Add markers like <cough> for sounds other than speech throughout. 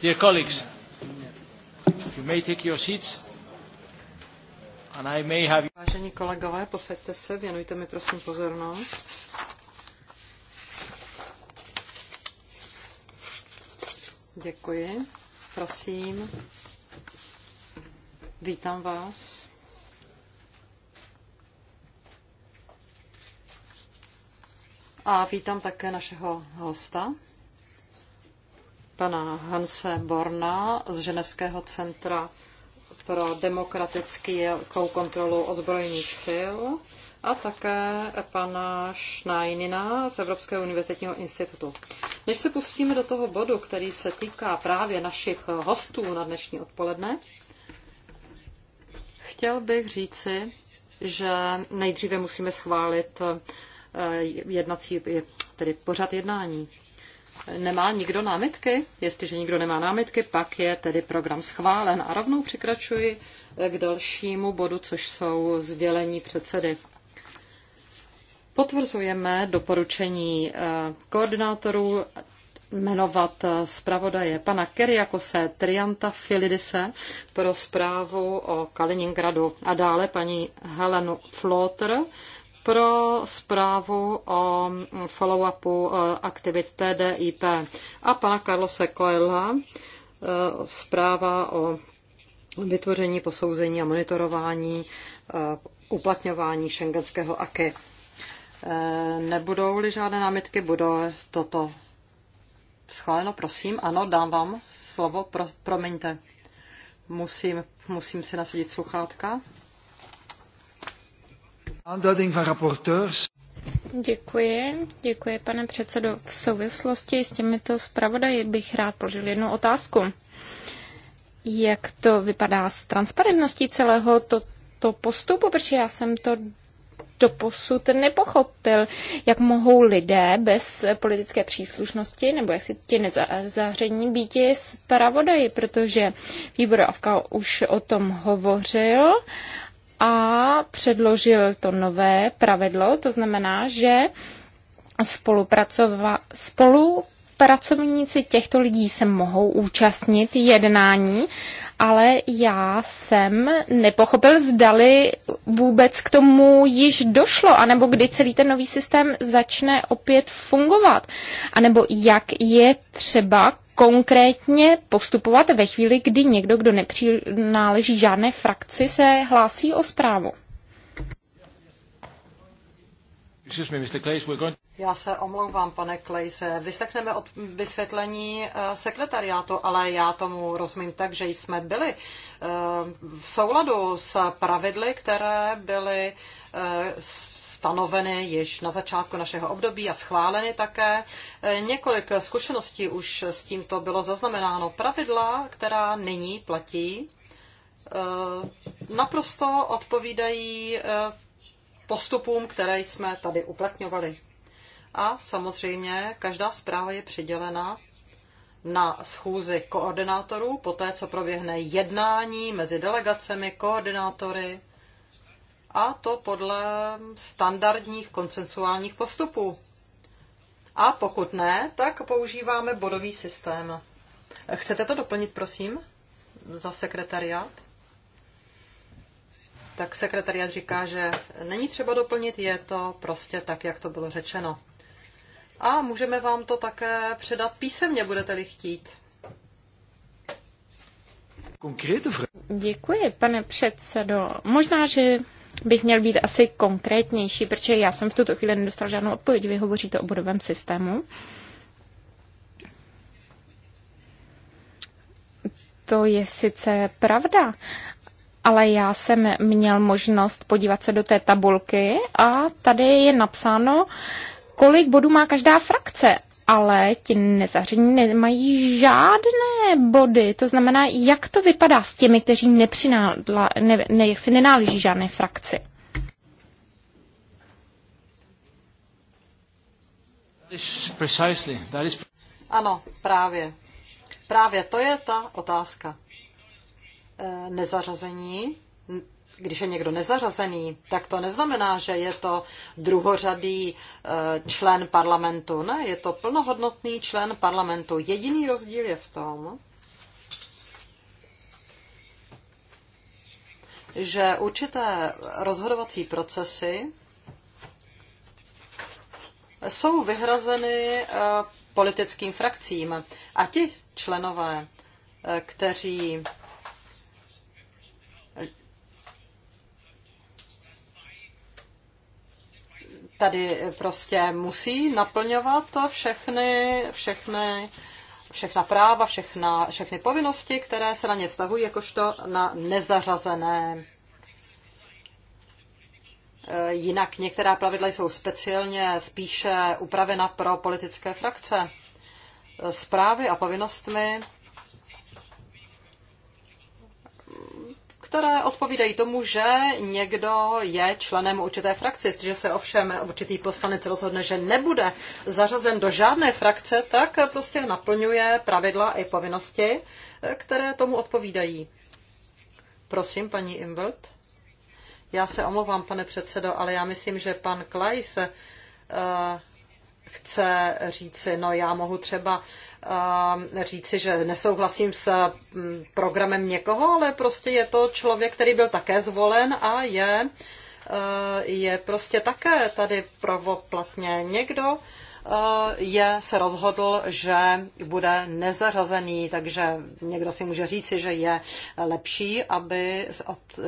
Dear colleagues, you may take your seats and I may have... Vážení kolegové, posaďte se, věnujte mi prosím pozornost. Děkuji. Prosím, vítám vás. A vítám také našeho hosta, pana Hanse Borna z Ženevského centra pro demokratickou kontrolu ozbrojených sil a také pana Schneinina z Evropského univerzitního institutu. Než se pustíme do toho bodu, který se týká právě našich hostů na dnešní odpoledne, chtěl bych říci, že nejdříve musíme schválit eh, jednací, tedy pořad jednání. Nemá nikdo námitky? Jestliže nikdo nemá námitky, pak je tedy program schválen. A rovnou překračuji eh, k dalšímu bodu, což jsou sdělení předsedy. Potvrzujeme doporučení eh, koordinátorů jmenovat eh, zpravodaje pana Keriakose Trianta Filidise pro zprávu o Kaliningradu a dále paní Helenu Flotter pro zprávu o follow-upu eh, aktivit TDIP a pana Karlose Coelha eh, zpráva o vytvoření, posouzení a monitorování eh, uplatňování šengenského AKY. Nebudou-li žádné námitky, budou toto schváleno, prosím. Ano, dám vám slovo, pro, promiňte. Musím, musím si nasadit sluchátka. Děkuji, děkuji pane předsedo. V souvislosti s těmito zpravodaji bych rád položil jednu otázku. Jak to vypadá s transparentností celého to, to postupu, protože já jsem to doposud nepochopil, jak mohou lidé bez politické příslušnosti nebo jak si ti nezaření být zpravodaji, protože výbor Avka už o tom hovořil a předložil to nové pravidlo, to znamená, že spolupracova, spolu pracovníci těchto lidí se mohou účastnit jednání, ale já jsem nepochopil, zdali vůbec k tomu již došlo, anebo kdy celý ten nový systém začne opět fungovat, anebo jak je třeba konkrétně postupovat ve chvíli, kdy někdo, kdo nepřináleží žádné frakci, se hlásí o zprávu. Já se omlouvám, pane Klejse. Vyslechneme od vysvětlení eh, sekretariátu, ale já tomu rozumím tak, že jsme byli eh, v souladu s pravidly, které byly eh, stanoveny již na začátku našeho období a schváleny také. E, několik zkušeností už s tímto bylo zaznamenáno. Pravidla, která nyní platí, e, naprosto odpovídají e, postupům, které jsme tady uplatňovali. A samozřejmě každá zpráva je přidělena na schůzi koordinátorů, poté co proběhne jednání mezi delegacemi, koordinátory a to podle standardních koncensuálních postupů. A pokud ne, tak používáme bodový systém. Chcete to doplnit, prosím, za sekretariát? Tak sekretariát říká, že není třeba doplnit, je to prostě tak, jak to bylo řečeno. A můžeme vám to také předat písemně, budete-li chtít. Děkuji, pane předsedo. Možná, že bych měl být asi konkrétnější, protože já jsem v tuto chvíli nedostal žádnou odpověď. Vy hovoříte o bodovém systému. To je sice pravda, ale já jsem měl možnost podívat se do té tabulky a tady je napsáno, kolik bodů má každá frakce ale ti nezaření nemají žádné body. To znamená, jak to vypadá s těmi, kteří nepřinádla, ne, ne, jak si nenáleží žádné frakci. Ano, právě. Právě to je ta otázka. Eh, nezařazení když je někdo nezařazený, tak to neznamená, že je to druhořadý eh, člen parlamentu. Ne, je to plnohodnotný člen parlamentu. Jediný rozdíl je v tom, že určité rozhodovací procesy jsou vyhrazeny eh, politickým frakcím. A ti členové, eh, kteří tady prostě musí naplňovat všechny, všechny všechna práva, všechna, všechny povinnosti, které se na ně vztahují, jakožto na nezařazené. Eh, jinak některá pravidla jsou speciálně spíše upravena pro politické frakce. Eh, Zprávy a povinnostmi které odpovídají tomu, že někdo je členem určité frakce. Jestliže se ovšem určitý poslanec rozhodne, že nebude zařazen do žádné frakce, tak prostě naplňuje pravidla i povinnosti, které tomu odpovídají. Prosím, paní Imbert. Já se omlouvám, pane předsedo, ale já myslím, že pan Klajs eh, chce říci, no já mohu třeba ehm, říci, že nesouhlasím s mm, programem někoho, ale prostě je to člověk, který byl také zvolen a je, eh, je prostě také tady pravoplatně někdo, eh, je, se rozhodl, že bude nezařazený, takže někdo si může říci, že je lepší, aby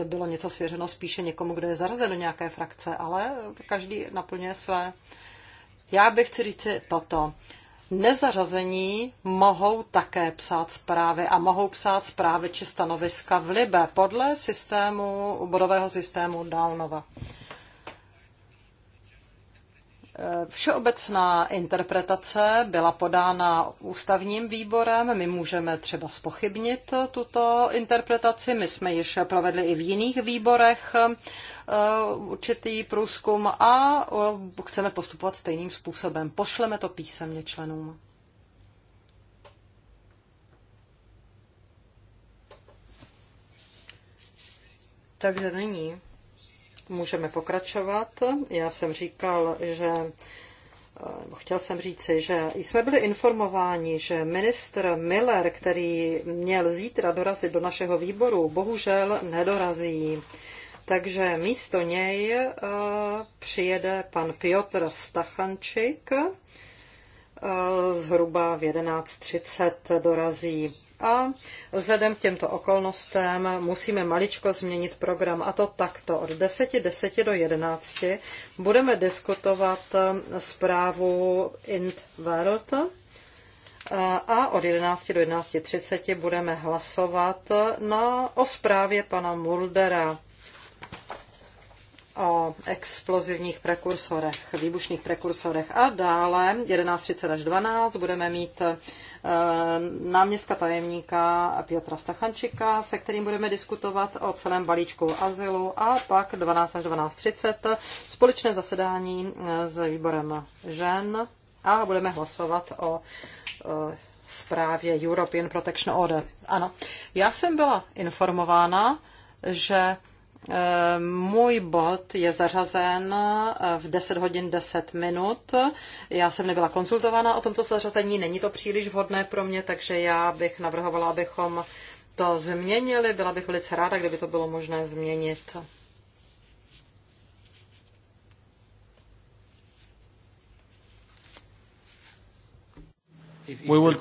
bylo něco svěřeno spíše někomu, kdo je zařazen do nějaké frakce, ale každý naplňuje své já bych chci říct toto. Nezařazení mohou také psát zprávy a mohou psát zprávy či stanoviska v Libe podle systému, bodového systému Downova. Všeobecná interpretace byla podána ústavním výborem. My můžeme třeba spochybnit tuto interpretaci. My jsme již provedli i v jiných výborech eh, určitý průzkum a eh, chceme postupovat stejným způsobem. Pošleme to písemně členům. Takže nyní můžeme pokračovat. Já jsem říkal, že chtěl jsem říci, že jsme byli informováni, že ministr Miller, který měl zítra dorazit do našeho výboru, bohužel nedorazí. Takže místo něj eh, přijede pan Piotr Stachančik, eh, zhruba v 11.30 dorazí. A vzhledem k těmto okolnostem musíme maličko změnit program. A to takto. Od 10, 10 do 11 budeme diskutovat eh, zprávu World. Eh, a od 11 do 11.30 budeme hlasovat eh, na, o zprávě pana Muldera o explozivních prekursorech, výbušných prekursorech. A dále 11.30 až 12 budeme mít eh, náměstka tajemníka Piotra Stachančika, se kterým budeme diskutovat o celém balíčku azylu a pak 12 až 12.30 společné zasedání eh, s výborem žen a budeme hlasovat o eh, zprávě European Protection Order. Ano, já jsem byla informována, že můj bod je zařazen eh, v 10 hodin 10 minut. Já jsem nebyla konzultována o tomto zařazení, není to příliš vhodné pro mě, takže já bych navrhovala, abychom to změnili. Byla bych velice ráda, kdyby to bylo možné změnit. We will,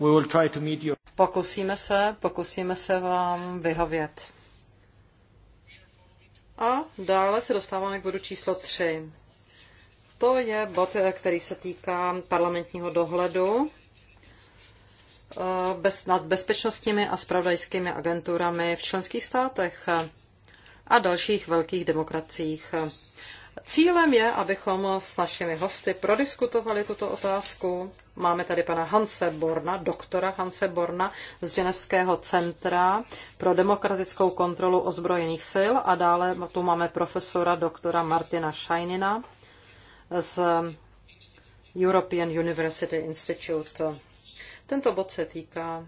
we will try to meet you. Pokusíme se, pokusíme se vám vyhovět. A dále se dostáváme k bodu číslo 3. To je bod, který se týká parlamentního dohledu eh, bez, nad bezpečnostními a spravodajskými agenturami v členských státech a dalších velkých demokraciích. Cílem je, abychom s našimi hosty prodiskutovali tuto otázku Máme tady pana Hanse Borna, doktora Hanse Borna z Ženevského centra pro demokratickou kontrolu ozbrojených sil a dále tu máme profesora doktora Martina Šajnina z European University Institute. Tento bod se týká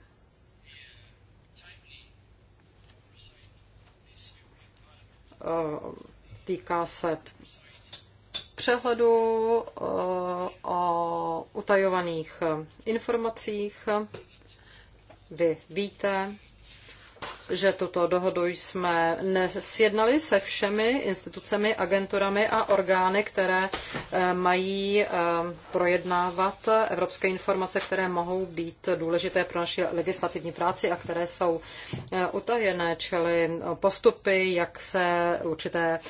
týká se Přehledu eh, o utajovaných informacích. Vy víte, že tuto dohodu jsme nesjednali se všemi institucemi, agenturami a orgány, které eh, mají eh, projednávat evropské informace, které mohou být důležité pro naši legislativní práci a které jsou eh, utajené, čili postupy, jak se určité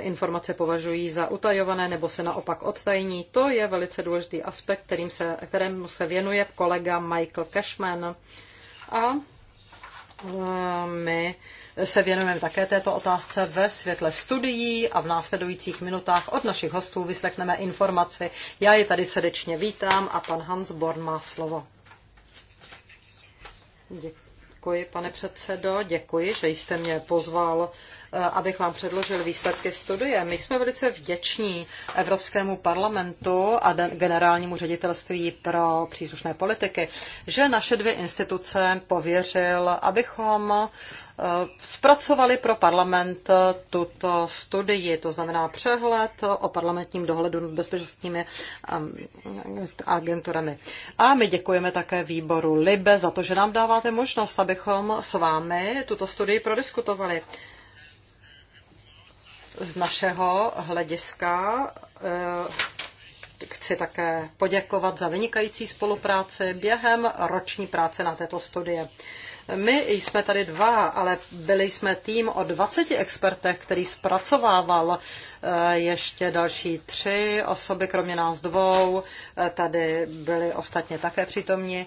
informace považují za utajované nebo se naopak odtajní. To je velice důležitý aspekt, kterým se, kterému se věnuje kolega Michael Cashman. A my se věnujeme také této otázce ve světle studií a v následujících minutách od našich hostů vyslechneme informaci. Já je tady srdečně vítám a pan Hans Born má slovo. Děkuji, pane předsedo, děkuji, že jste mě pozval Eh, abych vám předložil výsledky studie. My jsme velice vděční Evropskému parlamentu a generálnímu ředitelství pro příslušné politiky, že naše dvě instituce pověřil, abychom eh, zpracovali pro parlament tuto studii, to znamená přehled o parlamentním dohledu nad bezpečnostními eh, agenturami. A my děkujeme také výboru LIBE za to, že nám dáváte možnost, abychom s vámi tuto studii prodiskutovali z našeho hlediska eh, chci také poděkovat za vynikající spolupráci během roční práce na této studie. My jsme tady dva, ale byli jsme tým o 20 expertech, který zpracovával eh, ještě další tři osoby, kromě nás dvou. Eh, tady byli ostatně také přítomni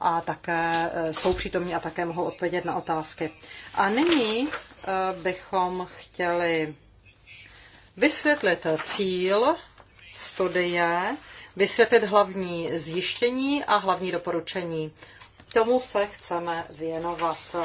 a také jsou přítomní a také mohou odpovědět na otázky. A nyní Eh, bychom chtěli vysvětlit cíl studie, vysvětlit hlavní zjištění a hlavní doporučení. Tomu se chceme věnovat.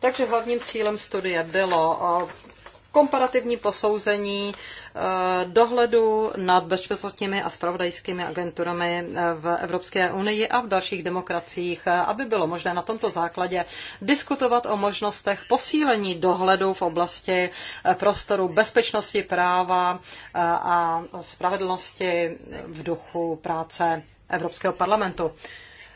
Takže hlavním cílem studie bylo eh, komparativní posouzení eh, dohledu nad bezpečnostními a spravodajskými agenturami eh, v Evropské unii a v dalších demokraciích, eh, aby bylo možné na tomto základě diskutovat o možnostech posílení dohledu v oblasti prostoru bezpečnosti práva a spravedlnosti v duchu práce Evropského parlamentu.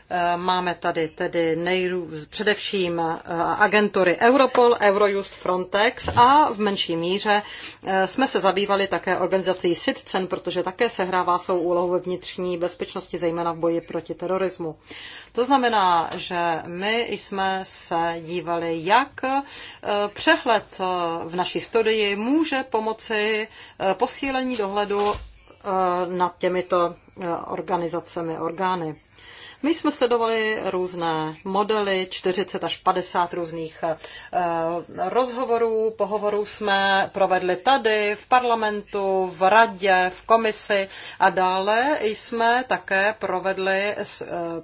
Eh, máme tady tedy nejrů, především eh, agentury Europol, Eurojust, Frontex a v menší míře eh, jsme se zabývali také organizací SITCEN, protože také sehrává svou úlohu ve vnitřní bezpečnosti, zejména v boji proti terorismu. To znamená, že my jsme se dívali, jak přehled v naší studii může pomoci posílení dohledu nad těmito organizacemi, orgány. My jsme sledovali různé modely, 40 až 50 různých eh, rozhovorů, pohovorů jsme provedli tady, v parlamentu, v radě, v komisi a dále jsme také provedli eh,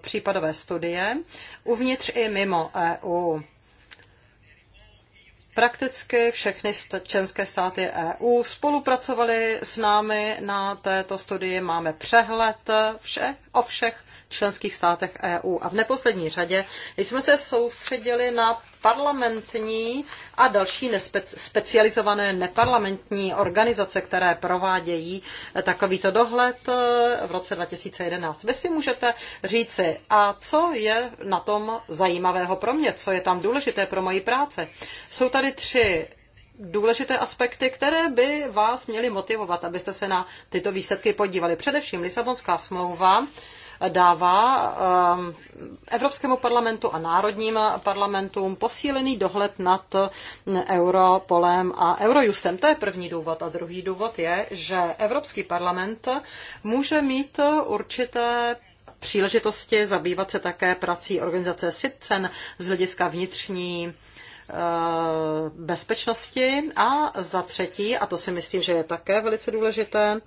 případové studie uvnitř i mimo EU. Prakticky všechny členské státy EU spolupracovaly s námi na této studii. Máme přehled vše, o všech členských státech EU. A v neposlední řadě jsme se soustředili na parlamentní a další specializované neparlamentní organizace, které provádějí eh, takovýto dohled eh, v roce 2011. Vy si můžete říci, a co je na tom zajímavého pro mě, co je tam důležité pro moji práce. Jsou tady tři důležité aspekty, které by vás měly motivovat, abyste se na tyto výsledky podívali. Především Lisabonská smlouva dává ehm, Evropskému parlamentu a národním parlamentům posílený dohled nad Europolem a Eurojustem. To je první důvod. A druhý důvod je, že Evropský parlament může mít určité příležitosti zabývat se také prací organizace SITCEN z hlediska vnitřní eh, bezpečnosti a za třetí, a to si myslím, že je také velice důležité,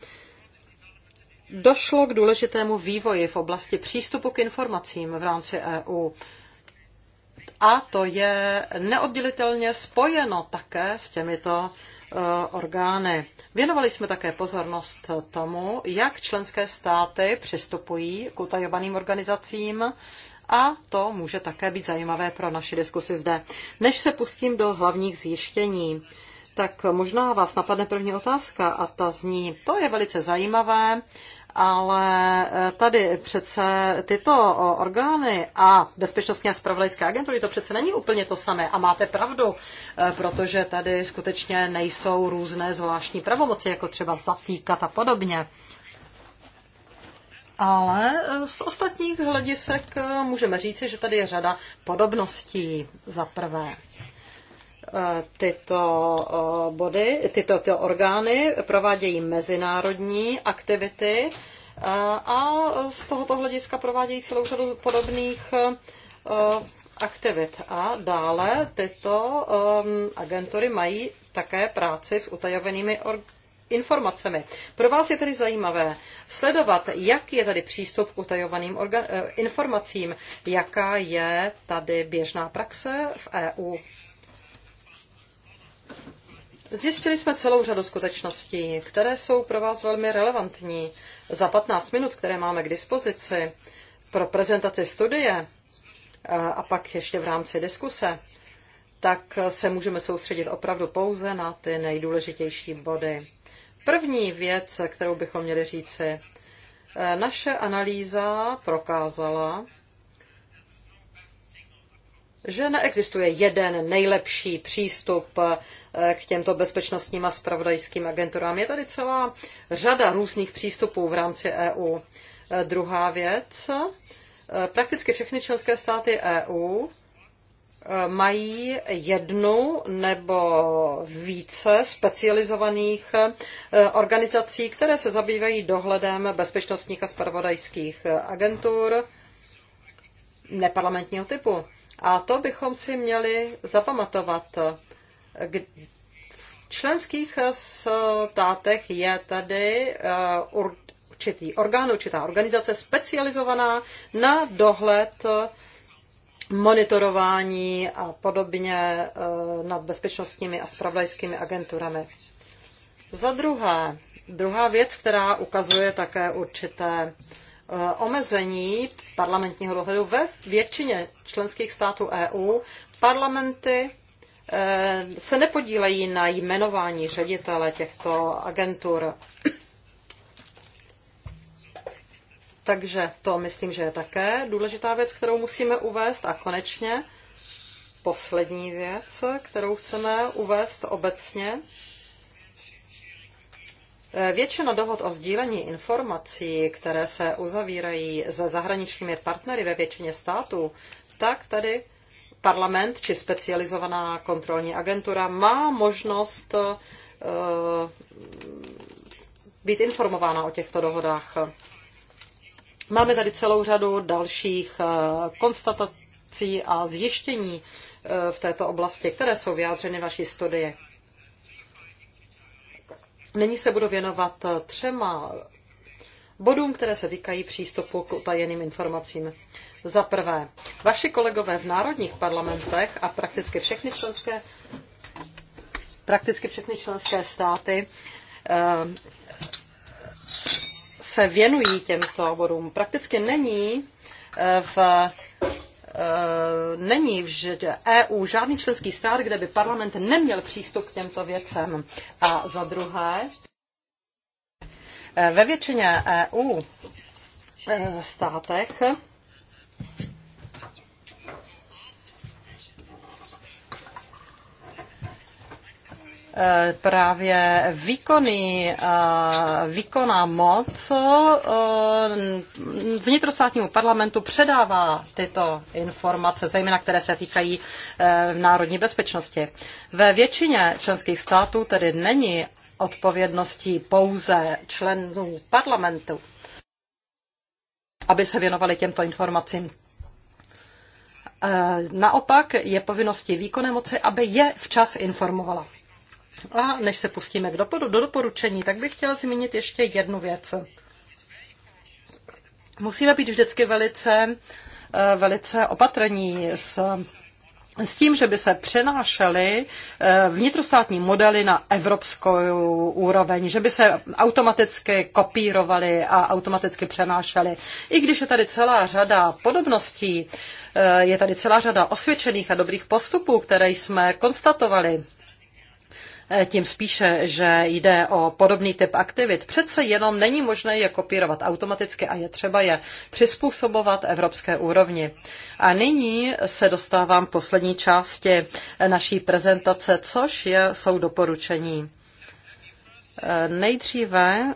došlo k důležitému vývoji v oblasti přístupu k informacím v rámci EU. A to je neoddělitelně spojeno také s těmito eh, orgány. Věnovali jsme také pozornost tomu, jak členské státy přistupují k utajovaným organizacím a to může také být zajímavé pro naši diskusi zde. Než se pustím do hlavních zjištění, tak možná vás napadne první otázka a ta zní, to je velice zajímavé, ale eh, tady přece tyto orgány a bezpečnostní a spravodajské agentury, to přece není úplně to samé. A máte pravdu, eh, protože tady skutečně nejsou různé zvláštní pravomoci, jako třeba zatýkat a podobně. Ale eh, z ostatních hledisek můžeme říci, že tady je řada podobností za prvé. Eh, tyto eh, body, tyto, tyto orgány provádějí mezinárodní aktivity eh, a z tohoto hlediska provádějí celou řadu podobných aktivit. A dále tyto agentury mají také práci s utajovanými informacemi. Pro vás je tedy zajímavé sledovat, jak je tady přístup k utajovaným informacím, jaká je tady běžná praxe v EU. Zjistili jsme celou řadu skutečností, které jsou pro vás velmi relevantní. Za 15 minut, které máme k dispozici pro prezentaci studie eh, a pak ještě v rámci diskuse, tak se můžeme soustředit opravdu pouze na ty nejdůležitější body. První věc, kterou bychom měli říci, eh, naše analýza prokázala, že neexistuje jeden nejlepší přístup eh, k těmto bezpečnostním a spravodajským agenturám. Je tady celá řada různých přístupů v rámci EU. Eh, druhá věc, eh, prakticky všechny členské státy EU mají jednu nebo více specializovaných organizací, které se zabývají dohledem bezpečnostních a spravodajských agentur neparlamentního typu. A to bychom si měli zapamatovat. V členských státech je tady eh, určitý orgán, určitá organizace specializovaná na dohled monitorování a podobně eh, nad bezpečnostními a spravodajskými agenturami. Za druhé, druhá věc, která ukazuje také určité Eh, omezení parlamentního dohledu ve většině členských států EU parlamenty eh, se nepodílejí na jmenování ředitele těchto agentur. Takže to myslím, že je také důležitá věc, kterou musíme uvést. A konečně poslední věc, kterou chceme uvést obecně, Eh, většina dohod o sdílení informací, které se uzavírají se zahraničními partnery ve většině států, tak tady parlament či specializovaná kontrolní agentura má možnost eh, být informována o těchto dohodách. Máme tady celou řadu dalších eh, konstatací a zjištění v této oblasti, které jsou vyjádřeny v naší studii. Nyní se budu věnovat eh, třema bodům, které se týkají přístupu k utajeným informacím. Za prvé, vaši kolegové v národních parlamentech a prakticky všechny členské, prakticky všechny členské státy eh, se věnují těmto bodům. Prakticky není eh, v Eh, není v EU žádný členský stát, kde by parlament neměl přístup k těmto věcem. A za druhé, eh, ve většině EU eh, státech Eh, právě výkony, eh, výkonná moc eh, vnitrostátnímu parlamentu předává tyto informace, zejména které se týkají v národní bezpečnosti. Ve většině členských států tedy není odpovědností pouze členů parlamentu, aby se věnovali těmto informacím. Naopak je povinností výkonné moci, aby je včas informovala. A než se pustíme k doporu, do doporučení, tak bych chtěla zmínit ještě jednu věc. Musíme být vždycky velice, eh, velice opatrní s s tím, že by se přenášely eh, vnitrostátní modely na evropskou úroveň, že by se automaticky kopírovaly a automaticky přenášely. I když je tady celá řada podobností, eh, je tady celá řada osvědčených a dobrých postupů, které jsme konstatovali tím spíše, že jde o podobný typ aktivit, přece jenom není možné je kopírovat automaticky a je třeba je přizpůsobovat evropské úrovni. A nyní se dostávám k poslední části naší prezentace, což je, jsou doporučení. Nejdříve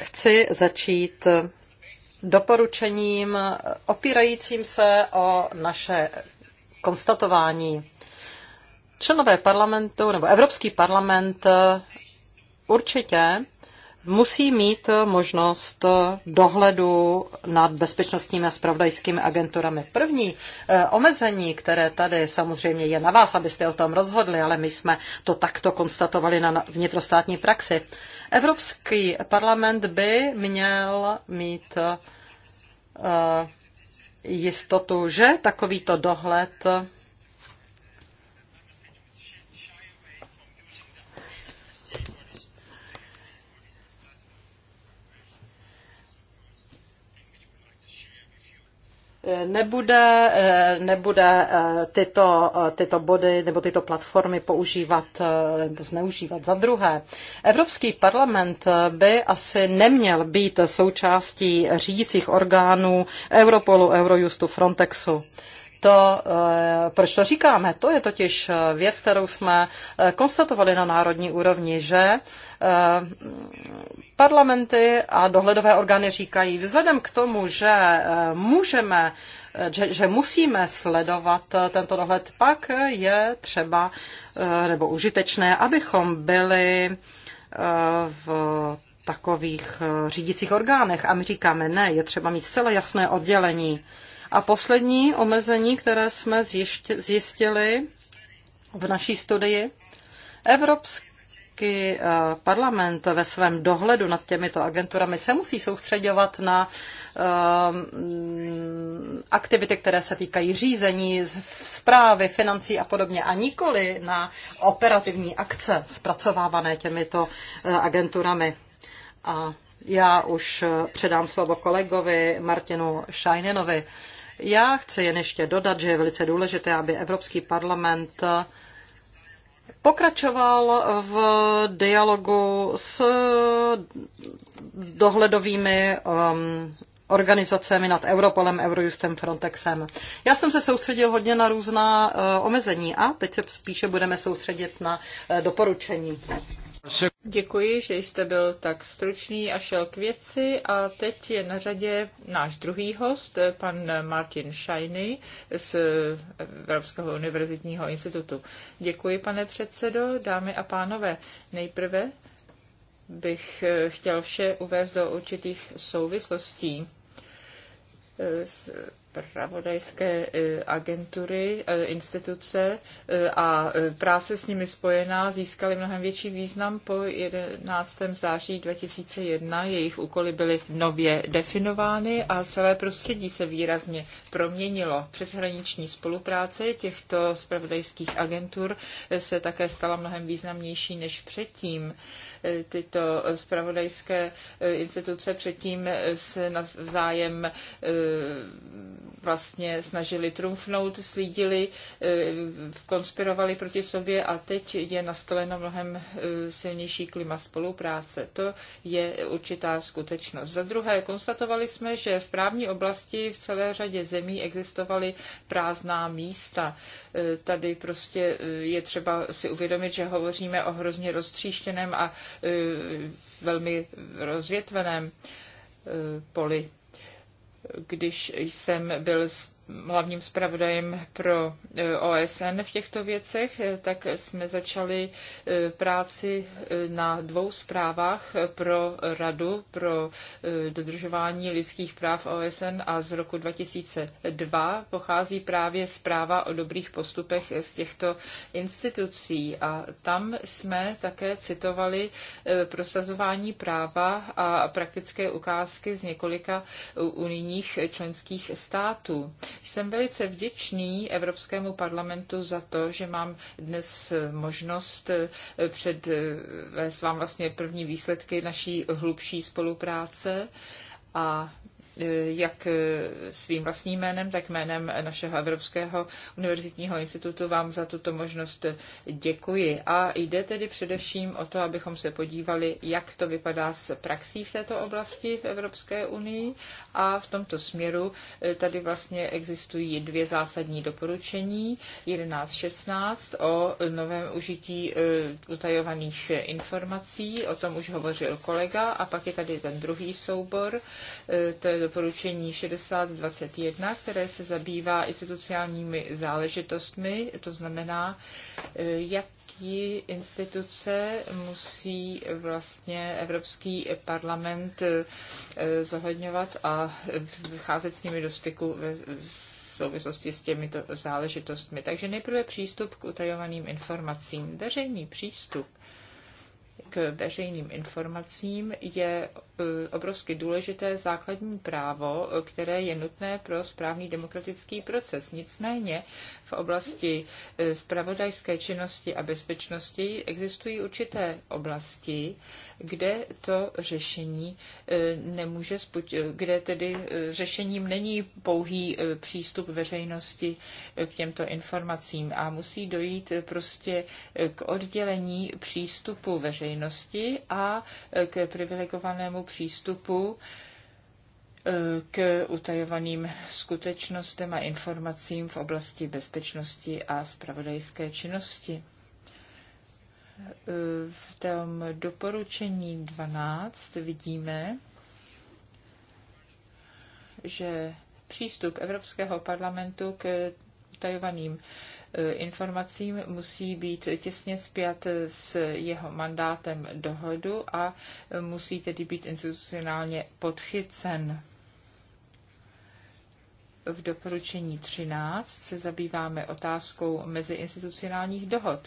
chci začít doporučením opírajícím se o naše konstatování. Členové parlamentu nebo Evropský parlament eh, určitě musí mít možnost dohledu nad bezpečnostními a spravodajskými agenturami. První eh, omezení, které tady samozřejmě je na vás, abyste o tom rozhodli, ale my jsme to takto konstatovali na vnitrostátní praxi. Evropský parlament by měl mít eh, jistotu, že takovýto dohled nebude, eh, nebude eh, tyto, eh, tyto body nebo tyto platformy používat nebo zneužívat. Za druhé, Evropský parlament by asi neměl být součástí řídících orgánů Europolu, Eurojustu, Frontexu. To, proč to říkáme? To je totiž věc, kterou jsme konstatovali na národní úrovni, že Parlamenty a dohledové orgány říkají, vzhledem k tomu, že eh, můžeme eh, že, že musíme sledovat eh, tento dohled, pak je třeba nebo užitečné, abychom byli v takových řídicích orgánech. A my říkáme, ne, je třeba mít zcela jasné oddělení. A poslední omezení, které jsme zjistili v naší studii, Evropský taky eh, parlament ve svém dohledu nad těmito agenturami se musí soustředovat na eh, aktivity, které se týkají řízení, zprávy, financí a podobně, a nikoli na operativní akce zpracovávané těmito eh, agenturami. A já už předám slovo kolegovi Martinu Šajnenovi. Já chci jen ještě dodat, že je velice důležité, aby Evropský parlament pokračoval v dialogu s dohledovými um, organizacemi nad Europolem, Eurojustem, Frontexem. Já jsem se soustředil hodně na různá uh, omezení a teď se spíše budeme soustředit na uh, doporučení. Děkuji, že jste byl tak stručný a šel k věci. A teď je na řadě náš druhý host, pan Martin Šajny z Evropského univerzitního institutu. Děkuji, pane předsedo, dámy a pánové. Nejprve bych chtěl vše uvést do určitých souvislostí pravodajské eh, agentury, eh, instituce eh, a práce s nimi spojená získaly mnohem větší význam po 11. září 2001. Jejich úkoly byly nově definovány a celé prostředí se výrazně proměnilo. Přeshraniční spolupráce těchto spravodajských agentur se také stala mnohem významnější než předtím tyto spravodajské eh, instituce předtím se vzájem eh, vlastně snažili trumfnout, slídili, eh, konspirovali proti sobě a teď je nastoleno mnohem silnější klima spolupráce. To je určitá skutečnost. Za druhé, konstatovali jsme, že v právní oblasti v celé řadě zemí existovaly prázdná místa. Tady prostě je třeba si uvědomit, že hovoříme o hrozně roztříštěném a E, velmi rozvětveném e, poli. Když jsem byl s hlavním zpravodajem pro e, OSN v těchto věcech, e, tak jsme začali e, práci na dvou zprávách pro Radu pro dodržování lidských práv OSN a z roku 2002 pochází právě zpráva o dobrých postupech z těchto institucí a tam jsme také citovali prosazování práva a praktické ukázky z několika unijních členských států. Jsem velice vděčný Evropskému parlamentu za to, že mám dnes možnost eh, předvést eh, vám vlastně první výsledky naší hlubší spolupráce a jak svým vlastním jménem, tak jménem našeho Evropského univerzitního institutu vám za tuto možnost děkuji. A jde tedy především o to, abychom se podívali, jak to vypadá s praxí v této oblasti v Evropské unii a v tomto směru eh, tady vlastně existují dvě zásadní doporučení, 11.16 o novém užití eh, utajovaných informací, o tom už hovořil kolega, a pak je tady ten druhý soubor, eh, to je doporučení 6021, které se zabývá institucionálními záležitostmi, to znamená, eh, jaký instituce musí vlastně Evropský parlament eh, zohledňovat a vycházet s nimi do styku ve souvislosti s těmito záležitostmi. Takže nejprve přístup k utajovaným informacím. Veřejný přístup k veřejným informacím je e, obrovsky důležité základní právo, e, které je nutné pro správný demokratický proces. Nicméně v oblasti e, spravodajské činnosti a bezpečnosti existují určité oblasti, kde to řešení nemůže spuť, kde tedy řešením není pouhý přístup veřejnosti k těmto informacím a musí dojít prostě k oddělení přístupu veřejnosti veřejnosti a e, k privilegovanému přístupu e, k utajovaným skutečnostem a informacím v oblasti bezpečnosti a spravodajské činnosti. E, v tom doporučení 12 vidíme, že přístup Evropského parlamentu k utajovaným E, informacím musí být těsně zpět s jeho mandátem dohodu a musí tedy být institucionálně podchycen. V doporučení 13 se zabýváme otázkou meziinstitucionálních dohod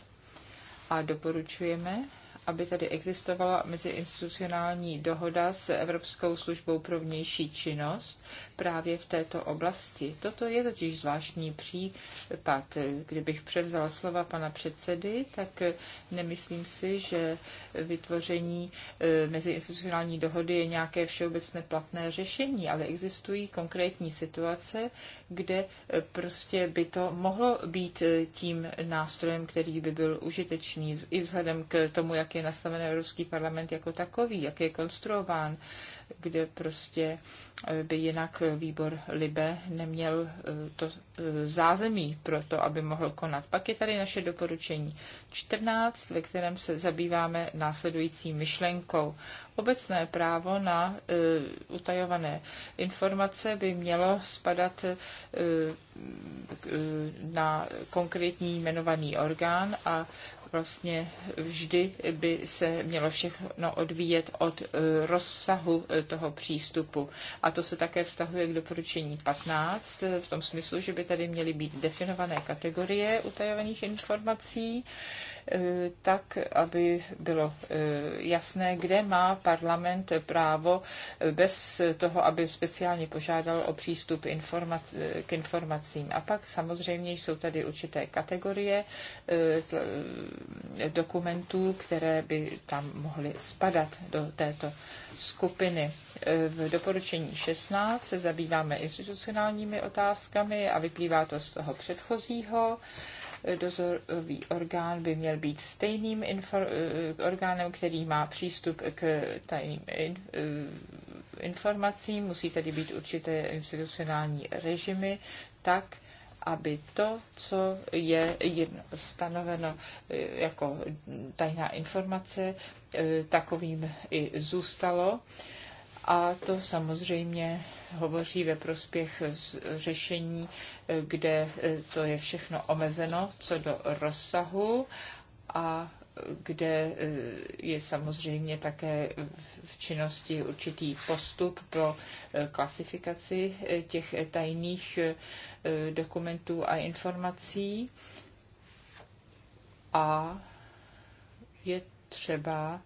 a doporučujeme, aby tady existovala meziinstitucionální dohoda s Evropskou službou pro vnější činnost právě v této oblasti. Toto je totiž zvláštní případ. Kdybych převzala slova pana předsedy, tak nemyslím si, že vytvoření eh, meziinstitucionální dohody je nějaké všeobecné platné řešení, ale existují konkrétní situace, kde eh, prostě by to mohlo být eh, tím nástrojem, který by byl užitečný i vzhledem k tomu, jak jak je nastaven Evropský parlament jako takový, jak je konstruován, kde prostě eh, by jinak výbor Libe neměl eh, to eh, zázemí pro to, aby mohl konat. Pak je tady naše doporučení 14, ve kterém se zabýváme následující myšlenkou. Obecné právo na uh, utajované informace by mělo spadat uh, na konkrétní jmenovaný orgán a vlastně vždy by se mělo všechno odvíjet od eh, rozsahu eh, toho přístupu. A to se také vztahuje k doporučení 15, eh, v tom smyslu, že by tady měly být definované kategorie utajovaných informací, Eh, tak, aby bylo eh, jasné, kde má parlament právo eh, bez toho, aby speciálně požádal o přístup k informacím. A pak samozřejmě jsou tady určité kategorie dokumentů, které by tam mohly spadat do této skupiny. V doporučení 16 se zabýváme institucionálními otázkami a vyplývá to z toho předchozího dozorový orgán by měl být stejným eh, orgánem, který má přístup k tajným eh, informacím. Musí tady být určité institucionální režimy, tak, aby to, co je stanoveno eh, jako tajná informace, takovým i zůstalo a to samozřejmě hovoří ve prospěch řešení, kde e, to je všechno omezeno co do rozsahu a kde e, je samozřejmě také v činnosti určitý postup pro e, klasifikaci těch tajných dokumentů a informací. A je třeba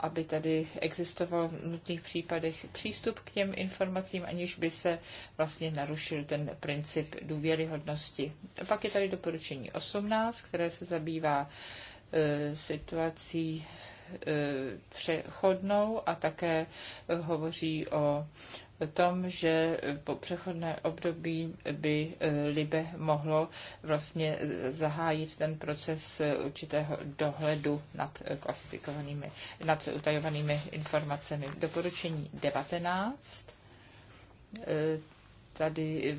aby tady existoval v nutných případech přístup k těm informacím, aniž by se vlastně narušil ten princip důvěryhodnosti. Pak je tady doporučení 18, které se zabývá e, situací e, přechodnou a také hovoří o tom, že po přechodné období by eh, Libe mohlo vlastně zahájit ten proces eh, určitého dohledu nad eh, klasifikovanými, nad utajovanými informacemi. Doporučení 19. Tady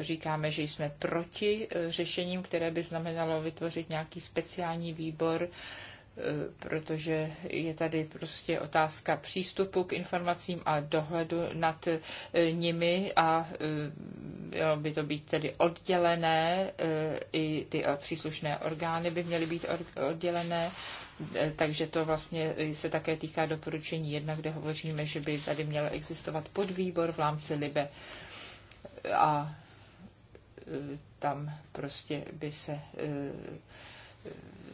říkáme, že jsme proti řešením, které by znamenalo vytvořit nějaký speciální výbor protože je tady prostě otázka přístupu k informacím a dohledu nad eh, nimi a eh, mělo by to být tedy oddělené, eh, i ty příslušné orgány by měly být oddělené, takže to vlastně se také týká doporučení jedna, kde hovoříme, že by tady měl existovat podvýbor v lámci LIBE a tam prostě by se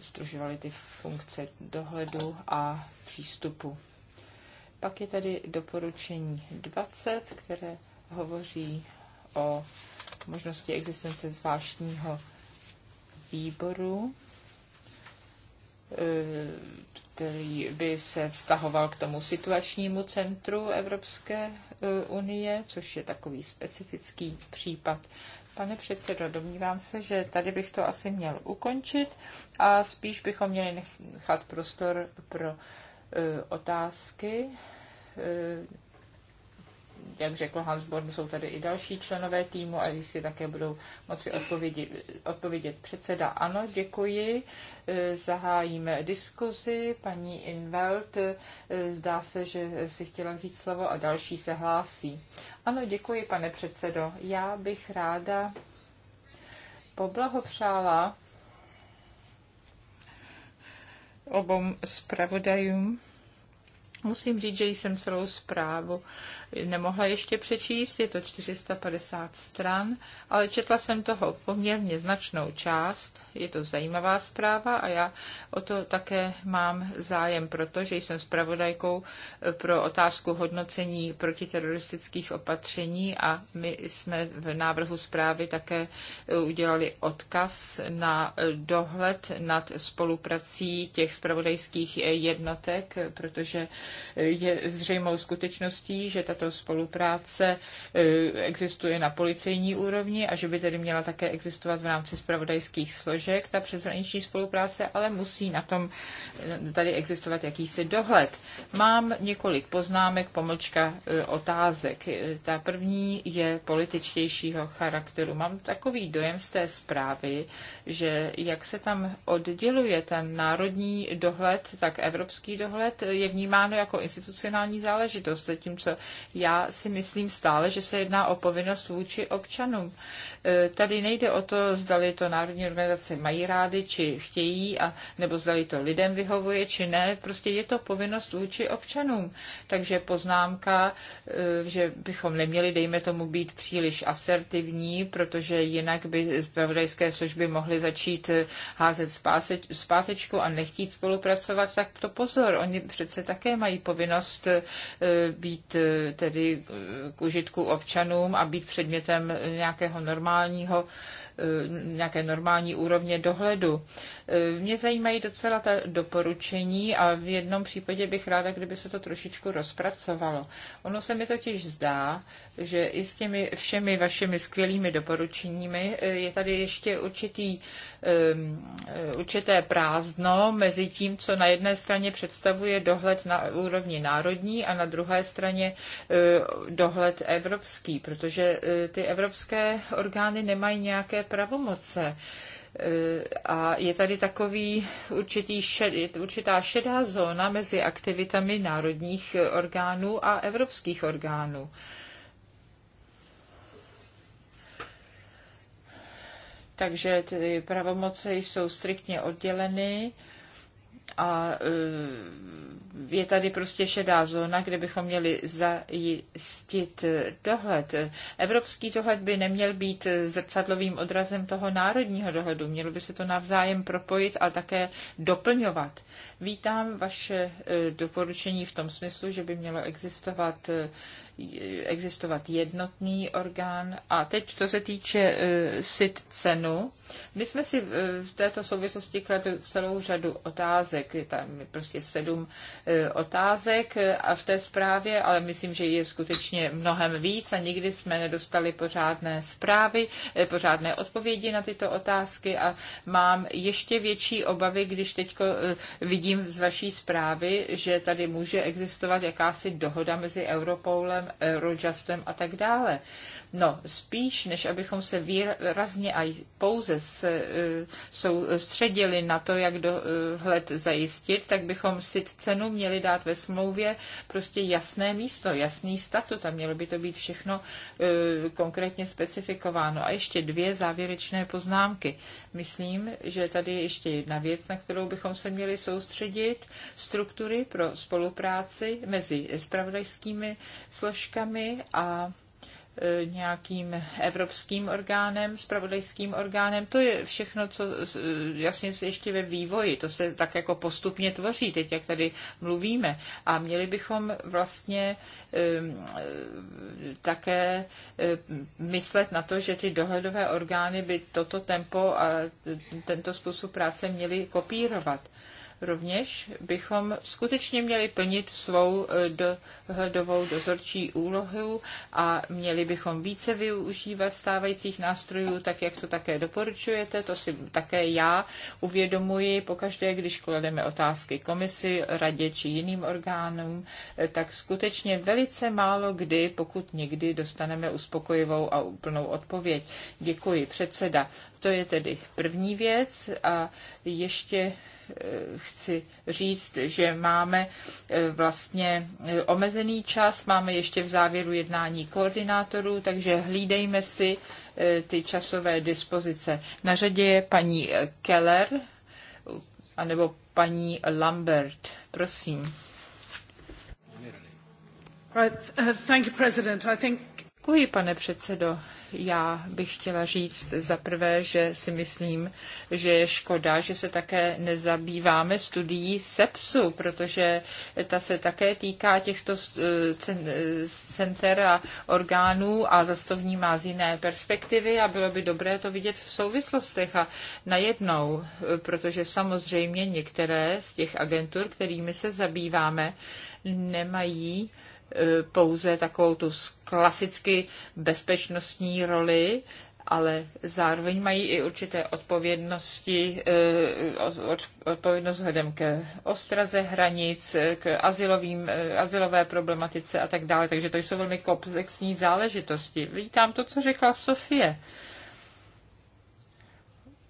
združovaly ty funkce dohledu a přístupu. Pak je tady doporučení 20, které hovoří o možnosti existence zvláštního výboru, e, který by se vztahoval k tomu situačnímu centru Evropské e, unie, což je takový specifický případ Pane předsedo, domnívám se, že tady bych to asi měl ukončit a spíš bychom měli nechat prostor pro e, otázky e, jak řekl Hans Born, jsou tady i další členové týmu a si také budou moci odpovědět, odpovědět předseda. Ano, děkuji. E, zahájíme diskuzi. Paní Invelt, e, zdá se, že si chtěla vzít slovo a další se hlásí. Ano, děkuji, pane předsedo. Já bych ráda poblahopřála obou zpravodajům. Musím říct, že jsem celou zprávu nemohla ještě přečíst, je to 450 stran, ale četla jsem toho poměrně značnou část, je to zajímavá zpráva a já o to také mám zájem, protože jsem zpravodajkou eh, pro otázku hodnocení protiteroristických opatření a my jsme v návrhu zprávy také eh, udělali odkaz na eh, dohled nad spoluprací těch zpravodajských jednotek, protože je zřejmou skutečností, že tato tato spolupráce eh, existuje na policejní úrovni a že by tedy měla také existovat v rámci spravodajských složek ta přeshraniční spolupráce, ale musí na tom eh, tady existovat jakýsi dohled. Mám několik poznámek, pomlčka eh, otázek. Ta první je političtějšího charakteru. Mám takový dojem z té zprávy, že jak se tam odděluje ten národní dohled, tak evropský dohled je vnímáno jako institucionální záležitost, zatímco já si myslím stále, že se jedná o povinnost vůči občanům. E, tady nejde o to, zdali to národní organizace mají rády, či chtějí, a, nebo zdali to lidem vyhovuje, či ne. Prostě je to povinnost vůči občanům. Takže poznámka, e, že bychom neměli, dejme tomu, být příliš asertivní, protože jinak by zpravodajské služby mohly začít e, házet zpátečku a nechtít spolupracovat, tak to pozor, oni přece také mají povinnost být tedy k užitku občanům a být předmětem nějakého normálního Eh, nějaké normální úrovně dohledu. Eh, mě zajímají docela ta doporučení a v jednom případě bych ráda, kdyby se to trošičku rozpracovalo. Ono se mi totiž zdá, že i s těmi všemi vašimi skvělými doporučeními eh, je tady ještě určitý, ehm, určité prázdno mezi tím, co na jedné straně představuje dohled na úrovni národní a na druhé straně dohled evropský, protože ty evropské orgány nemají nějaké pravomoce. E, a je tady takový určitý šed, určitá šedá zóna mezi aktivitami národních orgánů a evropských orgánů. Takže ty pravomoce jsou striktně odděleny a e, je tady prostě šedá zóna, kde bychom měli zajistit dohled. Evropský dohled by neměl být zrcadlovým odrazem toho národního dohledu. Mělo by se to navzájem propojit a také doplňovat. Vítám vaše e, doporučení v tom smyslu, že by mělo existovat e, existovat jednotný orgán. A teď, co se týče uh, SIT cenu, my jsme si uh, v této souvislosti kladli celou řadu otázek. Je tam prostě sedm uh, otázek a v té zprávě, ale myslím, že je skutečně mnohem víc a nikdy jsme nedostali pořádné zprávy, pořádné odpovědi na tyto otázky a mám ještě větší obavy, když teď vidím z vaší zprávy, že tady může existovat jakási dohoda mezi Europolem Eurojustem a tak dále. No, spíš, než abychom se výrazně a pouze se, soustředili na to, jak dohled zajistit, tak bychom si cenu měli dát ve smlouvě prostě jasné místo, jasný statut a mělo by to být všechno e, konkrétně specifikováno. A ještě dvě závěrečné poznámky. Myslím, že tady je ještě jedna věc, na kterou bychom se měli soustředit. Struktury pro spolupráci mezi spravodajskými složkami a E, nějakým evropským orgánem, spravodajským orgánem. To je všechno, co e, jasně se ještě ve vývoji. To se tak jako postupně tvoří, teď jak tady mluvíme. A měli bychom vlastně e, také myslet na to, že ty dohledové orgány by toto tempo a tento způsob práce měly kopírovat. Rovněž bychom skutečně měli plnit svou eh, dohledovou dozorčí úlohu a měli bychom více využívat stávajících nástrojů, tak jak to také doporučujete. To si také já uvědomuji pokaždé, když klademe otázky komisi, radě či jiným orgánům, eh, tak skutečně velice málo kdy, pokud někdy dostaneme uspokojivou a úplnou odpověď. Děkuji, předseda. To je tedy první věc a ještě chci říct, že máme eh, vlastně eh, omezený čas, máme ještě v závěru jednání koordinátorů, takže hlídejme si eh, ty časové dispozice. Na řadě je paní Keller anebo paní Lambert. Prosím. Right. Uh, thank you, President. I think Děkuji, pane předsedo. Já bych chtěla říct za prvé, že si myslím, že je škoda, že se také nezabýváme studií SEPSu, protože ta se také týká těchto center a orgánů a zase to vnímá z jiné perspektivy a bylo by dobré to vidět v souvislostech a najednou, protože samozřejmě některé z těch agentur, kterými se zabýváme, nemají Eh, pouze takovou tu klasicky bezpečnostní roli, ale zároveň mají i určité odpovědnosti, eh, odpovědnost vzhledem k ostraze hranic, k azylovým, eh, azylové problematice a tak dále. Takže to jsou velmi komplexní záležitosti. Vítám to, co řekla Sofie.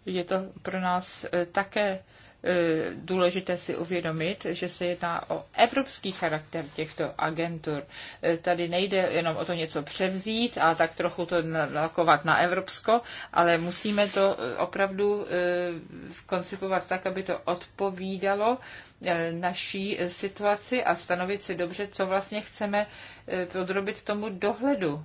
Je to pro nás také E, důležité si uvědomit, že se jedná o evropský charakter těchto agentur. E, tady nejde jenom o to něco převzít a tak trochu to nakovat na Evropsko, ale musíme to e, opravdu koncipovat tak, aby to odpovídalo naší situaci a stanovit si dobře, co vlastně chceme podrobit tomu dohledu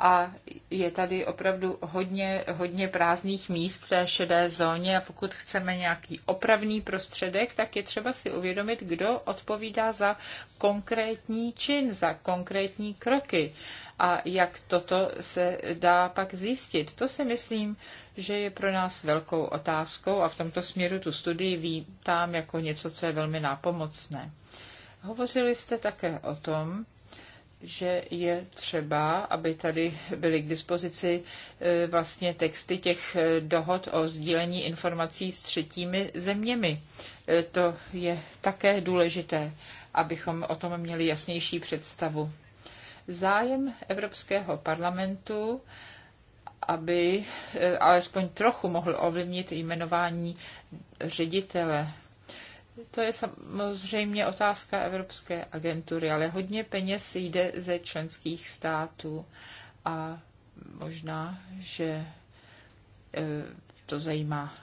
a je tady opravdu hodně, hodně prázdných míst v té šedé zóně a pokud chceme nějaký opravný prostředek, tak je třeba si uvědomit, kdo odpovídá za konkrétní čin, za konkrétní kroky a jak toto se dá pak zjistit. To si myslím, že je pro nás velkou otázkou a v tomto směru tu studii vítám jako něco, co je velmi nápomocné. Hovořili jste také o tom, že je třeba, aby tady byly k dispozici e, vlastně texty těch e, dohod o sdílení informací s třetími zeměmi. E, to je také důležité, abychom o tom měli jasnější představu. Zájem Evropského parlamentu aby alespoň trochu mohl ovlivnit jmenování ředitele to je samozřejmě otázka Evropské agentury, ale hodně peněz jde ze členských států a možná, že e, to zajímá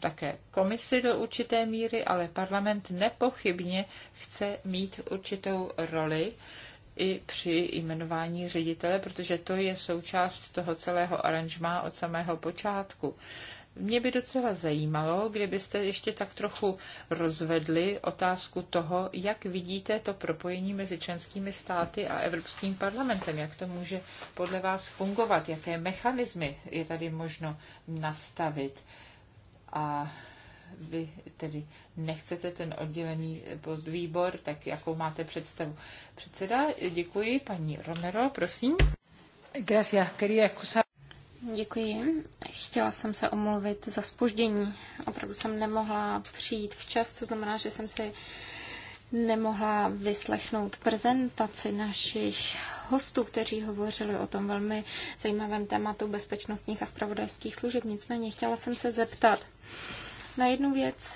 také komisi do určité míry, ale parlament nepochybně chce mít určitou roli i při jmenování ředitele, protože to je součást toho celého aranžma od samého počátku. Mě by docela zajímalo, kdybyste ještě tak trochu rozvedli otázku toho, jak vidíte to propojení mezi členskými státy a Evropským parlamentem, jak to může podle vás fungovat, jaké mechanismy je tady možno nastavit. A vy tedy nechcete ten oddělený podvýbor, tak jakou máte představu? Předseda, děkuji. Paní Romero, prosím. Gracias, quería excusar. Děkuji. Chtěla jsem se omluvit za spoždění. Opravdu jsem nemohla přijít včas, to znamená, že jsem si nemohla vyslechnout prezentaci našich hostů, kteří hovořili o tom velmi zajímavém tématu bezpečnostních a spravodajských služeb. Nicméně chtěla jsem se zeptat na jednu věc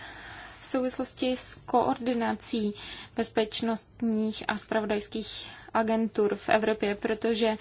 v souvislosti s koordinací bezpečnostních a spravodajských agentur v Evropě, protože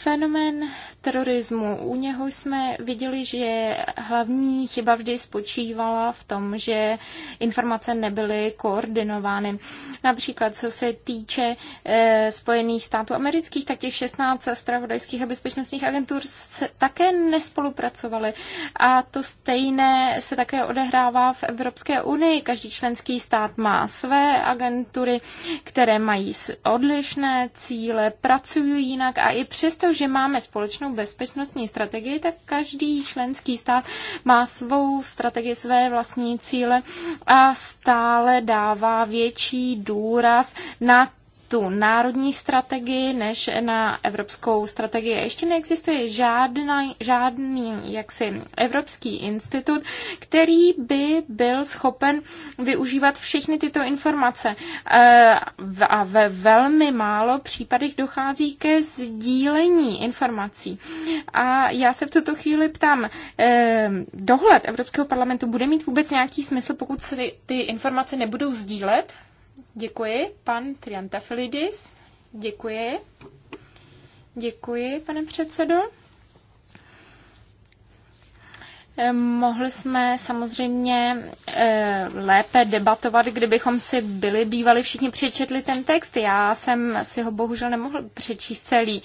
Fenomén terorismu. U něho jsme viděli, že hlavní chyba vždy spočívala v tom, že informace nebyly koordinovány. Například co se týče e, Spojených států amerických, tak těch 16 zpravodajských a bezpečnostních agentur se také nespolupracovaly. A to stejné se také odehrává v Evropské unii. Každý členský stát má své agentury, které mají odlišné cíle, pracují jinak a i přesto že máme společnou bezpečnostní strategii, tak každý členský stát má svou strategii, své vlastní cíle a stále dává větší důraz na tu národní strategii než na evropskou strategii. Ještě neexistuje žádný, žádný jaksi evropský institut, který by byl schopen využívat všechny tyto informace. E, a ve velmi málo případech dochází ke sdílení informací. A já se v tuto chvíli ptám, e, dohled Evropského parlamentu bude mít vůbec nějaký smysl, pokud se ty informace nebudou sdílet? Děkuji, pan Triantafilidis. Děkuji. Děkuji, pane předsedo. Ehm, mohli jsme samozřejmě eh, lépe debatovat, kdybychom si byli bývali všichni přečetli ten text. Já jsem si ho bohužel nemohl přečíst celý.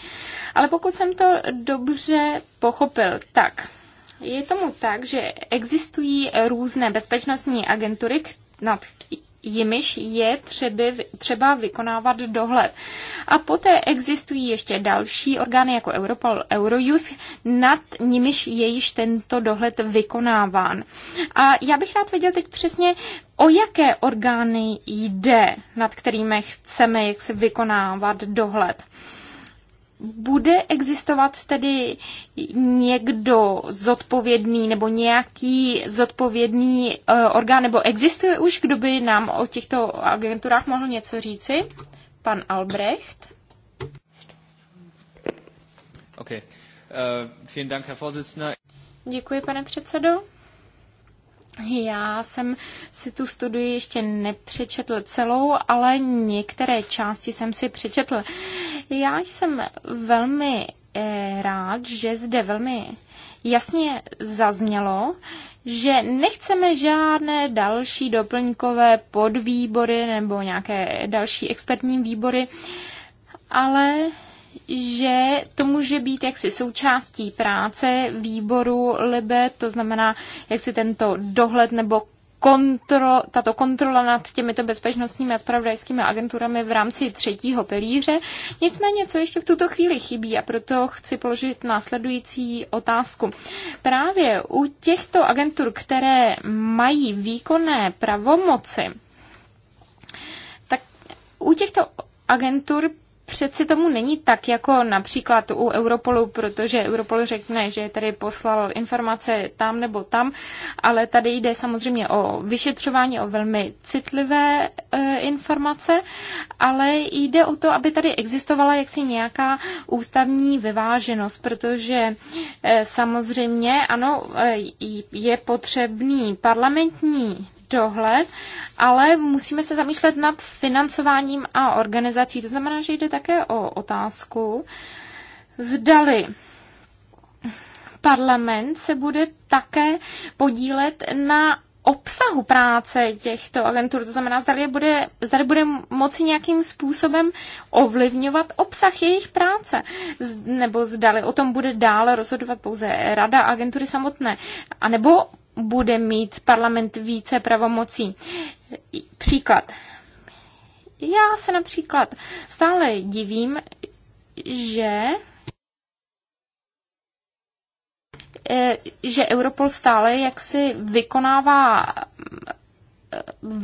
Ale pokud jsem to dobře pochopil, tak je tomu tak, že existují různé bezpečnostní agentury, nad jimiž je třeby, třeba vykonávat dohled. A poté existují ještě další orgány jako Europol, Eurojust, nad nimiž je již tento dohled vykonáván. A já bych rád věděl teď přesně, o jaké orgány jde, nad kterými chceme jak se vykonávat dohled bude existovat tedy někdo zodpovědný nebo nějaký zodpovědný eh, orgán, nebo existuje už, kdo by nám o těchto agenturách mohl něco říci? Pan Albrecht. Okay. Uh, vielen Dank, Herr Vorsitzender. Děkuji, pane předsedo. Já jsem si tu studii ještě nepřečetl celou, ale některé části jsem si přečetl. Já jsem velmi eh, rád, že zde velmi jasně zaznělo, že nechceme žádné další doplňkové podvýbory nebo nějaké další expertní výbory, ale že to může být jaksi součástí práce výboru LIBE, to znamená jaksi tento dohled nebo kontro, tato kontrola nad těmito bezpečnostními a spravodajskými agenturami v rámci třetího pilíře. Nicméně, co ještě v tuto chvíli chybí a proto chci položit následující otázku. Právě u těchto agentur, které mají výkonné pravomoci, tak u těchto agentur přeci tomu není tak, jako například u Europolu, protože Europol řekne, že tady poslal informace tam nebo tam, ale tady jde samozřejmě o vyšetřování, o velmi citlivé e, informace, ale jde o to, aby tady existovala jaksi nějaká ústavní vyváženost, protože e, samozřejmě, ano, e, je potřebný parlamentní dohled, ale musíme se zamýšlet nad financováním a organizací. To znamená, že jde také o otázku, zdali parlament se bude také podílet na obsahu práce těchto agentur, to znamená, zda bude, zda bude moci nějakým způsobem ovlivňovat obsah jejich práce, nebo zdali o tom bude dále rozhodovat pouze rada agentury samotné, nebo bude mít parlament více pravomocí. Příklad. Já se například stále divím, že eh, že Europol stále jaksi vykonává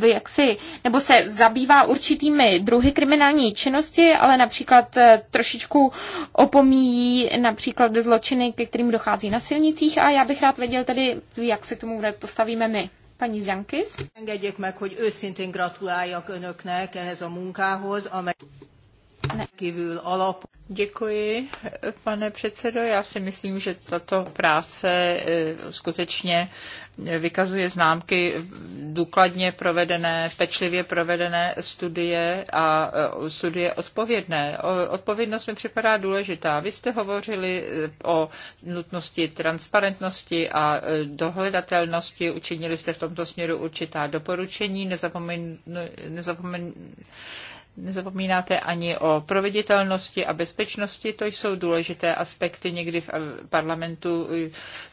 jaksi, nebo se zabývá určitými druhy kriminální činnosti, ale například eh, trošičku opomíjí například zločiny, ke kterým dochází na silnicích a já bych rád věděl tedy, jak se k tomu postavíme my. Pani Zjankis. Engedjék meg, hogy őszintén gratuláljak önöknek ehhez a munkához, amely kívül alap Děkuji, pane předsedo. Já si myslím, že tato práce eh, skutečně eh, vykazuje známky důkladně provedené, pečlivě provedené studie a eh, studie odpovědné. Odpovědnost mi připadá důležitá. Vy jste hovořili o nutnosti transparentnosti a dohledatelnosti, učinili jste v tomto směru určitá doporučení, nezapomeň, nezapomeň nezapomínáte ani o proveditelnosti a bezpečnosti. To jsou důležité aspekty. Někdy v eh, parlamentu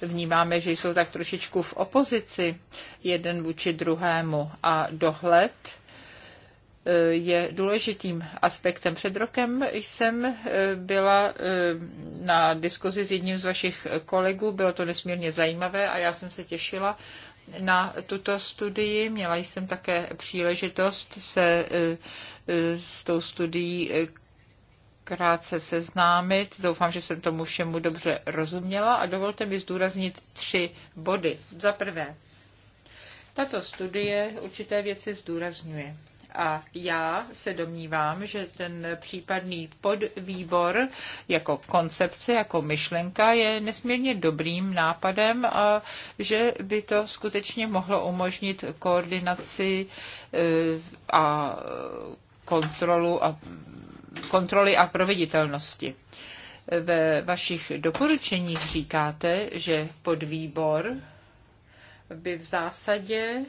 eh, vnímáme, že jsou tak trošičku v opozici jeden vůči druhému. A dohled eh, je důležitým aspektem. Před rokem jsem byla na diskuzi s jedním z vašich kolegů, bylo to nesmírně zajímavé a já jsem se těšila na tuto studii. Měla jsem také příležitost se s tou studií eh, krátce seznámit. Doufám, že jsem tomu všemu dobře rozuměla a dovolte mi zdůraznit tři body. Za prvé, tato studie určité věci zdůrazňuje. A já se domnívám, že ten případný podvýbor jako koncepce, jako myšlenka je nesmírně dobrým nápadem a že by to skutečně mohlo umožnit koordinaci eh, a kontrolu a, kontroly a proveditelnosti. Ve vašich doporučeních říkáte, že podvýbor by v zásadě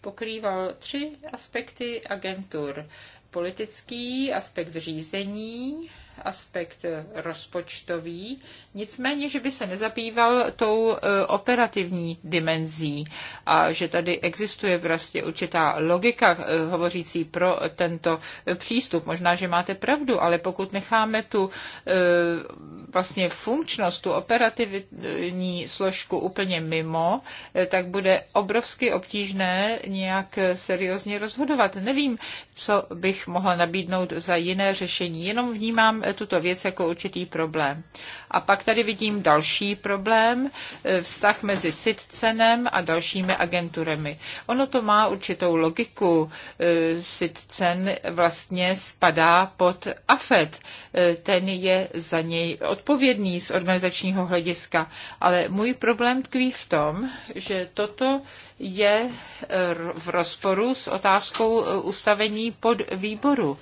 pokrýval tři aspekty agentur. Politický aspekt řízení, aspekt rozpočtový, nicméně, že by se nezabýval tou e, operativní dimenzí a že tady existuje vlastně určitá logika e, hovořící pro tento přístup. Možná, že máte pravdu, ale pokud necháme tu e, vlastně funkčnost, tu operativní složku úplně mimo, tak bude obrovsky obtížné nějak seriózně rozhodovat. Nevím, co bych mohla nabídnout za jiné řešení. Jenom vnímám tuto věc jako určitý problém. A pak tady vidím další problém, e, vztah mezi SITCENem a dalšími agenturami. Ono to má určitou logiku. SITCEN e, vlastně spadá pod AFET. E, ten je za něj odpovědný z organizačního hlediska. Ale můj problém tkví v tom, že toto je eh, v rozporu s otázkou eh, ustavení pod výboru,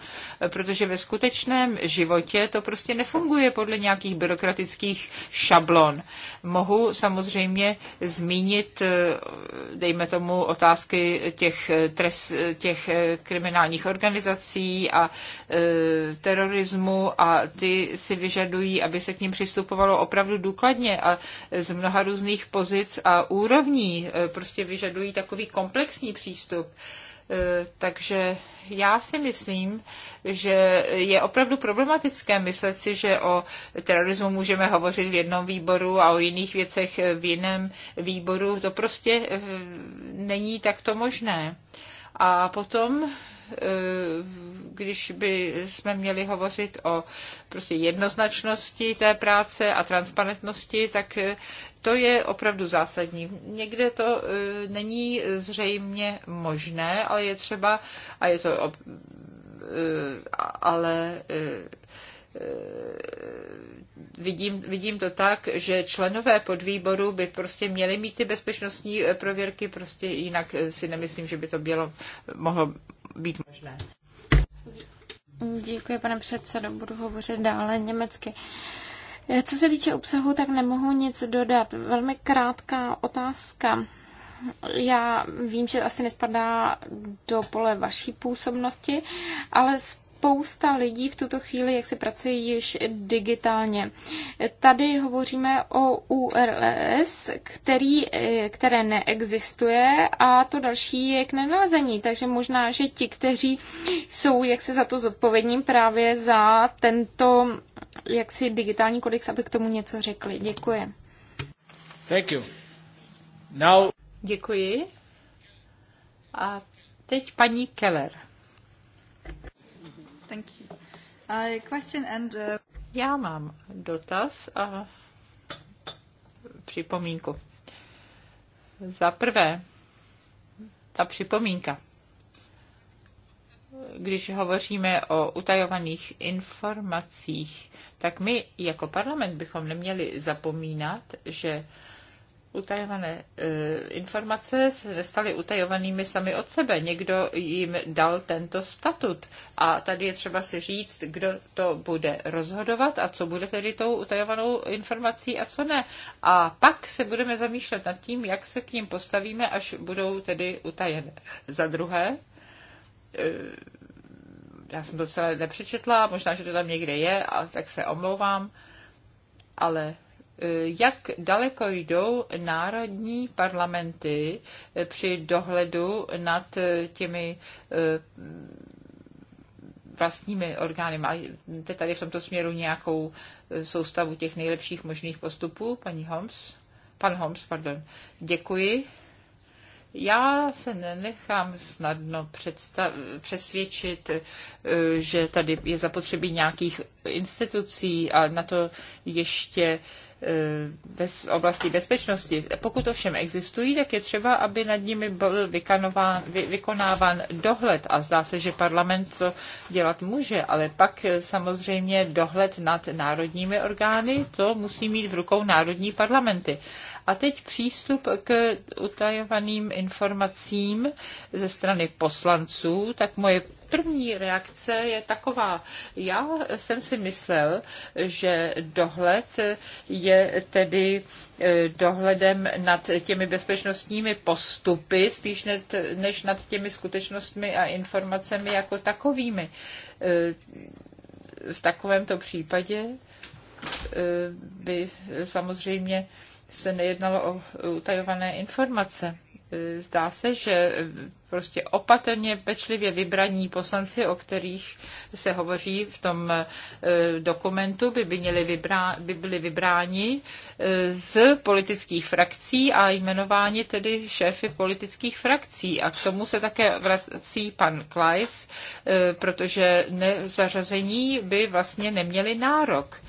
protože ve skutečném životě to prostě nefunguje podle nějakých byrokratických šablon mohu samozřejmě zmínit, eh, dejme tomu, otázky těch, eh, trest, eh, těch kriminálních organizací a terorismu a ty si vyžadují, aby se k ním přistupovalo opravdu důkladně a z mnoha různých pozic a úrovní prostě vyžadují takový komplexní přístup. Eh, takže já si myslím, že je opravdu problematické myslet si, že o terorismu můžeme hovořit v jednom výboru a o jiných věcech v jiném výboru. To prostě eh, není takto možné. A potom, eh, když by jsme měli hovořit o prostě jednoznačnosti té práce a transparentnosti, tak to je opravdu zásadní. Někde to e, není zřejmě možné, ale je třeba, a je to, e, ale e, vidím, vidím to tak, že členové podvýboru by prostě měli mít ty bezpečnostní prověrky, prostě jinak si nemyslím, že by to bylo, mohlo být možné. Děkuji, pane předsedo, budu hovořit dále německy. Co se týče obsahu, tak nemohu nic dodat. Velmi krátká otázka. Já vím, že asi nespadá do pole vaší působnosti, ale spousta lidí v tuto chvíli, jak se pracuje již digitálně. Tady hovoříme o URLS, který, které neexistuje a to další je k nenalezení. Takže možná, že ti, kteří jsou jak se za to zodpovědní právě za tento jaksi digitální kodex, aby k tomu něco řekli. Děkuji. Thank you. Now... Děkuji. A teď paní Keller. Thank you. A question and, uh... Já mám dotaz a připomínku. Za prvé, ta připomínka. Když hovoříme o utajovaných informacích, tak my jako parlament bychom neměli zapomínat, že utajované e, informace se staly utajovanými sami od sebe. Někdo jim dal tento statut a tady je třeba si říct, kdo to bude rozhodovat a co bude tedy tou utajovanou informací a co ne. A pak se budeme zamýšlet nad tím, jak se k ním postavíme, až budou tedy utajené. Za druhé, e, já jsem to celé nepřečetla, možná, že to tam někde je, a tak se omlouvám, ale e, jak daleko jdou národní parlamenty e, při dohledu nad e, těmi vlastními orgány. Máte tady v tomto směru nějakou soustavu těch nejlepších možných postupů, paní Holmes? Pan Holmes, pardon. Děkuji. Já se nenechám snadno představ, přesvědčit, eh, že tady je zapotřebí nějakých institucí a na to ještě eh, bez oblasti bezpečnosti. Pokud ovšem existují, tak je třeba, aby nad nimi byl vykonován, vy, vykonáván dohled a zdá se, že parlament to dělat může, ale pak eh, samozřejmě dohled nad národními orgány, to musí mít v rukou národní parlamenty. A teď přístup k utajovaným informacím ze strany poslanců, tak moje první reakce je taková. Já jsem si myslel, že dohled je tedy eh, dohledem nad těmi bezpečnostními postupy, spíš než nad těmi skutečnostmi a informacemi jako takovými. Eh, v takovémto případě eh, by samozřejmě se nejednalo o utajované informace. Zdá se, že prostě opatrně, pečlivě vybraní poslanci, o kterých se hovoří v tom eh, dokumentu, by, by, měli vybrá, by byli vybráni eh, z politických frakcí a jmenováni tedy šéfy politických frakcí. A k tomu se také vrací pan Kleis, eh, protože nezařazení by vlastně neměli nárok.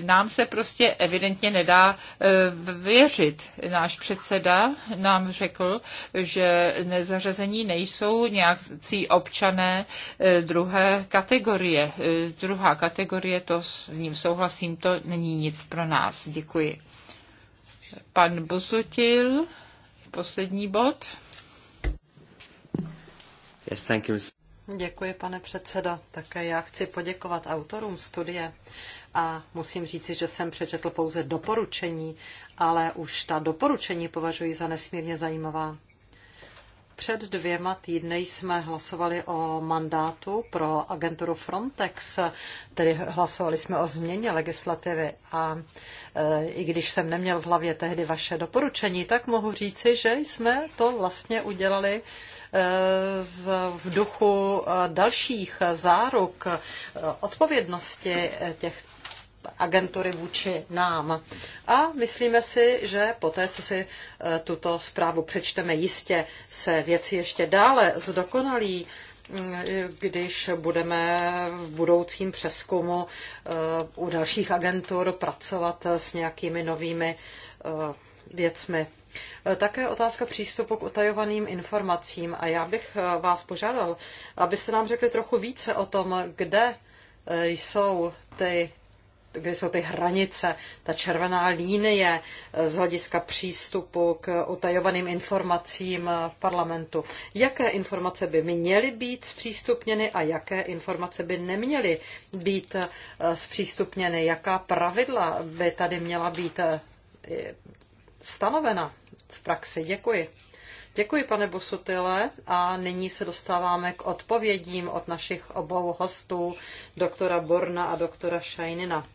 Nám se prostě evidentně nedá e, věřit. Náš předseda nám řekl, že nezařazení nejsou nějakcí občané e, druhé kategorie. E, druhá kategorie, to s ním souhlasím, to není nic pro nás. Děkuji. Pan Busutil, poslední bod. Yes, thank you. Děkuji, pane předsedo. Také já chci poděkovat autorům studie a musím říci, že jsem přečetl pouze doporučení, ale už ta doporučení považuji za nesmírně zajímavá. Před dvěma týdny jsme hlasovali o mandátu pro agenturu Frontex, tedy hlasovali jsme o změně legislativy a e, i když jsem neměl v hlavě tehdy vaše doporučení, tak mohu říci, že jsme to vlastně udělali e, z, v duchu e, dalších záruk e, odpovědnosti těch agentury vůči nám. A myslíme si, že po té, co si eh, tuto zprávu přečteme, jistě se věci ještě dále zdokonalí, mm, když budeme v budoucím přeskumu eh, u dalších agentur pracovat s nějakými novými eh, věcmi. Také otázka přístupu k utajovaným informacím a já bych vás požádal, abyste nám řekli trochu více o tom, kde jsou ty kde jsou ty hranice, ta červená línie eh, z hlediska přístupu k utajovaným informacím eh, v parlamentu. Jaké informace by měly být zpřístupněny a jaké informace by neměly být eh, zpřístupněny? Jaká pravidla by tady měla být stanovena v praxi? Děkuji. Děkuji, pane Bosutile, a nyní se dostáváme k odpovědím od našich obou hostů, doktora Borna a doktora Šajnina.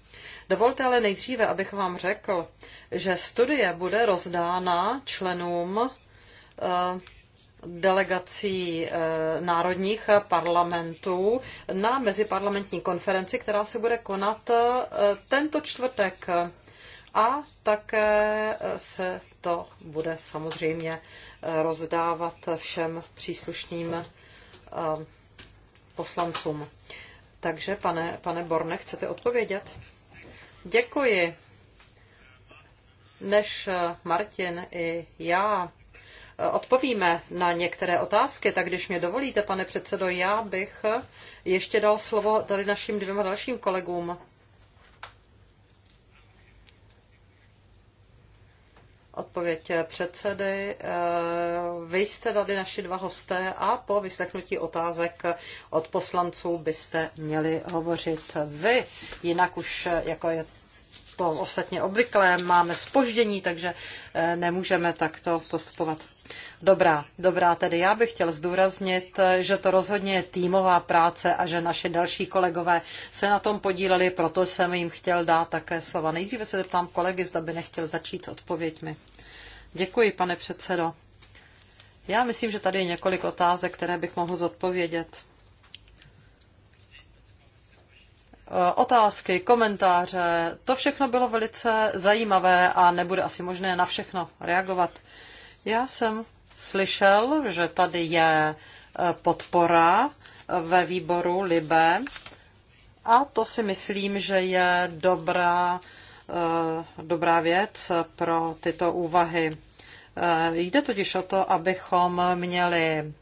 Dovolte ale nejdříve, abych vám řekl, že studie bude rozdána členům eh, delegací eh, národních parlamentů na meziparlamentní konferenci, která se bude konat eh, tento čtvrtek. A také se to bude samozřejmě rozdávat všem příslušným poslancům. Takže, pane, pane Borne, chcete odpovědět? Děkuji. Než eh, Martin i já eh, odpovíme na některé otázky, tak když mě dovolíte, pane předsedo, já bych eh, ještě dal slovo tady našim dvěma dalším kolegům. Odpověď předsedy. Vy jste tady naši dva hosté a po vyslechnutí otázek od poslanců byste měli hovořit vy. Jinak už jako je to ostatně obvyklé, máme spoždění, takže eh, nemůžeme takto postupovat. Dobrá, dobrá, tedy já bych chtěl zdůraznit, eh, že to rozhodně je týmová práce a že naši další kolegové se na tom podíleli, proto jsem jim chtěl dát také slova. Nejdříve se zeptám kolegy, zda by nechtěl začít s odpověďmi. Děkuji, pane předsedo. Já myslím, že tady je několik otázek, které bych mohl zodpovědět. Eh, otázky, komentáře. To všechno bylo velice zajímavé a nebude asi možné na všechno reagovat. Já jsem slyšel, že tady je eh, podpora eh, ve výboru Libe a to si myslím, že je dobrá, dobrá věc pro tyto úvahy. Jde totiž o to, abychom měli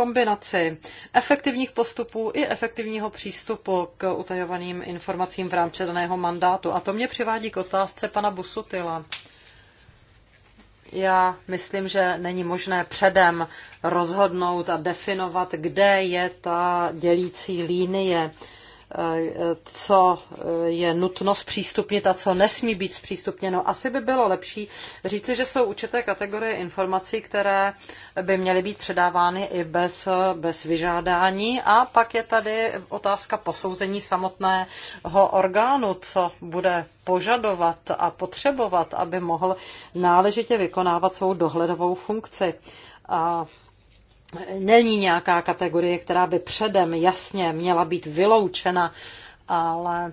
kombinaci efektivních postupů i efektivního přístupu k utajovaným informacím v rámci daného mandátu. A to mě přivádí k otázce pana Busutila. Já myslím, že není možné předem rozhodnout a definovat, kde je ta dělící linie co je nutno zpřístupnit a co nesmí být zpřístupněno. Asi by bylo lepší říci, že jsou určité kategorie informací, které by měly být předávány i bez, bez vyžádání. A pak je tady otázka posouzení samotného orgánu, co bude požadovat a potřebovat, aby mohl náležitě vykonávat svou dohledovou funkci. A není nějaká kategorie, která by předem jasně měla být vyloučena, ale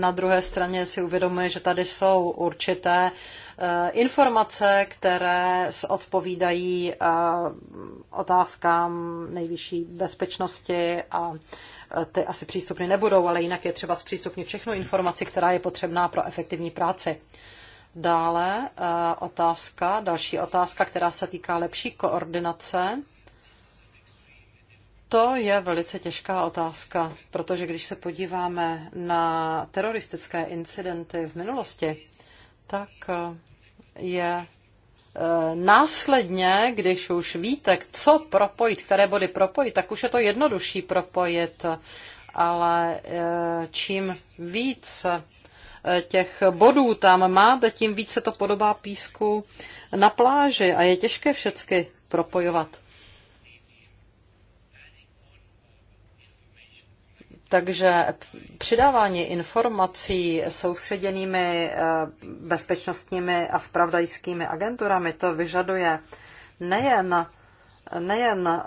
na druhé straně si uvědomuje, že tady jsou určité eh, informace, které odpovídají eh, otázkám nejvyšší bezpečnosti a eh, ty asi přístupny nebudou, ale jinak je třeba zpřístupnit všechnu informaci, která je potřebná pro efektivní práci. Dále otázka, další otázka, která se týká lepší koordinace to je velice těžká otázka, protože když se podíváme na teroristické incidenty v minulosti, tak eh, je eh, následně, když už víte, co propojit, které body propojit, tak už je to jednodušší propojit, ale eh, čím víc těch bodů tam máte, tím více to podobá písku na pláži a je těžké všecky propojovat. Takže přidávání informací soustředěnými eh, bezpečnostními a spravdajskými agenturami to vyžaduje nejen nejen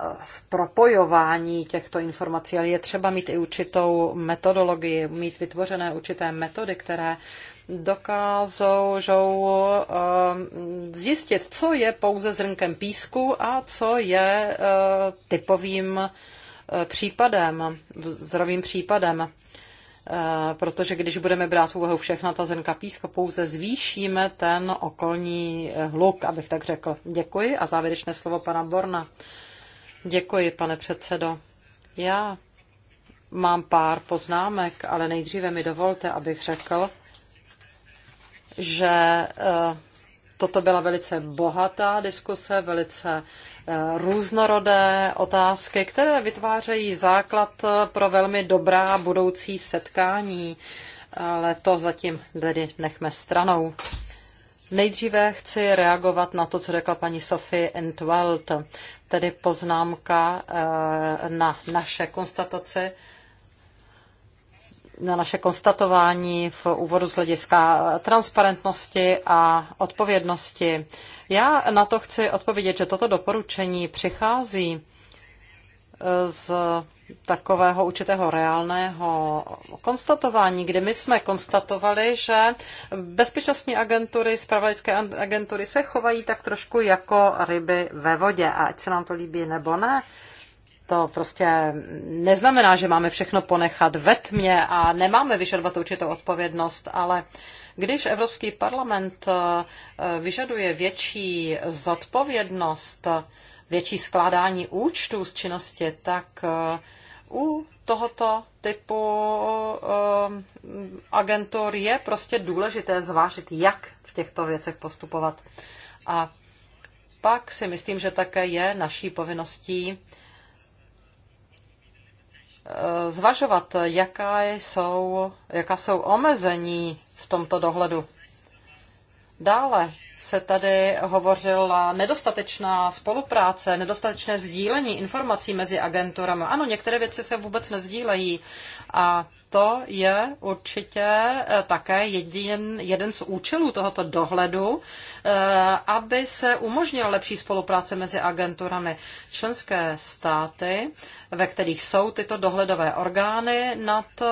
propojování těchto informací, ale je třeba mít i určitou metodologii, mít vytvořené určité metody, které dokážou eh, zjistit, co je pouze zrnkem písku a co je eh, typovým Eh, případem, zdravým případem, eh, protože když budeme brát v úvahu všechna ta zrnka písku, pouze zvýšíme ten okolní eh, hluk, abych tak řekl. Děkuji a závěrečné slovo pana Borna. Děkuji, pane předsedo. Já mám pár poznámek, ale nejdříve mi dovolte, abych řekl, že toto byla velice bohatá diskuse, velice různorodé otázky, které vytvářejí základ pro velmi dobrá budoucí setkání, ale to zatím tedy nechme stranou. Nejdříve chci reagovat na to, co řekla paní Sophie Entwald, tedy poznámka eh, na naše konstatace, na naše konstatování v úvodu z hlediska transparentnosti a odpovědnosti. Já na to chci odpovědět, že toto doporučení přichází eh, z takového určitého reálného konstatování, kdy my jsme konstatovali, že bezpečnostní agentury, spravodajské agentury se chovají tak trošku jako ryby ve vodě, a ať se nám to líbí nebo ne, to prostě neznamená, že máme všechno ponechat ve tmě a nemáme vyžadovat určitou odpovědnost, ale když Evropský parlament eh, vyžaduje větší zodpovědnost, větší skládání účtů z činnosti, tak eh, u tohoto typu eh, agentur je prostě důležité zvážit, jak v těchto věcech postupovat. A pak si myslím, že také je naší povinností Eh, zvažovat, jaká jsou, jaká jsou omezení v tomto dohledu. Dále se tady hovořila nedostatečná spolupráce, nedostatečné sdílení informací mezi agenturami. Ano, některé věci se vůbec nezdílejí a to je určitě eh, také jeden, jeden z účelů tohoto dohledu, eh, aby se umožnila lepší spolupráce mezi agenturami. Členské státy, ve kterých jsou tyto dohledové orgány nad eh,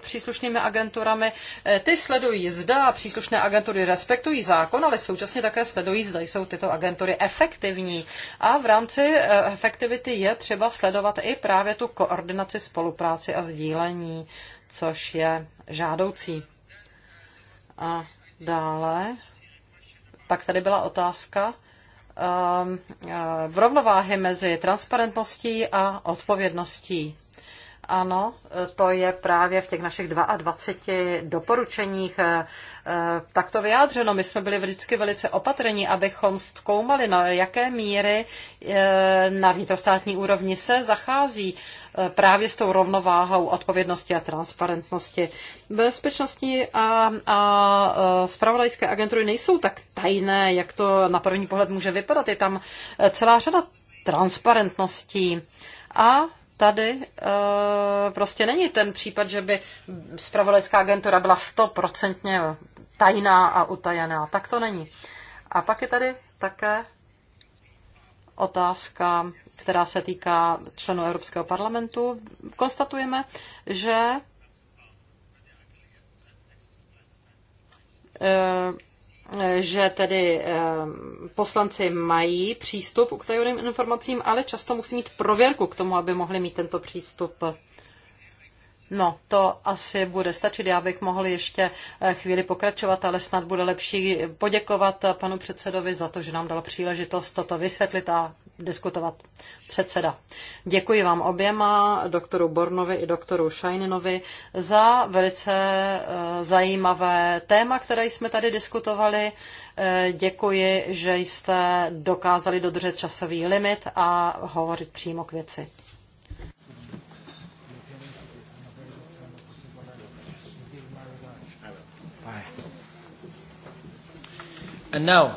příslušnými agenturami, ty sledují zda příslušné agentury respektují zákon, ale současně také sledují, zda jsou tyto agentury efektivní. A v rámci efektivity je třeba sledovat i právě tu koordinaci, spolupráci a sdílení což je žádoucí. A dále, pak tady byla otázka um, uh, v rovnováhy mezi transparentností a odpovědností. Ano, to je právě v těch našich 22 doporučeních Eh, tak to vyjádřeno. My jsme byli vždycky velice opatrní, abychom zkoumali, na jaké míry eh, na vnitrostátní úrovni se zachází eh, právě s tou rovnováhou odpovědnosti a transparentnosti. Bezpečnostní a, a spravodajské agentury nejsou tak tajné, jak to na první pohled může vypadat. Je tam celá řada transparentností. A tady e, prostě není ten případ, že by spravodajská agentura byla stoprocentně tajná a utajená. Tak to není. A pak je tady také otázka, která se týká členů Evropského parlamentu. Konstatujeme, že eh, že tedy eh, poslanci mají přístup k tajným informacím, ale často musí mít prověrku k tomu, aby mohli mít tento přístup. No, to asi bude stačit. Já bych mohl ještě eh, chvíli pokračovat, ale snad bude lepší poděkovat eh, panu předsedovi za to, že nám dal příležitost toto vysvětlit a diskutovat předseda. Děkuji vám oběma, doktoru Bornovi i doktoru Šajninovi, za velice eh, zajímavé téma, které jsme tady diskutovali. Děkuji, že jste dokázali dodržet časový limit a hovořit přímo k věci. And now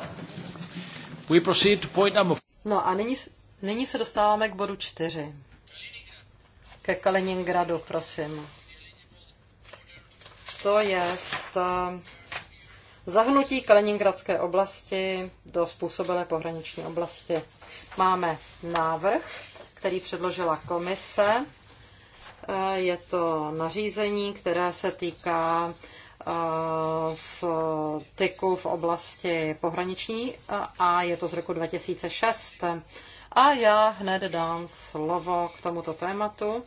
we proceed to point number... No a nyní, nyní se dostáváme k bodu čtyři. Ke Kaliningradu, prosím. To je eh, zahnutí Kaliningradské oblasti do způsobené pohraniční oblasti. Máme návrh, který předložila komise. Eh, je to nařízení, které se týká Eh, z tyku v oblasti pohraniční eh, a je to z roku 2006. A já hned dám slovo k tomuto tématu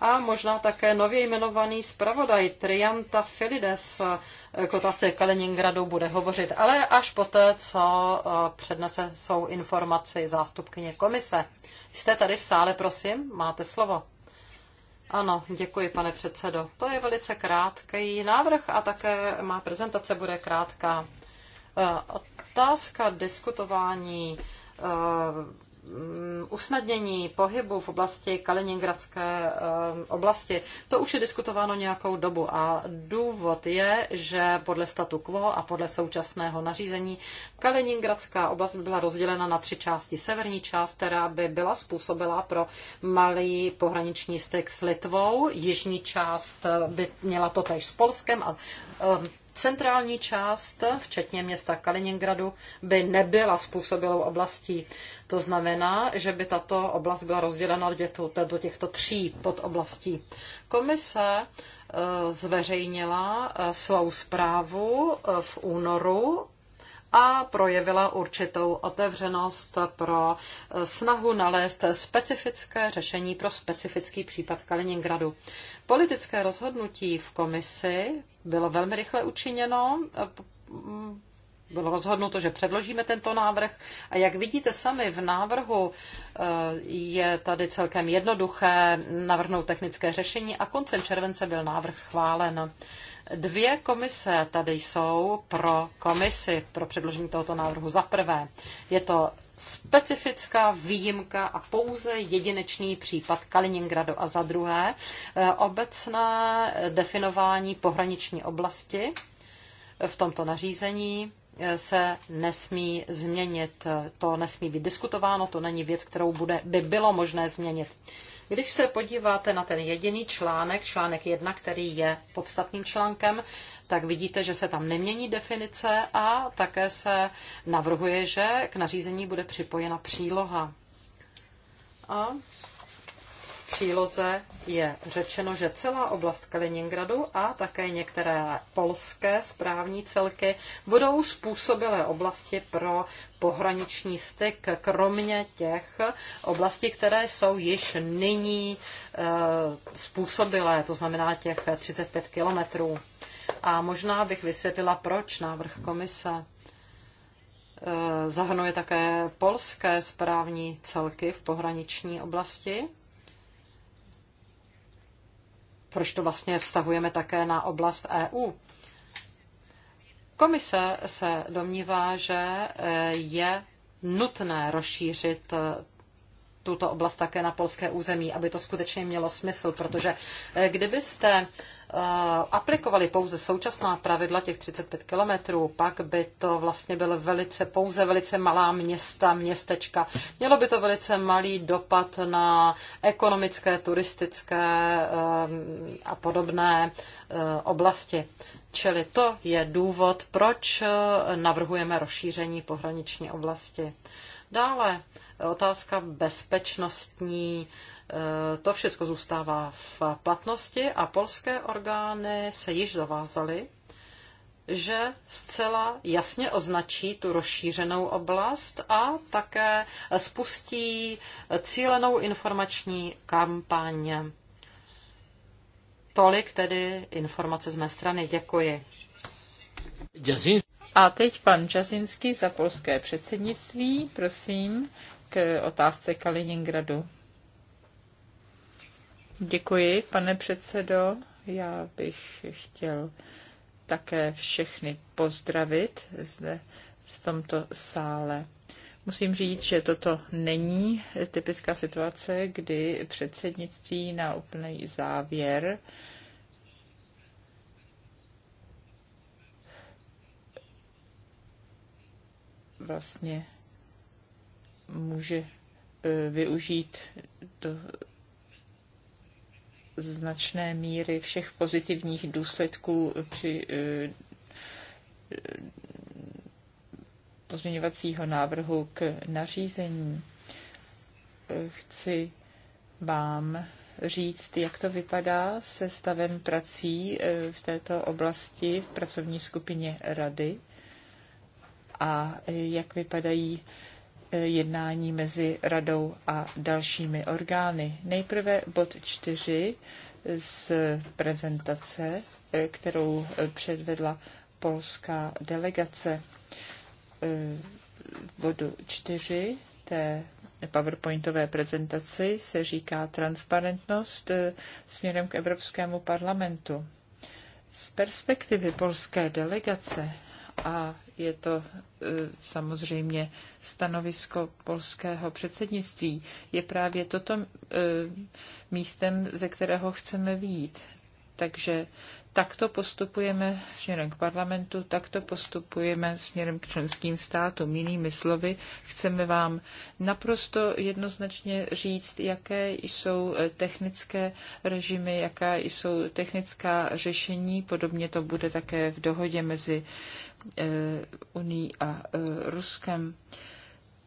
a možná také nově jmenovaný zpravodaj Trianta Filides eh, k otázce Kaliningradu bude hovořit, ale až poté, co přednese svou informaci zástupkyně komise. Jste tady v sále, prosím, máte slovo. Ano, děkuji, pane předsedo. To je velice krátký návrh a také má prezentace bude krátká. Eh, otázka diskutování eh, Mm, usnadnění pohybu v oblasti Kaliningradské ehm, oblasti, to už je diskutováno nějakou dobu a důvod je, že podle statu quo a podle současného nařízení Kaliningradská oblast by byla rozdělena na tři části. Severní část, která by byla způsobila pro malý pohraniční styk s Litvou, jižní část by měla to tež s Polskem a ehm, Centrální část, včetně města Kaliningradu, by nebyla způsobilou oblastí. To znamená, že by tato oblast byla rozdělena do těchto tří podoblastí. Komise eh, zveřejnila eh, svou zprávu eh, v únoru a projevila určitou otevřenost pro snahu nalézt specifické řešení pro specifický případ Kaliningradu. Politické rozhodnutí v komisi bylo velmi rychle učiněno. Bylo rozhodnuto, že předložíme tento návrh. A jak vidíte sami v návrhu, e, je tady celkem jednoduché navrhnout technické řešení a koncem července byl návrh schválen. Dvě komise tady jsou pro komisi pro předložení tohoto návrhu. Za prvé je to specifická výjimka a pouze jedinečný případ Kaliningradu. A za druhé, eh, obecné definování pohraniční oblasti v tomto nařízení eh, se nesmí změnit. To nesmí být diskutováno, to není věc, kterou bude, by bylo možné změnit. Když se podíváte na ten jediný článek, článek 1, který je podstatným článkem, tak vidíte, že se tam nemění definice a také se navrhuje, že k nařízení bude připojena příloha. A v příloze je řečeno, že celá oblast Kaliningradu a také některé polské správní celky budou způsobilé oblasti pro pohraniční styk, kromě těch oblastí, které jsou již nyní e, způsobilé, to znamená těch 35 kilometrů. A možná bych vysvětlila, proč návrh komise e, zahrnuje také polské správní celky v pohraniční oblasti. Proč to vlastně vztahujeme také na oblast EU? Komise se domnívá, že e, je nutné rozšířit e, tuto oblast také na polské území, aby to skutečně mělo smysl, protože kdybyste Eh, aplikovali pouze současná pravidla těch 35 kilometrů, pak by to vlastně bylo velice, pouze velice malá města, městečka. Mělo by to velice malý dopad na ekonomické, turistické eh, a podobné eh, oblasti. Čili to je důvod, proč navrhujeme rozšíření pohraniční oblasti. Dále otázka bezpečnostní E, to všechno zůstává v platnosti a polské orgány se již zavázaly, že zcela jasně označí tu rozšířenou oblast a také spustí cílenou informační kampaň. Tolik tedy informace z mé strany. Děkuji. A teď pan Jasinský za polské předsednictví, prosím, k otázce Kaliningradu. Děkuji, pane předsedo. Já bych chtěl také všechny pozdravit zde v tomto sále. Musím říct, že toto není typická situace, kdy předsednictví na úplný závěr vlastně může e, využít do značné míry všech pozitivních důsledků při eh, eh, pozměňovacího návrhu k nařízení. Eh, chci vám říct, jak to vypadá se stavem prací v této oblasti v pracovní skupině rady a jak vypadají jednání mezi radou a dalšími orgány. Nejprve bod 4 z prezentace, eh, kterou eh, předvedla polská delegace. Eh, v bodu 4 té PowerPointové prezentaci se říká transparentnost směrem k Evropskému parlamentu. Z perspektivy polské delegace a je to e, samozřejmě stanovisko polského předsednictví, je právě toto e, místem, ze kterého chceme výjít. Takže takto postupujeme směrem k parlamentu, takto postupujeme směrem k členským státům. Jinými slovy, chceme vám naprosto jednoznačně říct, jaké jsou e, technické režimy, jaká jsou technická řešení. Podobně to bude také v dohodě mezi Eh, Unii a eh, Ruskem.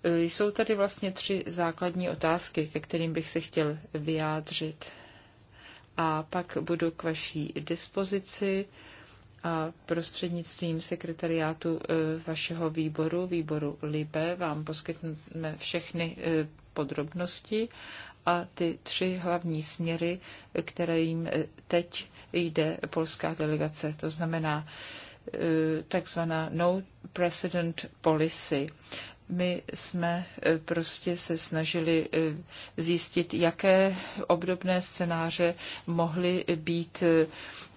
Eh, jsou tady vlastně tři základní otázky, ke kterým bych se chtěl vyjádřit. A pak budu k vaší dispozici a prostřednictvím sekretariátu vašeho výboru, výboru LIBE, vám poskytneme všechny podrobnosti a ty tři hlavní směry, kterým teď jde polská delegace. To znamená Eh, takzvaná no precedent policy. My jsme eh, prostě se snažili eh, zjistit, jaké obdobné scénáře mohly být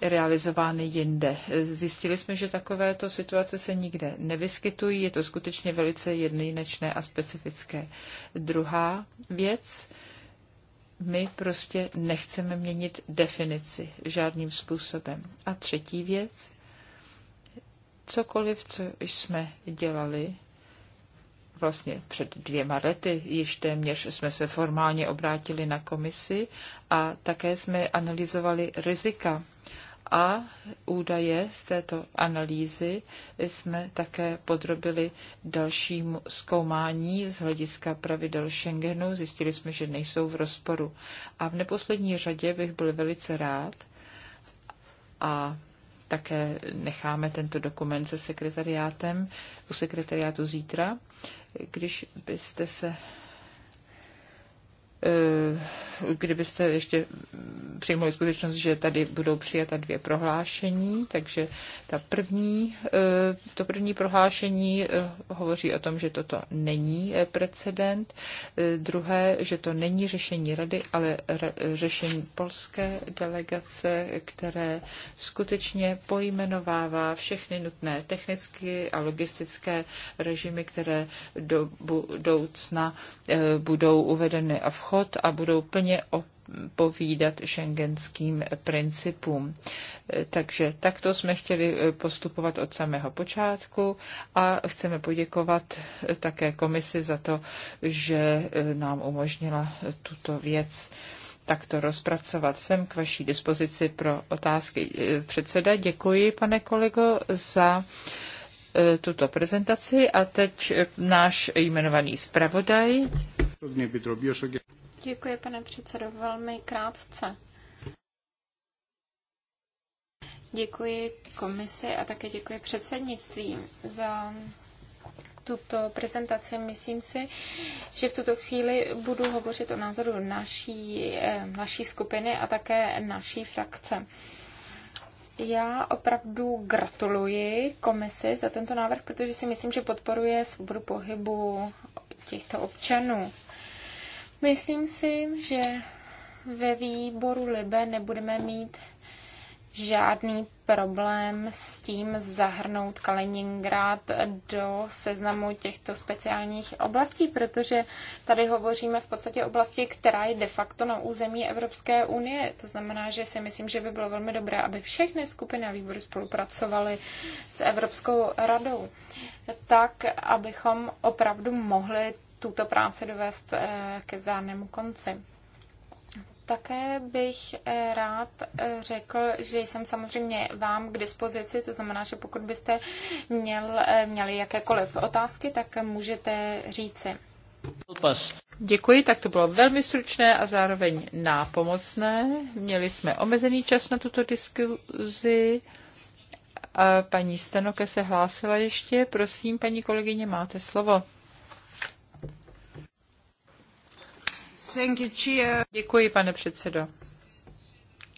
realizovány jinde. Zjistili jsme, že takovéto situace se nikde nevyskytují, je to skutečně velice jedinečné a specifické. Druhá věc, my prostě nechceme měnit definici žádným způsobem. A třetí věc, cokoliv, co jsme dělali, vlastně před dvěma lety již téměř jsme se formálně obrátili na komisi a také jsme analyzovali rizika. A údaje z této analýzy jsme také podrobili dalšímu zkoumání z hlediska pravidel Schengenu. Zjistili jsme, že nejsou v rozporu. A v neposlední řadě bych byl velice rád a také necháme tento dokument se sekretariátem u sekretariátu zítra. Když byste se Eh, kdybyste ještě přijmuli skutečnost, že tady budou přijata dvě prohlášení, takže ta první, eh, to první prohlášení eh, hovoří o tom, že toto není precedent, druhé, že to není řešení rady, ale řešení polské delegace, které skutečně pojmenovává všechny nutné technické a logistické režimy, které do budoucna budou uvedeny a v obchod a budou plně povídat šengenským principům. Takže takto jsme chtěli postupovat od samého počátku a chceme poděkovat také komisi za to, že nám umožnila tuto věc takto rozpracovat. Jsem k vaší dispozici pro otázky předseda. Děkuji, pane kolego, za e, tuto prezentaci a teď náš jmenovaný zpravodaj. Děkuji, pane předsedo, velmi krátce. Děkuji komisi a také děkuji předsednictví za tuto prezentaci. Myslím si, že v tuto chvíli budu hovořit o názoru naší, eh, naší skupiny a také naší frakce. Já opravdu gratuluji komisi za tento návrh, protože si myslím, že podporuje svobodu pohybu těchto občanů. Myslím si, že ve výboru Libe nebudeme mít žádný problém s tím zahrnout Kaliningrad do seznamu těchto speciálních oblastí, protože tady hovoříme v podstatě oblasti, která je de facto na území Evropské unie. To znamená, že si myslím, že by bylo velmi dobré, aby všechny skupiny a výbory spolupracovaly s Evropskou radou, tak abychom opravdu mohli tuto práci dovést eh, ke zdárnému konci. Také bych eh, rád eh, řekl, že jsem samozřejmě vám k dispozici, to znamená, že pokud byste měl, měli jakékoliv otázky, tak můžete říci. Děkuji, tak to bylo velmi stručné a zároveň nápomocné. Měli jsme omezený čas na tuto diskuzi. A paní Stanoke se hlásila ještě. Prosím, paní kolegyně, máte slovo. Děkuji, pane předsedo.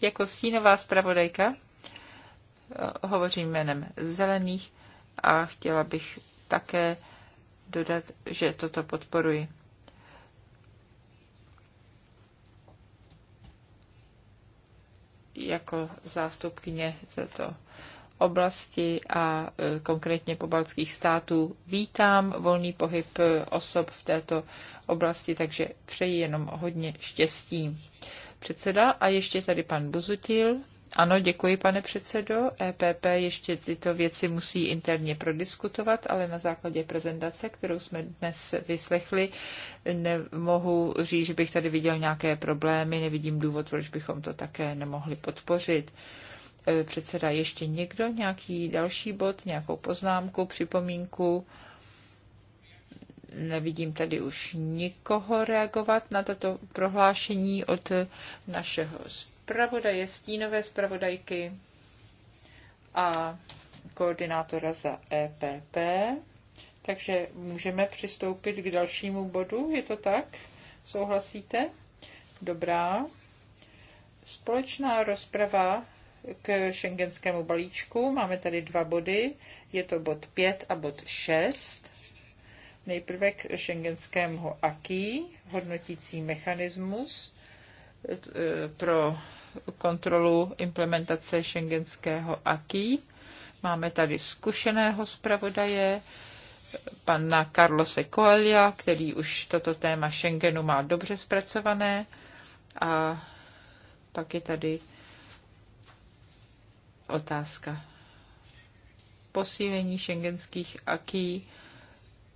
Jako stínová zpravodajka eh, hovořím jménem zelených a chtěla bych také dodat, že toto podporuji. Jako zástupkyně této oblasti a e, konkrétně po baltských států. Vítám volný pohyb e, osob v této oblasti, takže přeji jenom hodně štěstí. Předseda a ještě tady pan Buzutil. Ano, děkuji, pane předsedo. EPP ještě tyto věci musí interně prodiskutovat, ale na základě prezentace, kterou jsme dnes vyslechli, nemohu říct, že bych tady viděl nějaké problémy, nevidím důvod, proč bychom to také nemohli podpořit. Eh, předseda. Ještě někdo? Nějaký další bod? Nějakou poznámku, připomínku? Nevidím tady už nikoho reagovat na toto prohlášení od našeho zpravodaje, stínové zpravodajky a koordinátora za EPP. Takže můžeme přistoupit k dalšímu bodu, je to tak? Souhlasíte? Dobrá. Společná rozprava k šengenskému balíčku. Máme tady dva body, je to bod 5 a bod 6. Nejprve k šengenskému AKI, hodnotící mechanismus eh, pro kontrolu implementace šengenského AKI. Máme tady zkušeného zpravodaje, pana Carlose Coelia, který už toto téma Schengenu má dobře zpracované. A pak je tady otázka. Posílení šengenských aký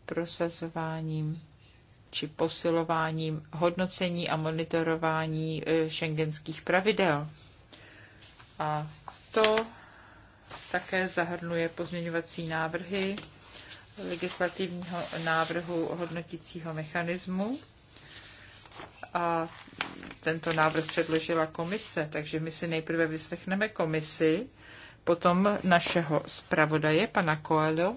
prosazováním či posilováním hodnocení a monitorování e, šengenských pravidel. A to také zahrnuje pozměňovací návrhy legislativního návrhu hodnotícího mechanismu. A tento návrh předložila komise, takže my si nejprve vyslechneme komisi potom našeho zpravodaje, pana Coelho,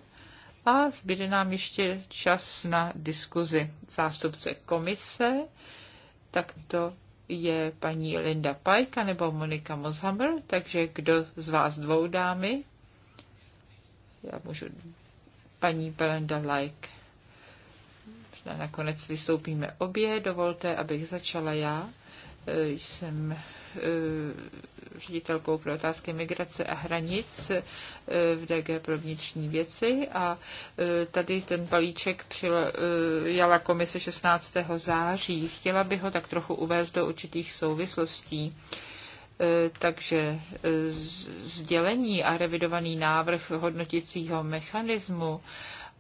a zbyde nám ještě čas na diskuzi zástupce komise, tak to je paní Linda Pajka nebo Monika Mozhammer, takže kdo z vás dvou dámy? Já můžu paní Belinda Like. Možná nakonec vystoupíme obě. Dovolte, abych začala já. E, jsem e, ředitelkou pro otázky migrace a hranic eh, v DG pro vnitřní věci a eh, tady ten balíček přijala eh, komise 16. září. Chtěla bych ho tak trochu uvést do určitých souvislostí. Takže sdělení a revidovaný návrh hodnotícího mechanismu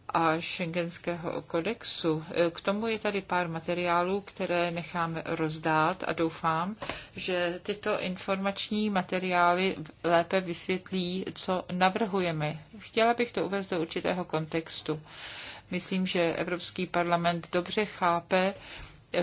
a šengenského kodexu. E, k tomu je tady pár materiálů, které necháme rozdát a doufám, že tyto informační materiály lépe vysvětlí, co navrhujeme. Chtěla bych to uvést do určitého kontextu. Myslím, že Evropský parlament dobře chápe, Eh,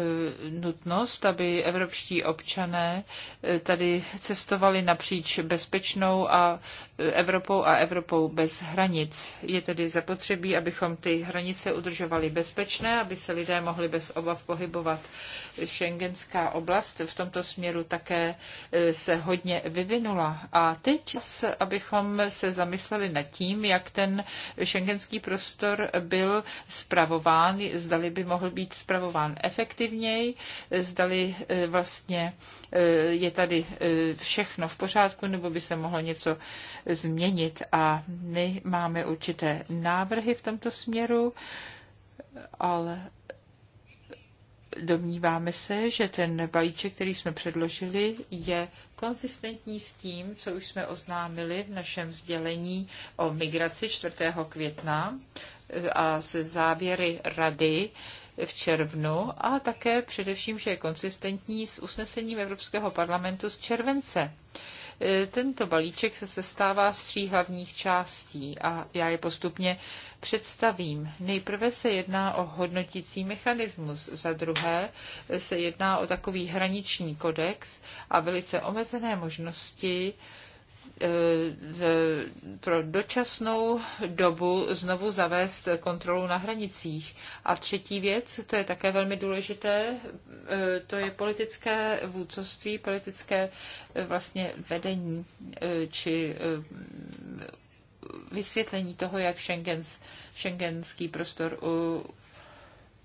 nutnost, aby evropští občané eh, tady cestovali napříč bezpečnou a eh, Evropou a Evropou bez hranic. Je tedy zapotřebí, abychom ty hranice udržovali bezpečné, aby se lidé mohli bez obav pohybovat. Schengenská oblast v tomto směru také se hodně vyvinula. A teď, abychom se zamysleli nad tím, jak ten šengenský prostor byl spravován, zdali by mohl být spravován efektivně, efektivněji, zdali e, vlastně e, je tady e, všechno v pořádku, nebo by se mohlo něco změnit. A my máme určité návrhy v tomto směru, ale domníváme se, že ten balíček, který jsme předložili, je konzistentní s tím, co už jsme oznámili v našem sdělení o migraci 4. května a se závěry rady v červnu a také především, že je konsistentní s usnesením Evropského parlamentu z července. E, tento balíček se sestává z tří hlavních částí a já je postupně představím. Nejprve se jedná o hodnotící mechanismus, za druhé se jedná o takový hraniční kodex a velice omezené možnosti Eh, pro dočasnou dobu znovu zavést kontrolu na hranicích. A třetí věc, to je také velmi důležité, eh, to je politické vůdcovství, politické eh, vlastně vedení či vysvětlení toho, jak Schengens, šengenský prostor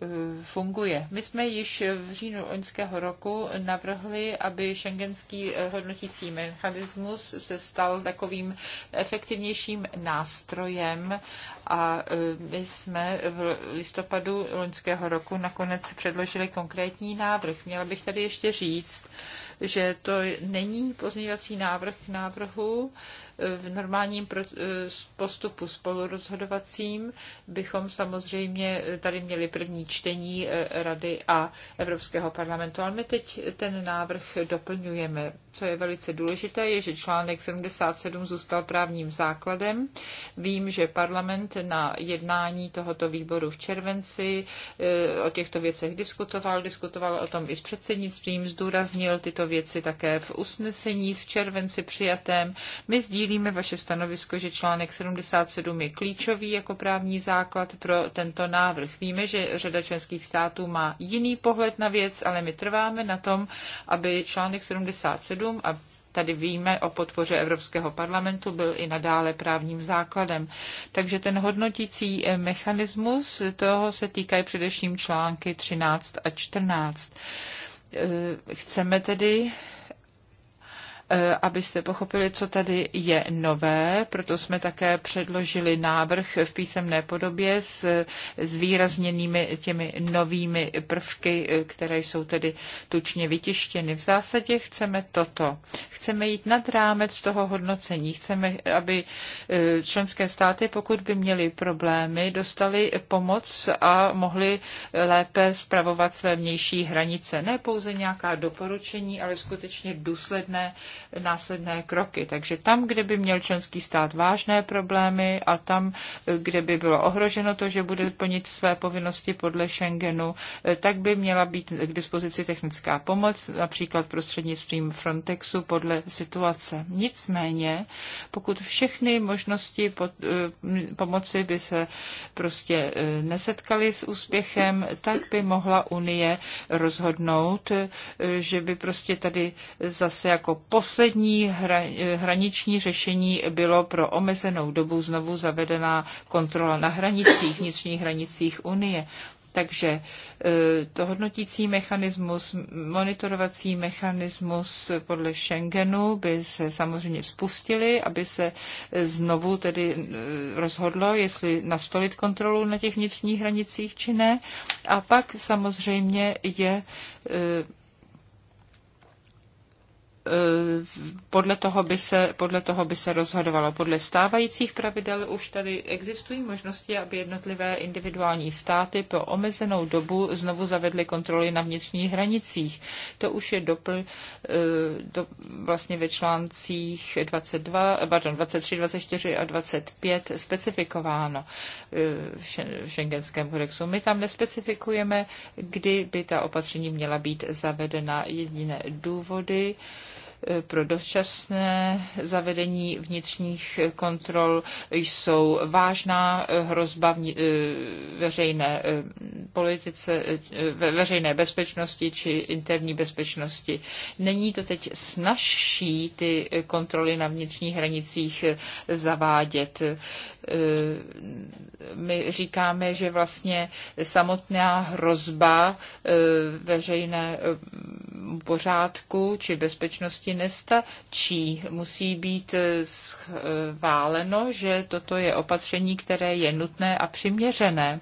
Eh, funguje. My jsme již v říjnu loňského roku navrhli, aby šengenský eh, hodnotící mechanismus se stal takovým efektivnějším nástrojem a eh, my jsme v listopadu loňského roku nakonec předložili konkrétní návrh. Měla bych tady ještě říct, že to není pozměňovací návrh k návrhu, v normálním eh, postupu spolurozhodovacím bychom samozřejmě eh, tady měli první čtení eh, Rady a Evropského parlamentu, ale my teď ten návrh doplňujeme co je velice důležité, je, že článek 77 zůstal právním základem. Vím, že parlament na jednání tohoto výboru v červenci eh, o těchto věcech diskutoval, diskutoval o tom i s předsednictvím, zdůraznil tyto věci také v usnesení v červenci přijatém. My sdílíme vaše stanovisko, že článek 77 je klíčový jako právní základ pro tento návrh. Víme, že řada členských států má jiný pohled na věc, ale my trváme na tom, aby článek 77 referendum a tady víme o podpoře Evropského parlamentu, byl i nadále právním základem. Takže ten hodnotící eh, mechanismus, toho se týkají především články 13 a 14. Eh, chceme tedy Eh, abyste pochopili, co tady je nové. Proto jsme také předložili návrh v písemné podobě s zvýrazněnými těmi novými prvky, eh, které jsou tedy tučně vytištěny. V zásadě chceme toto. Chceme jít nad rámec toho hodnocení. Chceme, aby eh, členské státy, pokud by měly problémy, dostali pomoc a mohli lépe spravovat své vnější hranice. Ne pouze nějaká doporučení, ale skutečně důsledné následné kroky. Takže tam, kde by měl členský stát vážné problémy a tam, kde by bylo ohroženo to, že bude plnit své povinnosti podle Schengenu, tak by měla být k dispozici technická pomoc, například prostřednictvím Frontexu podle situace. Nicméně, pokud všechny možnosti pod, eh, pomoci by se prostě eh, nesetkaly s úspěchem, tak by mohla Unie rozhodnout, eh, že by prostě tady zase jako pos poslední hraniční řešení bylo pro omezenou dobu znovu zavedená kontrola na hranicích, vnitřních hranicích Unie. Takže e, to hodnotící mechanismus, monitorovací mechanismus podle Schengenu by se samozřejmě spustili, aby se e, znovu tedy e, rozhodlo, jestli nastolit kontrolu na těch vnitřních hranicích či ne. A pak samozřejmě je Eh, podle toho, by se, podle toho by se rozhodovalo. Podle stávajících pravidel už tady existují možnosti, aby jednotlivé individuální státy po omezenou dobu znovu zavedly kontroly na vnitřních hranicích. To už je dopl, eh, do, vlastně ve článcích 22, pardon, 23, 24 a 25 specifikováno eh, v šengenském kodexu. My tam nespecifikujeme, kdy by ta opatření měla být zavedena. Jediné důvody, pro dočasné zavedení vnitřních kontrol jsou vážná hrozba eh, veřejné eh, politice, eh, veřejné bezpečnosti či interní bezpečnosti. Není to teď snažší ty kontroly na vnitřních hranicích zavádět. My říkáme, že vlastně samotná hrozba veřejné pořádku či bezpečnosti veřejnosti nestačí. Musí být eh, schváleno, že toto je opatření, které je nutné a přiměřené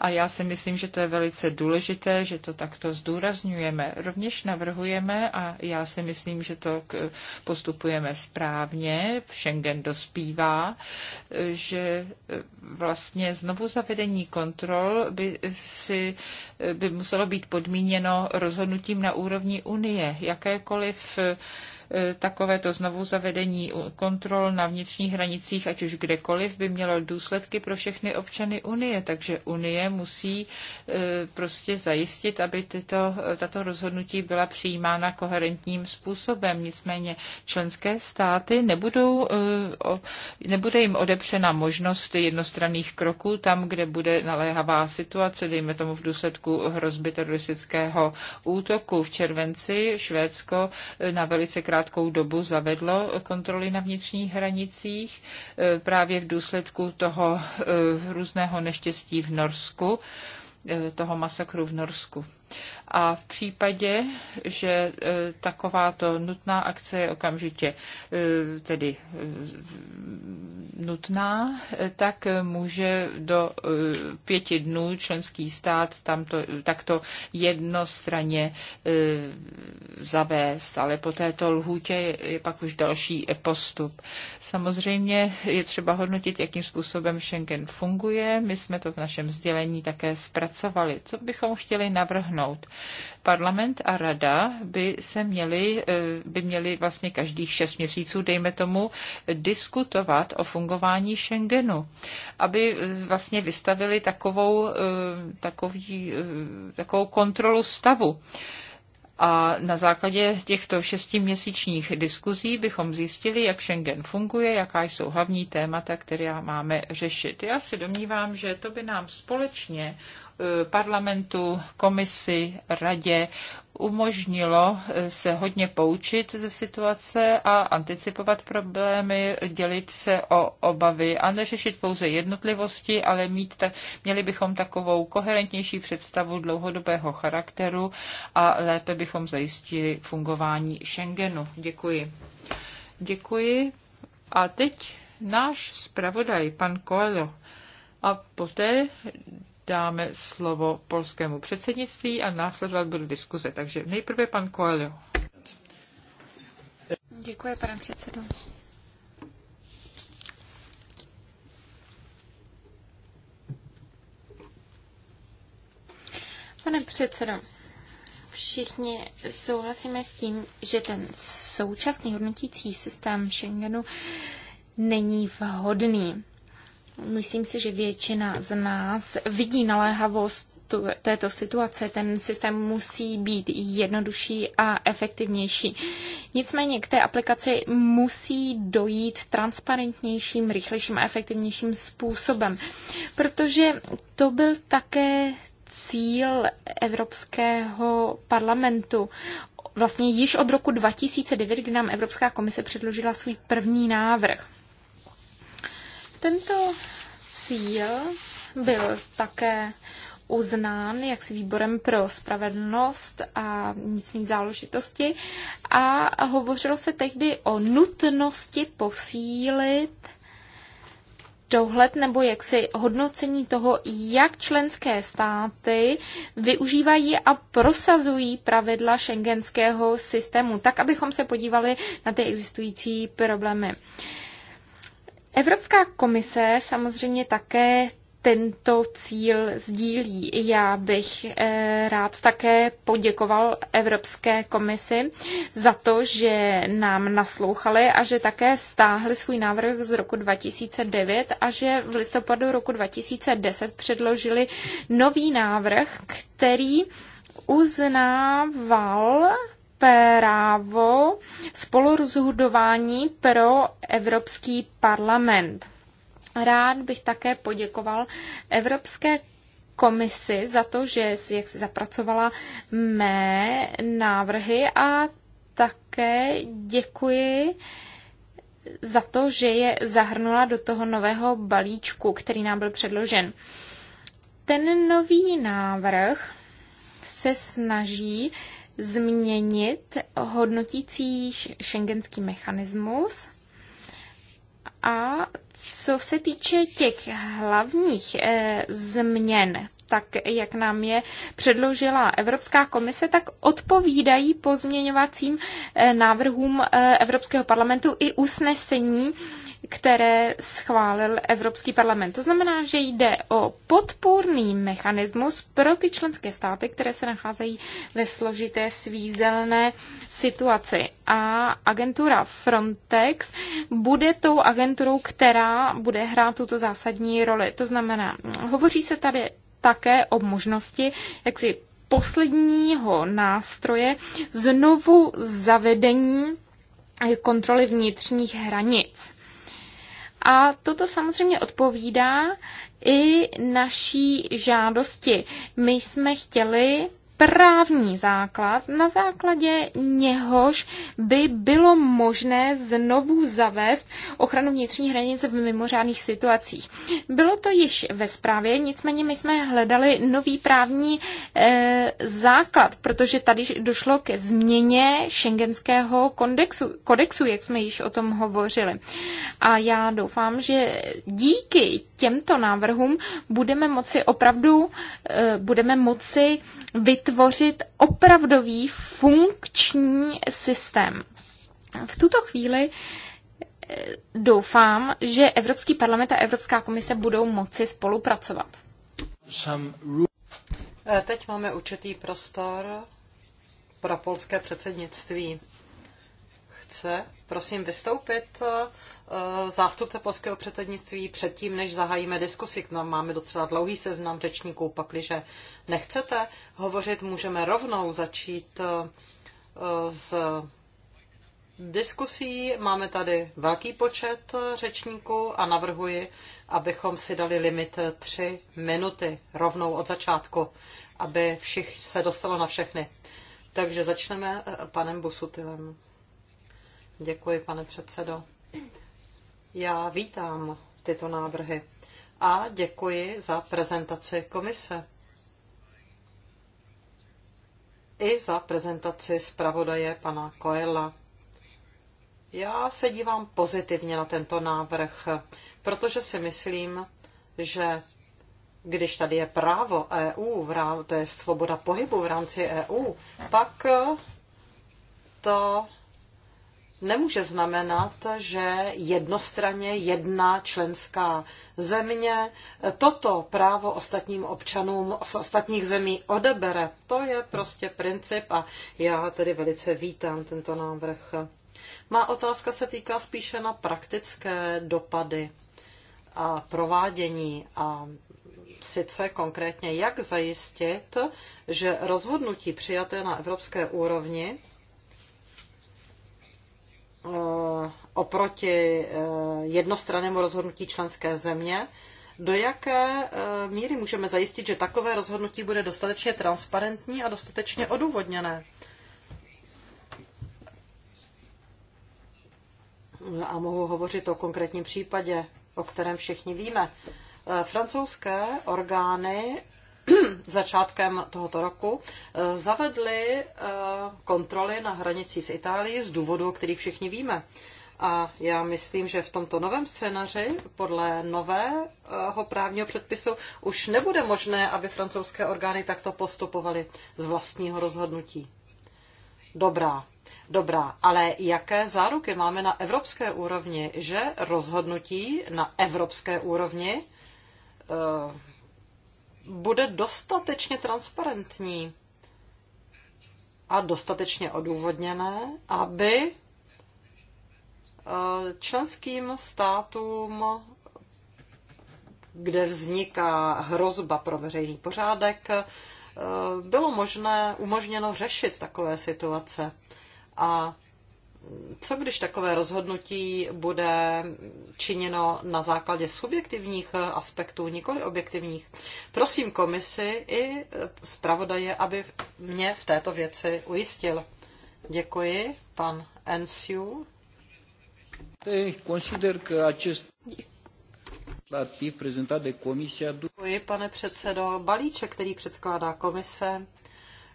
a já si myslím, že to je velice důležité, že to takto zdůrazňujeme. Rovněž navrhujeme a já si myslím, že to postupujeme správně, v Schengen dospívá, že e, vlastně znovu zavedení kontrol by, si, e, by muselo být podmíněno rozhodnutím na úrovni Unie. Jakékoliv e, E, takovéto znovu zavedení kontrol na vnitřních hranicích, ať už kdekoliv, by mělo důsledky pro všechny občany Unie. Takže Unie musí e, prostě zajistit, aby tyto, tato rozhodnutí byla přijímána koherentním způsobem. Nicméně členské státy nebudou, e, nebude jim odepřena možnost jednostranných kroků tam, kde bude naléhavá situace, dejme tomu v důsledku hrozby teroristického útoku. V červenci Švédsko na velice krátkou krátkou dobu zavedlo kontroly na vnitřních hranicích e, právě v důsledku toho e, různého neštěstí v Norsku, e, toho masakru v Norsku a v případě, že e, takováto nutná akce je okamžitě e, tedy e, nutná, tak může do pěti dnů členský stát tamto, takto jednostranně zavést, ale po této lhůtě je pak už další postup. Samozřejmě je třeba hodnotit, jakým způsobem Schengen funguje. My jsme to v našem sdělení také zpracovali. Co bychom chtěli navrhnout? Parlament a rada by se měli, eh, by měli vlastně každých šest měsíců, dejme tomu, diskutovat o fungování Schengenu, aby eh, vlastně vystavili takovou, eh, takový, takovou kontrolu stavu. A na základě těchto šestiměsíčních diskuzí bychom zjistili, jak Schengen funguje, jaká jsou hlavní témata, která máme řešit. Já se domnívám, že to by nám společně Eh, parlamentu, komisi, radě umožnilo eh, se hodně poučit ze situace a anticipovat problémy, dělit se o obavy a neřešit pouze jednotlivosti, ale mít ta, měli bychom takovou koherentnější představu dlouhodobého charakteru a lépe bychom zajistili fungování Schengenu. Děkuji. Děkuji. A teď náš zpravodaj, pan Koelo. A poté dáme slovo polskému předsednictví a následovat budou diskuze. Takže nejprve pan Coelho. Děkuji, pane předsedo. Pane předsedo, všichni souhlasíme s tím, že ten současný hodnotící systém Schengenu není vhodný. Myslím si, že většina z nás vidí naléhavost této situace ten systém musí být jednodušší a efektivnější. Nicméně k té aplikaci musí dojít transparentnějším, rychlejším a efektivnějším způsobem, protože to byl také cíl Evropského parlamentu. Vlastně již od roku 2009, kdy nám Evropská komise předložila svůj první návrh. Tento cíl byl také uznán jak s výborem pro spravedlnost a vnitřní záležitosti a hovořilo se tehdy o nutnosti posílit dohled nebo jaksi hodnocení toho, jak členské státy využívají a prosazují pravidla šengenského systému, tak abychom se podívali na ty existující problémy. Uh, Evropská komise samozřejmě také tento cíl sdílí. Já bych eh, rád také poděkoval Evropské komisi za to, že nám naslouchali a že také stáhli svůj návrh z roku 2009 a že v listopadu roku 2010 předložili nový návrh, který uznával právo spolurozhodování pro Evropský parlament. Rád bych také poděkoval Evropské komisi za to, že jak si zapracovala mé návrhy a také děkuji za to, že je zahrnula do toho nového balíčku, který nám byl předložen. Ten nový návrh se snaží změnit hodnotící šengenský mechanismus. A co se týče těch hlavních e, změn, tak jak nám je předložila Evropská komise, tak odpovídají pozměňovacím eh, návrhům eh, Evropského parlamentu i usnesení e, které schválil Evropský parlament. To znamená, že jde o podpůrný mechanismus pro ty členské státy, které se nacházejí ve složité svízelné situaci. A agentura Frontex bude tou agenturou, která bude hrát tuto zásadní roli. To znamená, hovoří se tady také o možnosti, jak si posledního nástroje znovu zavedení kontroly vnitřních hranic. A toto samozřejmě odpovídá i naší žádosti. My jsme chtěli právní základ, na základě něhož by bylo možné znovu zavést ochranu vnitřní hranice v mimořádných situacích. Bylo to již ve zprávě, nicméně my jsme hledali nový právní e, základ, protože tady došlo ke změně šengenského kodexu, kodexu, jak jsme již o tom hovořili. A já doufám, že díky těmto návrhům budeme moci opravdu, e, budeme moci vytvořit vytvořit opravdový funkční systém. V tuto chvíli eh, doufám, že Evropský parlament a Evropská komise budou moci spolupracovat. Eh, teď máme určitý prostor pro polské předsednictví. Chce prosím vystoupit eh, zástupce polského předsednictví předtím, než zahájíme diskusi. K no, nám máme docela dlouhý seznam řečníků, pakliže nechcete hovořit, můžeme rovnou začít eh, s diskusí. Máme tady velký počet eh, řečníků a navrhuji, abychom si dali limit tři minuty rovnou od začátku, aby všich se dostalo na všechny. Takže začneme panem Busutilem. Děkuji, pane předsedo. Já vítám tyto návrhy a děkuji za prezentaci komise i za prezentaci zpravodaje pana Koela. Já se dívám pozitivně na tento návrh, protože si myslím, že když tady je právo EU, to je svoboda pohybu v rámci EU, pak to nemůže znamenat, že jednostranně jedna členská země toto právo ostatním občanům z ostatních zemí odebere. To je prostě princip a já tedy velice vítám tento návrh. Má otázka se týká spíše na praktické dopady a provádění a sice konkrétně, jak zajistit, že rozhodnutí přijaté na evropské úrovni Eh, oproti eh, jednostrannému rozhodnutí členské země, do jaké eh, míry můžeme zajistit, že takové rozhodnutí bude dostatečně transparentní a dostatečně odůvodněné. A mohu hovořit o konkrétním případě, o kterém všichni víme. Francouzské orgány <clears throat> začátkem tohoto roku eh, zavedli eh, kontroly na hranici s Itálií z důvodu, o kterých všichni víme. A já myslím, že v tomto novém scénaři podle nového právního předpisu už nebude možné, aby francouzské orgány takto postupovaly z vlastního rozhodnutí. Dobrá, dobrá, ale jaké záruky máme na evropské úrovni, že rozhodnutí na evropské úrovni eh, bude dostatečně transparentní a dostatečně odůvodněné, aby eh, členským státům, kde vzniká hrozba pro veřejný pořádek, eh, bylo možné, umožněno řešit takové situace. A co když takové rozhodnutí bude činěno na základě subjektivních aspektů, nikoli objektivních? Prosím komisi i zpravodaje, aby mě v této věci ujistil. Děkuji, pan Ensiu. Děkuji, pane předsedo. Balíček, který předkládá komise,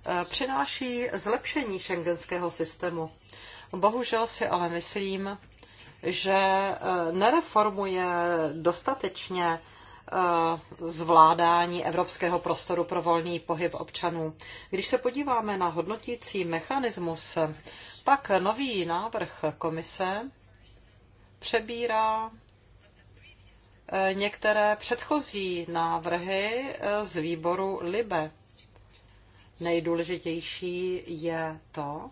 eh, přináší zlepšení šengenského systému. Bohužel si ale myslím, že eh, nereformuje dostatečně eh, zvládání evropského prostoru pro volný pohyb občanů. Když se podíváme na hodnotící mechanismus, pak nový návrh komise přebírá eh, některé předchozí návrhy z výboru LIBE. Nejdůležitější je to,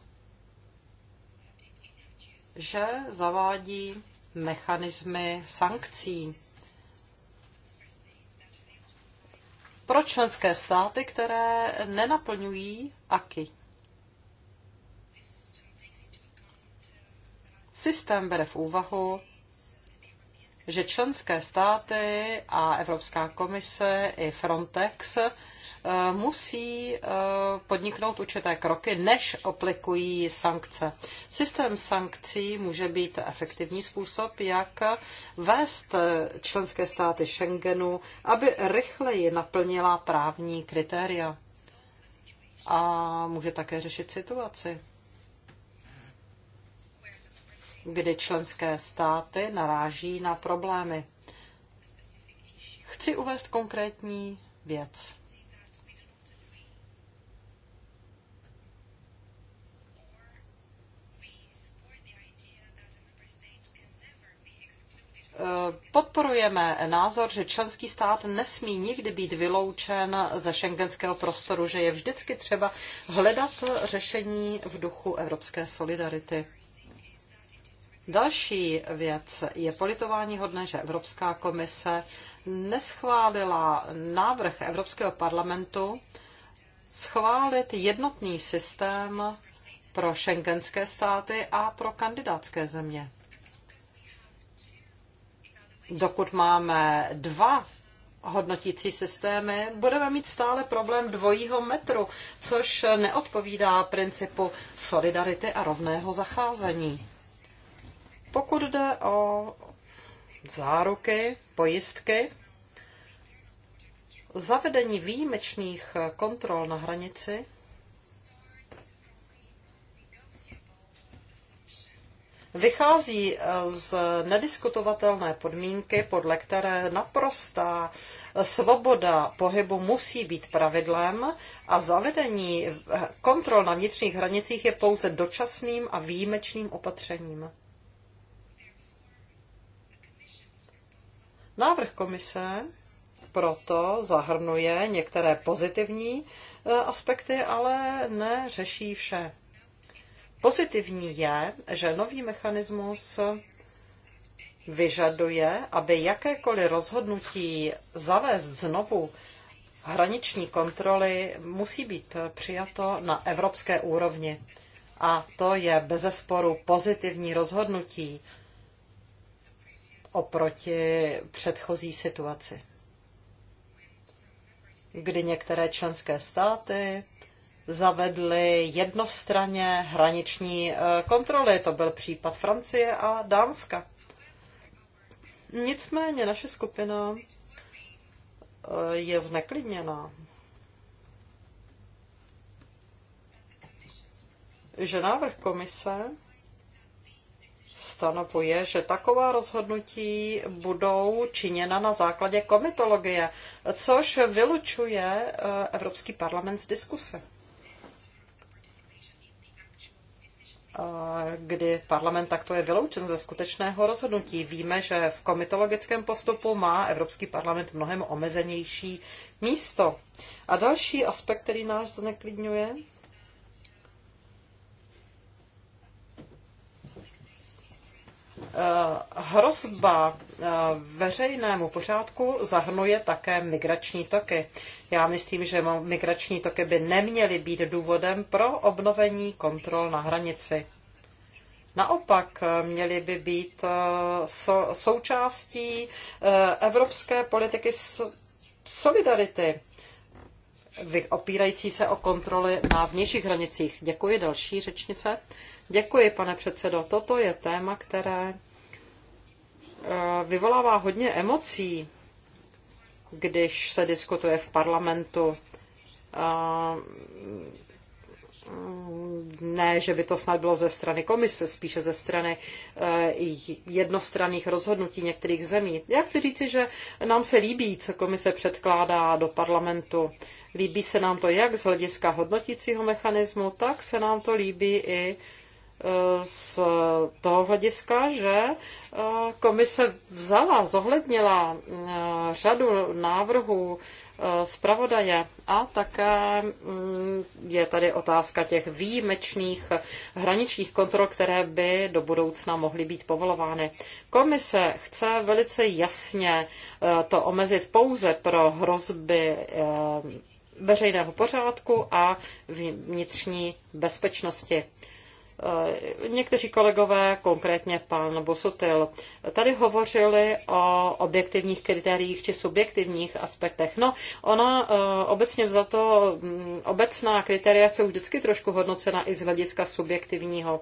že zavádí mechanismy sankcí pro členské státy, které nenaplňují AKY. Systém bere v úvahu že členské státy a Evropská komise i Frontex eh, musí eh, podniknout určité kroky, než aplikují sankce. Systém sankcí může být efektivní způsob, jak vést členské státy Schengenu, aby rychleji naplnila právní kritéria. A může také řešit situaci kdy členské státy naráží na problémy. Chci uvést konkrétní věc. Podporujeme názor, že členský stát nesmí nikdy být vyloučen ze šengenského prostoru, že je vždycky třeba hledat řešení v duchu evropské solidarity. Další věc je politování hodné, že Evropská komise neschválila návrh Evropského parlamentu schválit jednotný systém pro šengenské státy a pro kandidátské země. Dokud máme dva hodnotící systémy, budeme mít stále problém dvojího metru, což neodpovídá principu solidarity a rovného zacházení. Pokud jde o záruky, pojistky, zavedení výjimečných kontrol na hranici vychází eh, z nediskutovatelné podmínky, podle které naprostá svoboda pohybu musí být pravidlem a zavedení eh, kontrol na vnitřních hranicích je pouze dočasným a výjimečným opatřením. Návrh komise proto zahrnuje některé pozitivní e, aspekty, ale neřeší vše. Pozitivní je, že nový mechanismus vyžaduje, aby jakékoliv rozhodnutí zavést znovu hraniční kontroly musí být přijato na evropské úrovni. A to je bezesporu pozitivní rozhodnutí, oproti předchozí situaci, kdy některé členské státy zavedly jednostranně hraniční eh, kontroly. To byl případ Francie a Dánska. Nicméně naše skupina eh, je zneklidněná. Že návrh komise stanovuje, že taková rozhodnutí budou činěna na základě komitologie, což vylučuje eh, Evropský parlament z diskuse. Eh, kdy parlament takto je vyloučen ze skutečného rozhodnutí. Víme, že v komitologickém postupu má Evropský parlament mnohem omezenější místo. A další aspekt, který nás zneklidňuje, Eh, hrozba eh, veřejnému pořádku zahrnuje také migrační toky. Já myslím, že migrační toky by neměly být důvodem pro obnovení kontrol na hranici. Naopak eh, měly by být součástí evropské politiky solidarity, opírající se o kontroly na vnějších hranicích. Děkuji další řečnice. Děkuji, pane předsedo. Toto je téma, které Eh, vyvolává hodně emocí, když se diskutuje v parlamentu. Eh, ne, že by to snad bylo ze strany komise, spíše ze strany eh, jednostranných rozhodnutí některých zemí. Já chci říci, že nám se líbí, co komise předkládá do parlamentu. Líbí se nám to jak z hlediska hodnotícího mechanismu, tak se nám to líbí i z toho hlediska, že eh, komise vzala, zohlednila eh, řadu návrhů eh, zpravodaje a také mm, je tady otázka těch výjimečných hraničních kontrol, které by do budoucna mohly být povolovány. Komise chce velice jasně to omezit pouze pro hrozby veřejného pořádku a vnitřní bezpečnosti. Eh, někteří kolegové, konkrétně pan Bosutil, tady hovořili o objektivních kritériích či subjektivních aspektech. No, ona eh, obecně to mm, obecná kritéria jsou vždycky trošku hodnocena i z hlediska subjektivního.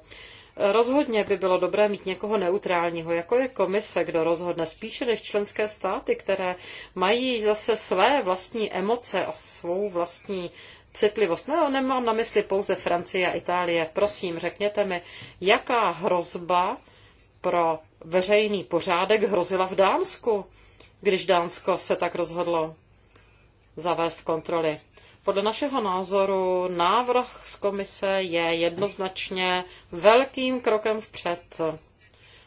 Eh, rozhodně by bylo dobré mít někoho neutrálního, jako je komise, kdo rozhodne spíše než členské státy, které mají zase své vlastní emoce a svou vlastní citlivost. No, nemám na mysli pouze Francie a Itálie. Prosím, řekněte mi, jaká hrozba pro veřejný pořádek hrozila v Dánsku, když Dánsko se tak rozhodlo zavést kontroly. Podle našeho názoru návrh z komise je jednoznačně velkým krokem vpřed.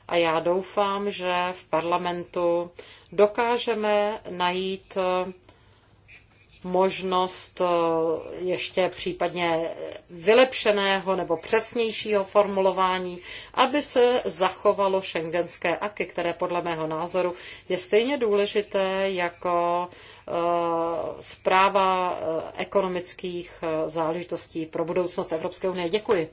A já doufám, že v parlamentu dokážeme najít možnost eh, ještě případně vylepšeného nebo přesnějšího formulování, aby se zachovalo šengenské aky, které podle mého názoru je stejně důležité jako eh, zpráva eh, ekonomických záležitostí pro budoucnost Evropské unie. Děkuji.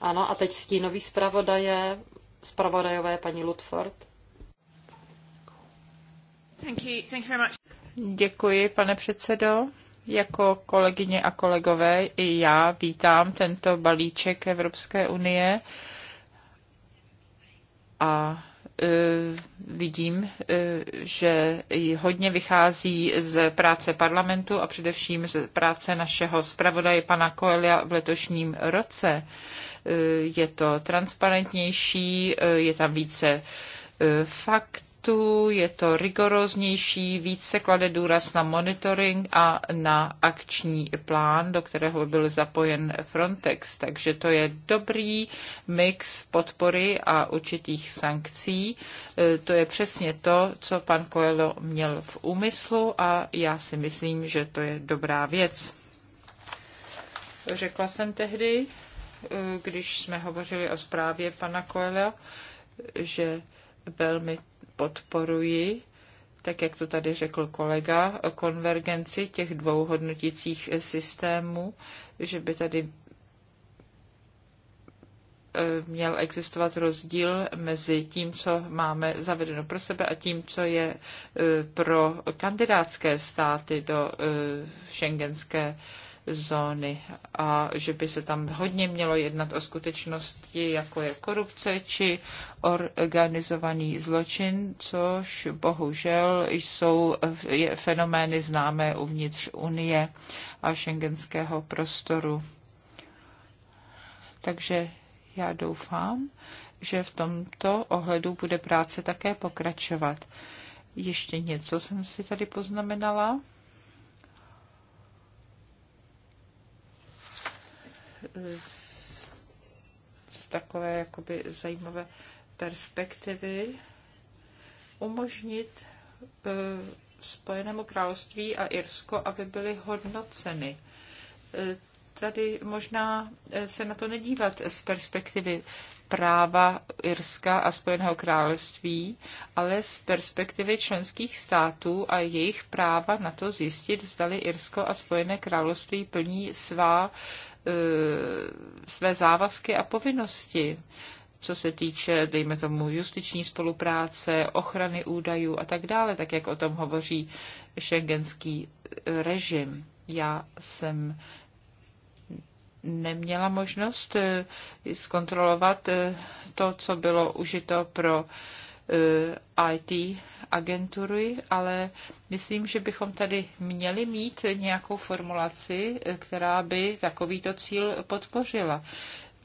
Ano, a teď stínový zpravodaje, zpravodajové paní Ludford. Thank you, thank you very much. Děkuji, pane předsedo. Jako kolegyně a kolegové i já vítám tento balíček Evropské unie a e, vidím, e, že hodně vychází z práce parlamentu a především z práce našeho zpravodaje pana Koelia v letošním roce. E, je to transparentnější, je tam více fakt, projektů, je to rigoróznější, víc se klade důraz na monitoring a na akční plán, do kterého byl zapojen Frontex. Takže to je dobrý mix podpory a určitých sankcí. E, to je přesně to, co pan Coelho měl v úmyslu a já si myslím, že to je dobrá věc. Řekla jsem tehdy, e, když jsme hovořili o zprávě pana Coelho, že velmi podporuji, tak jak to tady řekl kolega, konvergenci těch dvou hodnotících systémů, že by tady e, měl existovat rozdíl mezi tím, co máme zavedeno pro sebe a tím, co je e, pro kandidátské státy do šengenské e, zóny a že by se tam hodně mělo jednat o skutečnosti, jako je korupce či organizovaný zločin, což bohužel jsou fenomény známé uvnitř Unie a šengenského prostoru. Takže já doufám, že v tomto ohledu bude práce také pokračovat. Ještě něco jsem si tady poznamenala. z takové jakoby zajímavé perspektivy umožnit eh, Spojenému království a Irsko, aby byly hodnoceny. Eh, tady možná eh, se na to nedívat z perspektivy práva Irska a Spojeného království, ale z perspektivy členských států a jejich práva na to zjistit, zdali Irsko a Spojené království plní svá E, své závazky a povinnosti, co se týče, dejme tomu, justiční spolupráce, ochrany údajů a tak dále, tak jak o tom hovoří šengenský režim. Já jsem neměla možnost e, zkontrolovat e, to, co bylo užito pro Eh, IT agentury, ale myslím, že bychom tady měli mít nějakou formulaci, eh, která by takovýto cíl podpořila.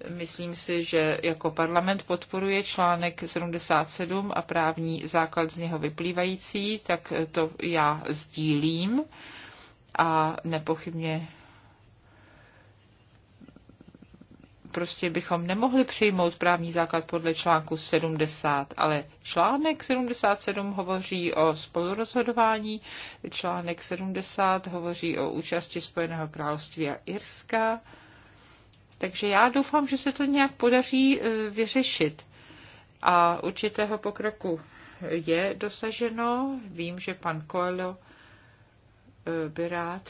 Myslím si, že jako parlament podporuje článek 77 a právní základ z něho vyplývající, tak to já sdílím a nepochybně prostě bychom nemohli přijmout právní základ podle článku 70, ale článek 77 hovoří o spolurozhodování, článek 70 hovoří o účasti Spojeného království a Irska. Takže já doufám, že se to nějak podaří e, vyřešit. A určitého pokroku je dosaženo. Vím, že pan Coelho e, by rád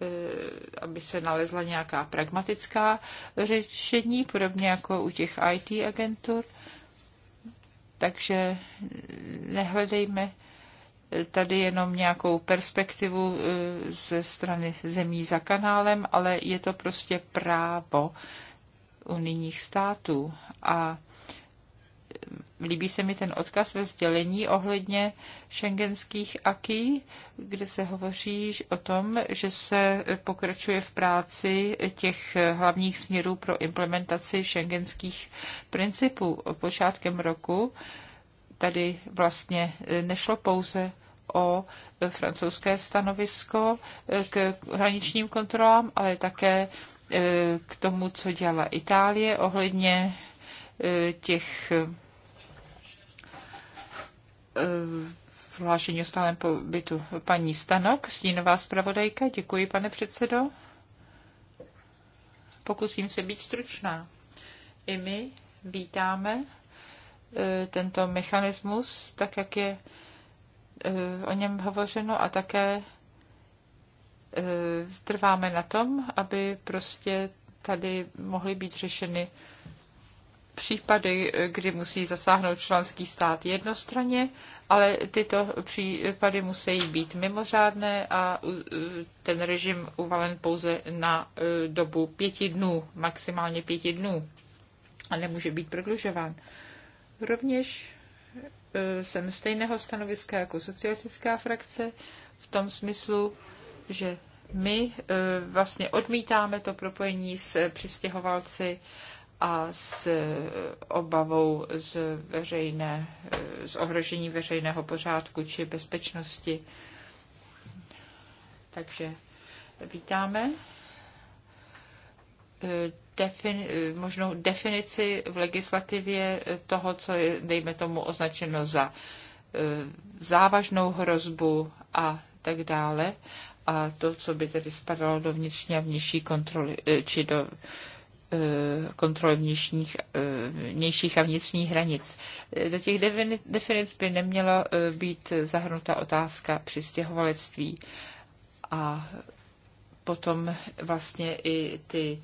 Eh, aby se nalezla nějaká pragmatická řešení, podobně jako u těch IT agentur. Takže nehledejme tady jenom nějakou perspektivu eh, ze strany zemí za kanálem, ale je to prostě právo unijních států. A líbí se mi ten odkaz ve sdělení ohledně šengenských aký, kde se hovoří o tom, že se pokračuje v práci těch hlavních směrů pro implementaci šengenských principů. Počátkem roku tady vlastně nešlo pouze o francouzské stanovisko k hraničním kontrolám, ale také eh, k tomu, co dělá Itálie ohledně eh, těch hlášení o stálem pobytu paní Stanok, stínová zpravodajka. Děkuji, pane předsedo. Pokusím se být stručná. I my vítáme e, tento mechanismus, tak jak je e, o něm hovořeno a také e, trváme na tom, aby prostě tady mohly být řešeny případy, kdy musí zasáhnout členský stát jednostranně, ale tyto případy musí být mimořádné a ten režim uvalen pouze na e, dobu pěti dnů, maximálně pěti dnů a nemůže být prodlužován. Rovněž e, jsem stejného stanoviska jako socialistická frakce v tom smyslu, že my e, vlastně odmítáme to propojení s přistěhovalci a s obavou z, veřejné, z ohrožení veřejného pořádku či bezpečnosti. Takže vítáme eh, defin, možnou definici v legislativě toho, co je, dejme tomu, označeno za eh, závažnou hrozbu a tak dále. A to, co by tedy spadalo do vnitřní a vnější kontroly, eh, či do Eh, kontroly vnějších eh, vnějších a vnitřních hranic. Eh, do těch definic by neměla být zahrnuta otázka přistěhovalectví a potom vlastně i ty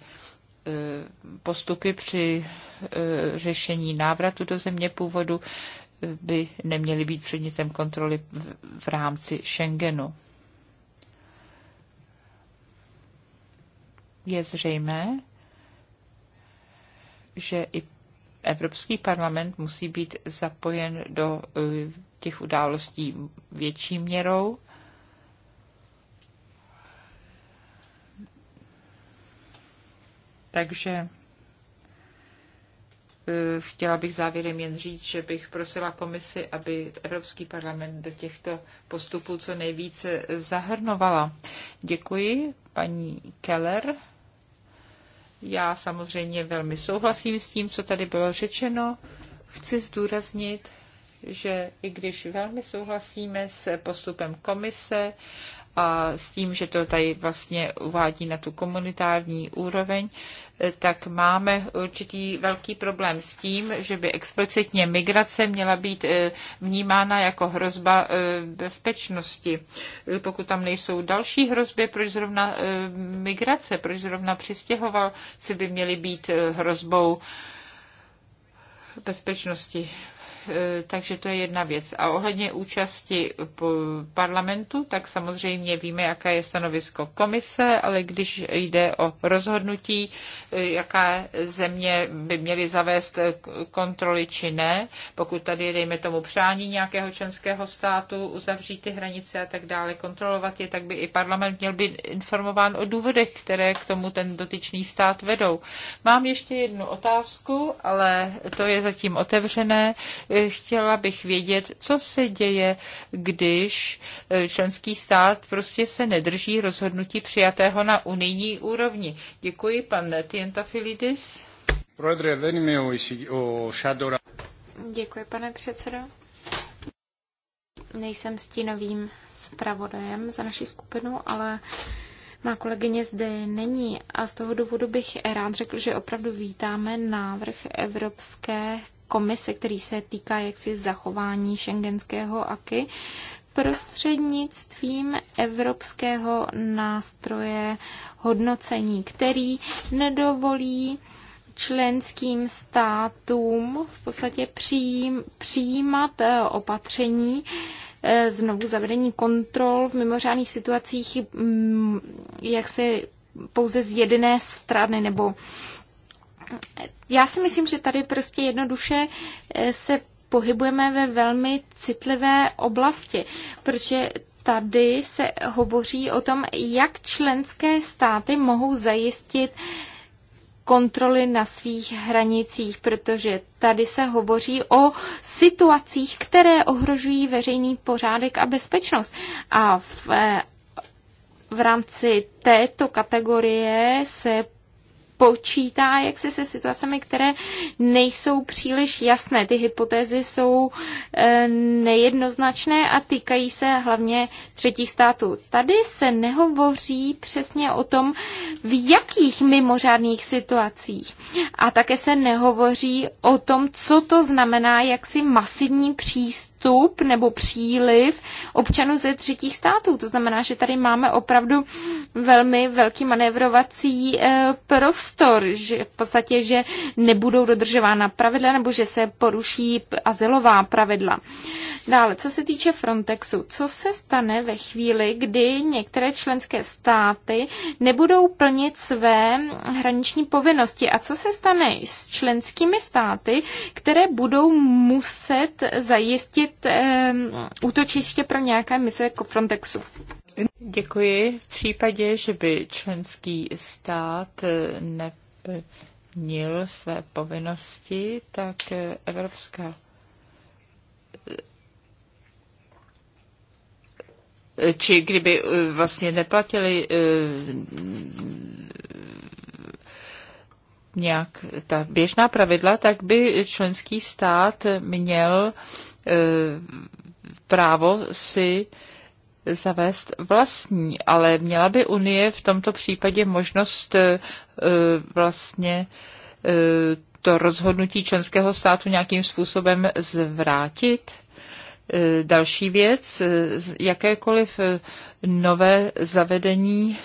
postupy při řešení návratu do země původu by neměly být předmětem kontroly v rámci Schengenu. Je zřejmé, že i Evropský parlament musí být zapojen do eh, těch událostí větší měrou. Takže eh, chtěla bych závěrem jen říct, že bych prosila komisi, aby Evropský parlament do těchto postupů co nejvíce zahrnovala. Děkuji, paní Keller. Já samozřejmě velmi souhlasím s tím, co tady bylo řečeno. Chci zdůraznit, že i když velmi souhlasíme s postupem komise a s tím, že to tady vlastně uvádí na tu komunitární úroveň, tak máme určitý velký problém s tím, že by explicitně migrace měla být eh, vnímána jako hrozba eh, bezpečnosti. Pokud tam nejsou další hrozby, proč zrovna eh, migrace, proč zrovna si by měly být hrozbou bezpečnosti. Eh, takže to je jedna věc. A ohledně účasti parlamentu, tak samozřejmě víme, jaké je stanovisko komise, ale když jde o rozhodnutí, eh, jaká země by měly zavést eh, kontroly či ne, pokud tady, dejme tomu, přání nějakého členského státu uzavřít ty hranice a tak dále, kontrolovat je, tak by i parlament měl být informován o důvodech, které k tomu ten dotyčný stát vedou. Mám ještě jednu otázku, ale to je zatím otevřené chtěla bych vědět, co se děje, když e, členský stát prostě se nedrží rozhodnutí přijatého na unijní úrovni. Děkuji, pan Tientafilidis. Děkuji, pane předsedo. Nejsem stínovým zpravodajem za naši skupinu, ale má kolegyně zde není a z toho důvodu bych rád řekl, že opravdu vítáme návrh Evropské komise, který se týká jaksi zachování šengenského aky, prostřednictvím evropského nástroje hodnocení, který nedovolí členským státům v podstatě přijím, přijímat eh, opatření, eh, znovu zavedení kontrol v mimořádných situacích, mm, jak se pouze z jedné strany nebo já si myslím, že tady prostě jednoduše eh, se pohybujeme ve velmi citlivé oblasti, protože tady se hovoří o tom, jak členské státy mohou zajistit kontroly na svých hranicích, protože tady se hovoří o situacích, které ohrožují veřejný pořádek a bezpečnost. A v, eh, v rámci této kategorie se počítá jak se se situacemi, které nejsou příliš jasné. Ty hypotézy jsou eh, nejednoznačné a týkají se hlavně třetích států. Tady se nehovoří přesně o tom, v jakých mimořádných situacích. A také se nehovoří o tom, co to znamená si masivní přístup nebo příliv občanů ze třetích států. To znamená, že tady máme opravdu velmi velký manévrovací eh, prostor prostor, že v podstatě, že nebudou dodržována pravidla nebo že se poruší azylová pravidla. Dále, co se týče Frontexu, co se stane ve chvíli, kdy některé členské státy nebudou plnit své hraniční povinnosti a co se stane s členskými státy, které budou muset zajistit e, útočiště pro nějaké mise Frontexu? Děkuji. V případě, že by členský stát eh, neplnil své povinnosti, tak eh, Evropská eh, či kdyby vlastně neplatili nějak ta běžná pravidla, tak by členský stát měl právo si zavést vlastní, ale měla by Unie v tomto případě možnost eh, vlastně eh, to rozhodnutí členského státu nějakým způsobem zvrátit? Eh, další věc, jakékoliv nové zavedení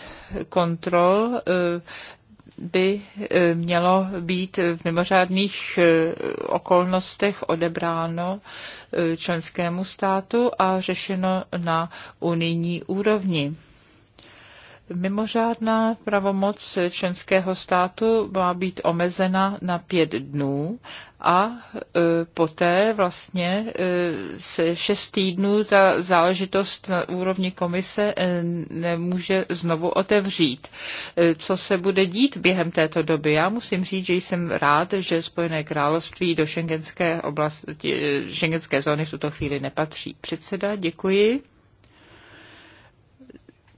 kontrol by eh, mělo být v mimořádných eh, okolnostech odebráno eh, členskému státu a řešeno na unijní úrovni. Mimořádná pravomoc členského státu má být omezena na pět dnů a e, poté vlastně e, se šest týdnů ta záležitost na úrovni komise e, nemůže znovu otevřít. Co se bude dít během této doby? Já musím říct, že jsem rád, že Spojené království do šengenské oblasti, šengenské zóny v tuto chvíli nepatří. Předseda, děkuji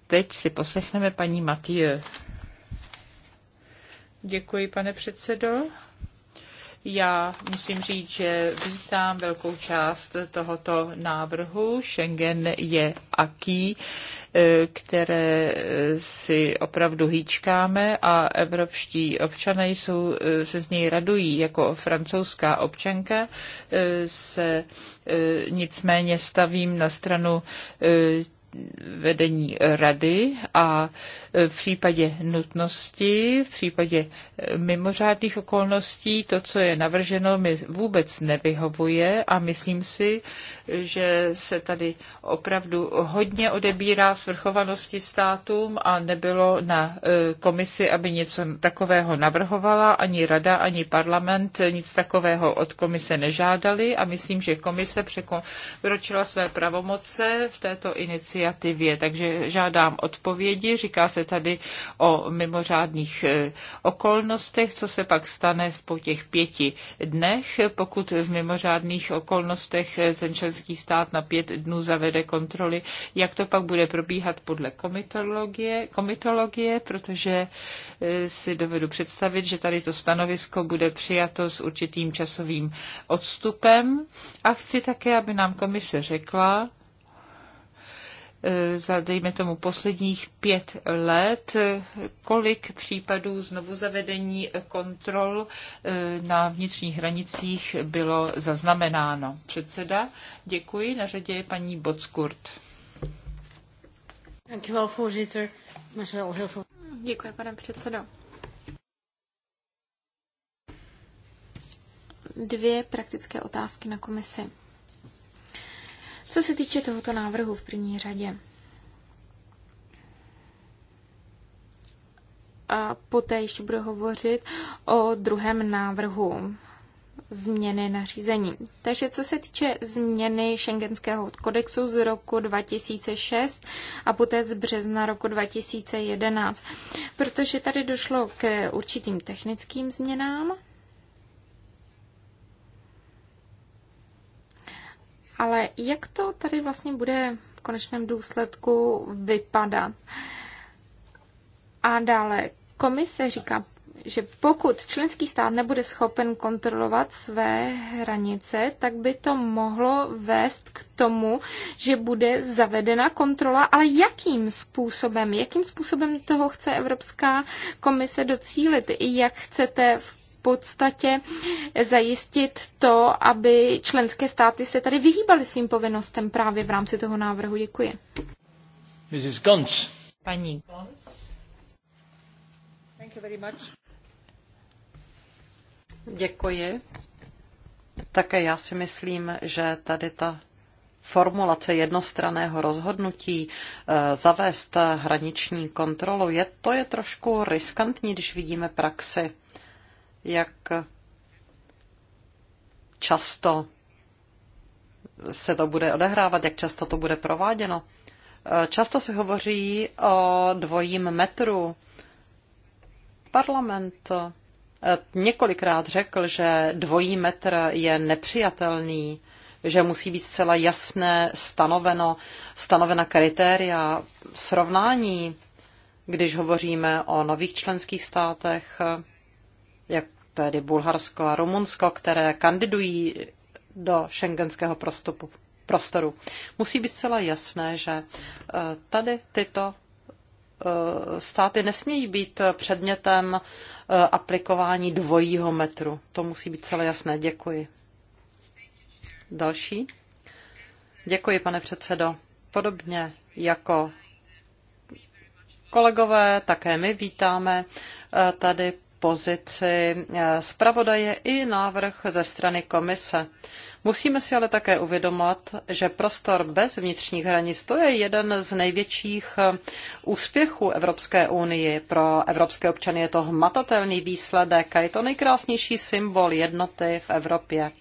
teď si poslechneme paní Mathieu. Děkuji, pane předsedo. Já musím říct, že vítám velkou část tohoto návrhu. Schengen je aký, eh, které si opravdu hýčkáme a evropští občané jsou, eh, se z něj radují. Jako francouzská občanka eh, se nicméně stavím na stranu vedení rady a v případě nutnosti, v případě mimořádných okolností, to, co je navrženo, mi vůbec nevyhovuje a myslím si, že se tady opravdu hodně odebírá svrchovanosti státům a nebylo na eh, komisi, aby něco takového navrhovala, ani rada, ani parlament nic takového od komise nežádali a myslím, že komise překročila své pravomoce v této iniciativě iniciativě. Takže žádám odpovědi. Říká se tady o mimořádných eh, okolnostech, co se pak stane po těch pěti dnech, pokud v mimořádných okolnostech eh, ten členský stát na pět dnů zavede kontroly, jak to pak bude probíhat podle komitologie, komitologie protože eh, si dovedu představit, že tady to stanovisko bude přijato s určitým časovým odstupem. A chci také, aby nám komise řekla, Eh, za, dejme tomu, posledních pět let, kolik případů znovu zavedení kontrol eh, na vnitřních hranicích bylo zaznamenáno. Předseda, děkuji. Na řadě je paní Bockurt. Děkuji, pane předsedo. Dvě praktické otázky na komisi. Co se týče tohoto návrhu v první řadě, a poté ještě budu hovořit o druhém návrhu změny nařízení. Takže co se týče změny Schengenského kodexu z roku 2006 a poté z března roku 2011, protože tady došlo k určitým technickým změnám, Ale jak to tady vlastně bude v konečném důsledku vypadat? A dále, komise říká, že pokud členský stát nebude schopen kontrolovat své hranice, tak by to mohlo vést k tomu, že bude zavedena kontrola, ale jakým způsobem? Jakým způsobem toho chce Evropská komise docílit? Jak chcete v podstatě zajistit to, aby členské státy se tady vyhýbaly svým povinnostem právě v rámci toho návrhu. Děkuji. Mrs. Gons. Paní Gons. Thank you very much. Děkuji. Také já si myslím, že tady ta formulace jednostraného rozhodnutí eh, zavést hraniční kontrolu, je, to je trošku riskantní, když vidíme praxi jak často se to bude odehrávat, jak často to bude prováděno. Eh, často se hovoří o dvojím metru. Parlament eh, několikrát řekl, že dvojí metr je nepřijatelný, že musí být zcela jasné stanoveno, stanovena kritéria srovnání, když hovoříme o nových členských státech, jak tedy Bulharsko a Rumunsko, které kandidují do šengenského prostupu, prostoru. Musí být zcela jasné, že eh, tady tyto eh, státy nesmějí být předmětem eh, aplikování dvojího metru. To musí být celé jasné. Děkuji. Další. Děkuji, pane předsedo. Podobně jako kolegové, také my vítáme tady pozici eh, zpravodaje i návrh ze strany komise. Musíme si ale také uvědomit, že prostor bez vnitřních hranic to je jeden z největších eh, úspěchů Evropské unie. Pro evropské občany je to hmatatelný výsledek a je to nejkrásnější symbol jednoty v Evropě.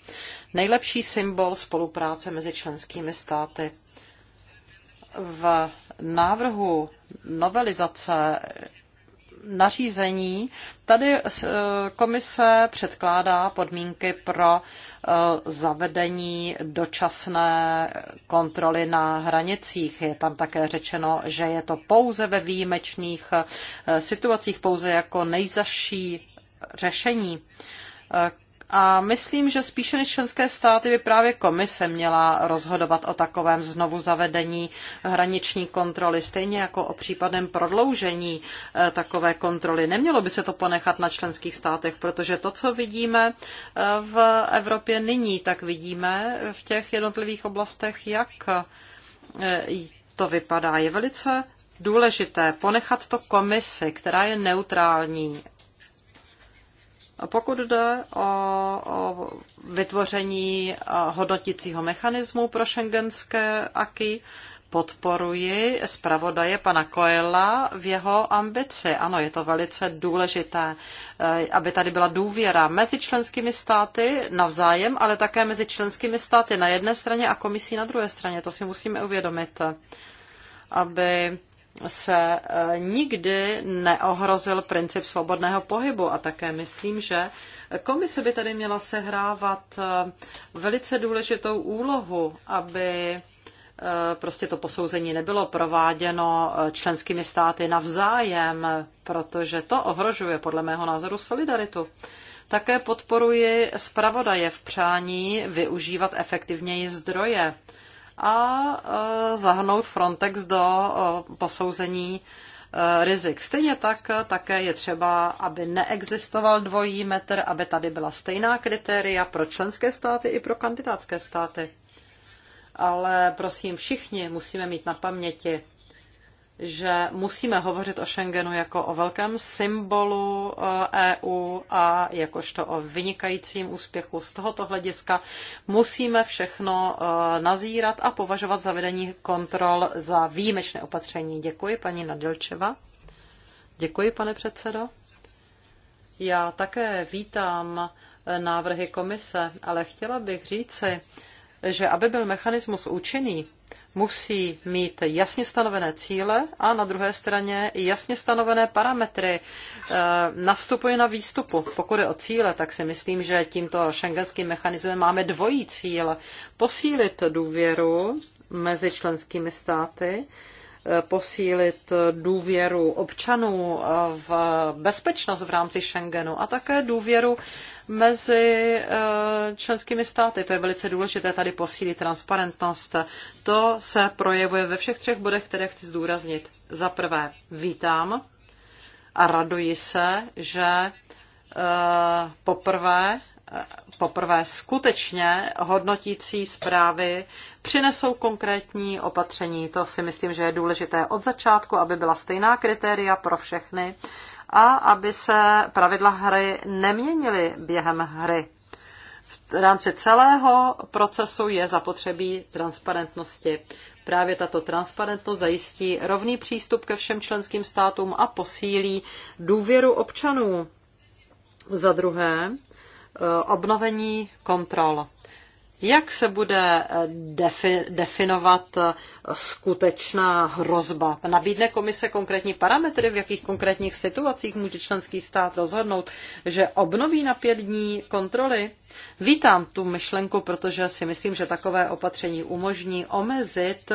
Nejlepší symbol spolupráce mezi členskými státy. V návrhu novelizace nařízení tady eh, komise předkládá podmínky pro eh, zavedení dočasné kontroly na hranicích. Je tam také řečeno, že je to pouze ve výjimečných eh, situacích, pouze jako nejzaší řešení. A myslím, že spíše než členské státy by právě komise měla rozhodovat o takovém znovu zavedení hraniční kontroly, stejně jako o případném prodloužení eh, takové kontroly. Nemělo by se to ponechat na členských státech, protože to, co vidíme eh, v Evropě nyní, tak vidíme v těch jednotlivých oblastech, jak eh, to vypadá. Je velice důležité ponechat to komisi, která je neutrální pokud jde o, o vytvoření hodnotícího mechanismu pro šengenské aky, podporuji zpravodaje pana Koela v jeho ambici. Ano, je to velice důležité, e, aby tady byla důvěra mezi členskými státy navzájem, ale také mezi členskými státy na jedné straně a komisí na druhé straně. To si musíme uvědomit, aby se eh, nikdy neohrozil princip svobodného pohybu a také myslím, že komise by tady měla sehrávat eh, velice důležitou úlohu, aby eh, prostě to posouzení nebylo prováděno členskými státy navzájem, protože to ohrožuje podle mého názoru solidaritu. Také podporuji zpravodaje v přání využívat efektivněji zdroje a e, zahnout Frontex do e, posouzení e, rizik. Stejně tak také je třeba, aby neexistoval dvojí metr, aby tady byla stejná kritéria pro členské státy i pro kandidátské státy. Ale prosím, všichni musíme mít na paměti, že musíme hovořit o Schengenu jako o velkém symbolu EU eh, e a jakožto o vynikajícím úspěchu. Z tohoto hlediska musíme všechno eh, nazírat a považovat zavedení kontrol za výjimečné opatření. Děkuji, paní Nadilčeva. Děkuji, pane předsedo. Já také vítám eh, návrhy komise, ale chtěla bych říci, že aby byl mechanismus účinný, musí mít jasně stanovené cíle a na druhé straně jasně stanovené parametry eh, na vstupu i na výstupu. Pokud je o cíle, tak si myslím, že tímto šengenským mechanismem máme dvojí cíl. Posílit důvěru mezi členskými státy posílit důvěru občanů v bezpečnost v rámci Schengenu a také důvěru mezi eh, členskými státy. To je velice důležité tady posílit transparentnost. To se projevuje ve všech třech bodech, které chci zdůraznit. Za prvé vítám a raduji se, že eh, poprvé poprvé skutečně hodnotící zprávy přinesou konkrétní opatření. To si myslím, že je důležité od začátku, aby byla stejná kritéria pro všechny a aby se pravidla hry neměnily během hry. V rámci celého procesu je zapotřebí transparentnosti. Právě tato transparentnost zajistí rovný přístup ke všem členským státům a posílí důvěru občanů. Za druhé, Eh, obnovení kontrol. Jak se bude eh, defi- definovat eh, skutečná hrozba? Nabídne komise konkrétní parametry, v jakých konkrétních situacích může členský stát rozhodnout, že obnoví na pět dní kontroly? Vítám tu myšlenku, protože si myslím, že takové opatření umožní omezit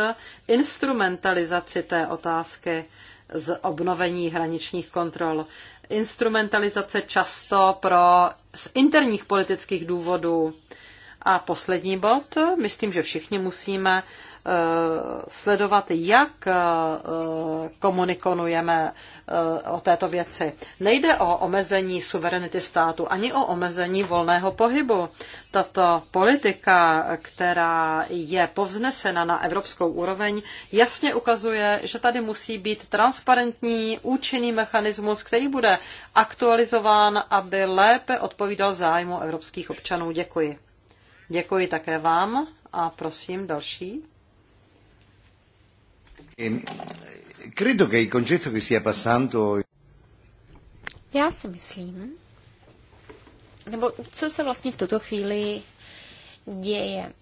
instrumentalizaci té otázky z obnovení hraničních kontrol instrumentalizace často pro z interních politických důvodů. A poslední bod, myslím, že všichni musíme sledovat, jak eh, komunikujeme eh, o této věci. Nejde o omezení suverenity státu ani o omezení volného pohybu. Tato politika, která je povznesena na evropskou úroveň, jasně ukazuje, že tady musí být transparentní, účinný mechanismus, který bude aktualizován, aby lépe odpovídal zájmu evropských občanů. Děkuji. Děkuji také vám a prosím další. E, credo che il concetto che stia passando... Já si myslím, nebo co se vlastně v tuto chvíli děje,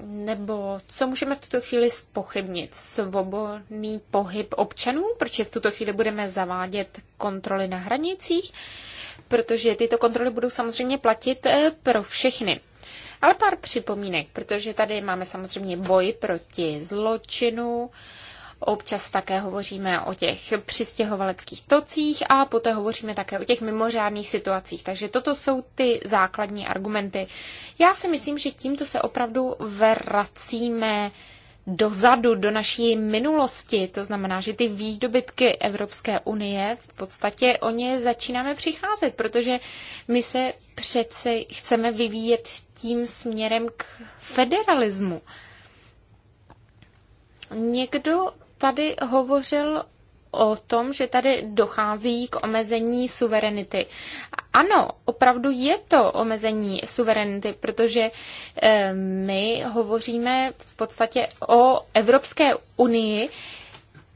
nebo co můžeme v tuto chvíli spochybnit? Svobodný pohyb občanů, protože v tuto chvíli budeme zavádět kontroly na hranicích, protože tyto kontroly budou samozřejmě platit e, pro všechny. Ale pár připomínek, protože tady máme samozřejmě boj proti zločinu, Občas také hovoříme o těch přistěhovaleckých tocích a poté hovoříme také o těch mimořádných situacích. Takže toto jsou ty základní argumenty. Já si myslím, že tímto se opravdu vracíme dozadu, do naší minulosti. To znamená, že ty výdobytky Evropské unie, v podstatě o ně začínáme přicházet, protože my se přece chceme vyvíjet tím směrem k federalismu. Někdo tady hovořil o tom, že tady dochází k omezení suverenity. Ano, opravdu je to omezení suverenity, protože eh, my hovoříme v podstatě o Evropské unii,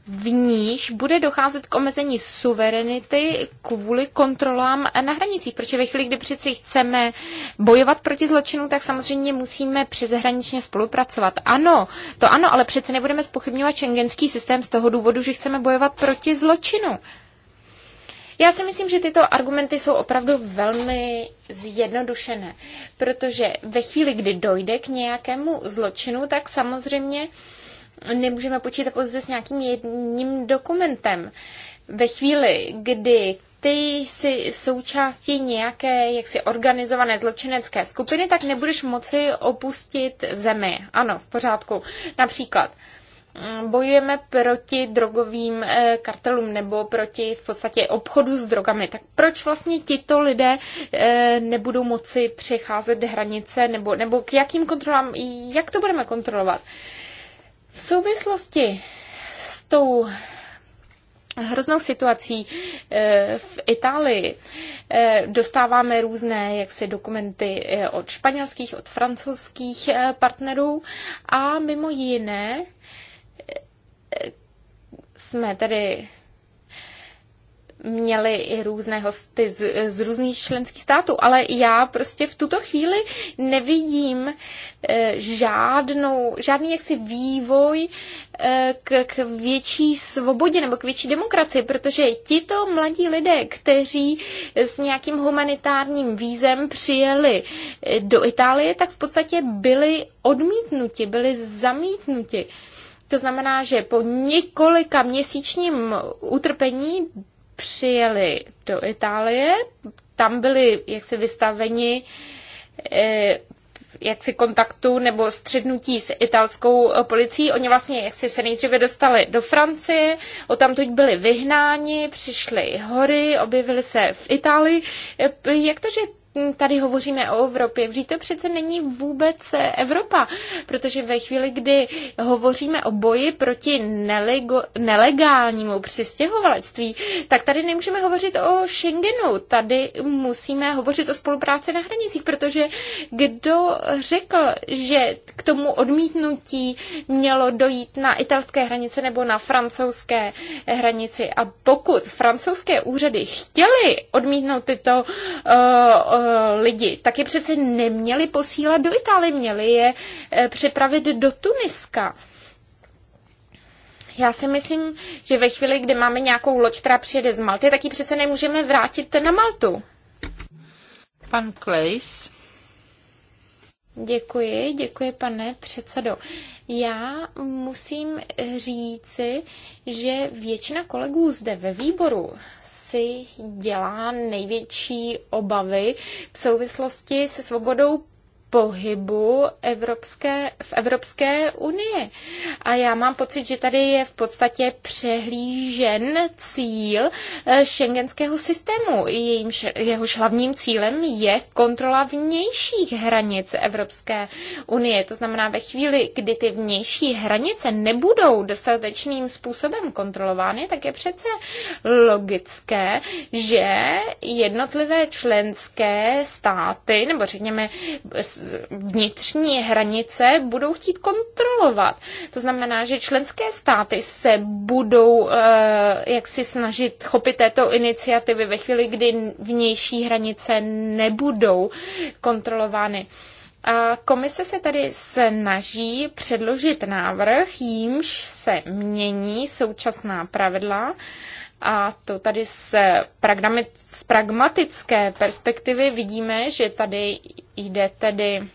v níž bude docházet k omezení suverenity kvůli kontrolám na hranicích. Protože ve chvíli, kdy přeci chceme bojovat proti zločinu, tak samozřejmě musíme přeshraničně spolupracovat. Ano, to ano, ale přece nebudeme spochybňovat šengenský systém z toho důvodu, že chceme bojovat proti zločinu. Já si myslím, že tyto argumenty jsou opravdu velmi zjednodušené, protože ve chvíli, kdy dojde k nějakému zločinu, tak samozřejmě uh, nemůžeme počítat pouze s nějakým jedním dokumentem. Ve chvíli, kdy ty jsi součástí nějaké jaksi organizované zločinecké skupiny, tak nebudeš moci opustit zemi. Ano, v pořádku. Například mm, bojujeme proti drogovým eh, kartelům nebo proti v podstatě obchodu s drogami. Tak proč vlastně tito lidé eh, nebudou moci přecházet hranice nebo, nebo k jakým kontrolám, jak to budeme kontrolovat? V souvislosti s tou hroznou situací eh, v Itálii. Eh, dostáváme různé jaksi dokumenty eh, od španělských, od francouzských partnerů a mimo jiné jsme tedy měli i různé hosty z, z různých členských států, ale já prostě v tuto chvíli nevidím eh, žádnou, žádný jaksi vývoj eh, k, k větší svobodě nebo k větší demokracii, protože tito mladí lidé, kteří s nějakým humanitárním vízem přijeli eh, do Itálie, tak v podstatě byli odmítnuti, byli zamítnuti. To znamená, že po několika měsíčním utrpení přijeli do Itálie, tam byli jaksi vystaveni eh, jaksi kontaktu nebo střednutí s italskou eh, policií. Oni vlastně jaksi se nejdříve dostali do Francie, o odtamtud byli vyhnáni, přišli hory, objevili se v Itálii. Eh, jak to, že Mm, tady hovoříme o Evropě. Vždyť to přece není vůbec eh, Evropa, protože ve chvíli, kdy hovoříme o boji proti nelego, nelegálnímu přistěhovalectví, tak tady nemůžeme hovořit o Schengenu. Tady musíme hovořit o spolupráci na hranicích, protože kdo řekl, že k tomu odmítnutí mělo dojít na italské hranice nebo na francouzské hranici. A pokud francouzské úřady chtěly odmítnout tyto uh, Eh, lidi, tak je přece neměli posílat do Itálie, měli je eh, přepravit do Tuniska. Já si myslím, že ve chvíli, kdy máme nějakou loď, která přijede z Malty, tak ji přece nemůžeme vrátit na Maltu. Pan Klejs. Děkuji, děkuji pane předsedo. Já musím říci, že většina kolegů zde ve výboru si dělá největší obavy v souvislosti se svobodou pohybu Evropské, v Evropské unii. A já mám pocit, že tady je v podstatě přehlížen cíl eh, šengenského systému. Jejímž, jehož hlavním cílem je kontrola vnějších hranic Evropské unie. To znamená, ve chvíli, kdy ty vnější hranice nebudou dostatečným způsobem kontrolovány, tak je přece logické, že jednotlivé členské státy, nebo řekněme vnitřní hranice budou chtít kontrolovat. To znamená, že členské státy se budou eh, jak si snažit chopit této iniciativy ve chvíli, kdy vnější hranice nebudou kontrolovány. A komise se tady snaží předložit návrh, jímž se mění současná pravidla a to tady z, z pragmatické perspektivy vidíme, že tady jde tedy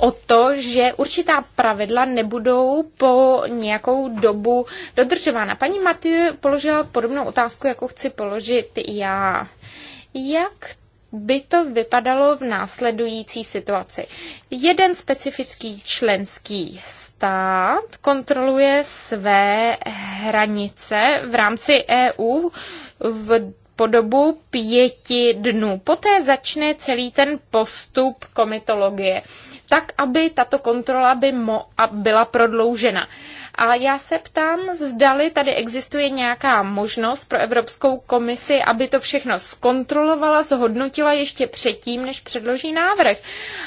o to, že určitá pravidla nebudou po nějakou dobu dodržována. Paní Matiu položila podobnou otázku, jako chci položit já. Jak by to vypadalo v následující situaci. Jeden specifický členský stát kontroluje své hranice v rámci EU v po dobu pěti dnů. Poté začne celý ten postup komitologie, tak aby tato kontrola by mo- byla prodloužena. A já se ptám, zdali tady existuje nějaká možnost pro Evropskou komisi, aby to všechno zkontrolovala, zhodnotila ještě předtím, než předloží návrh.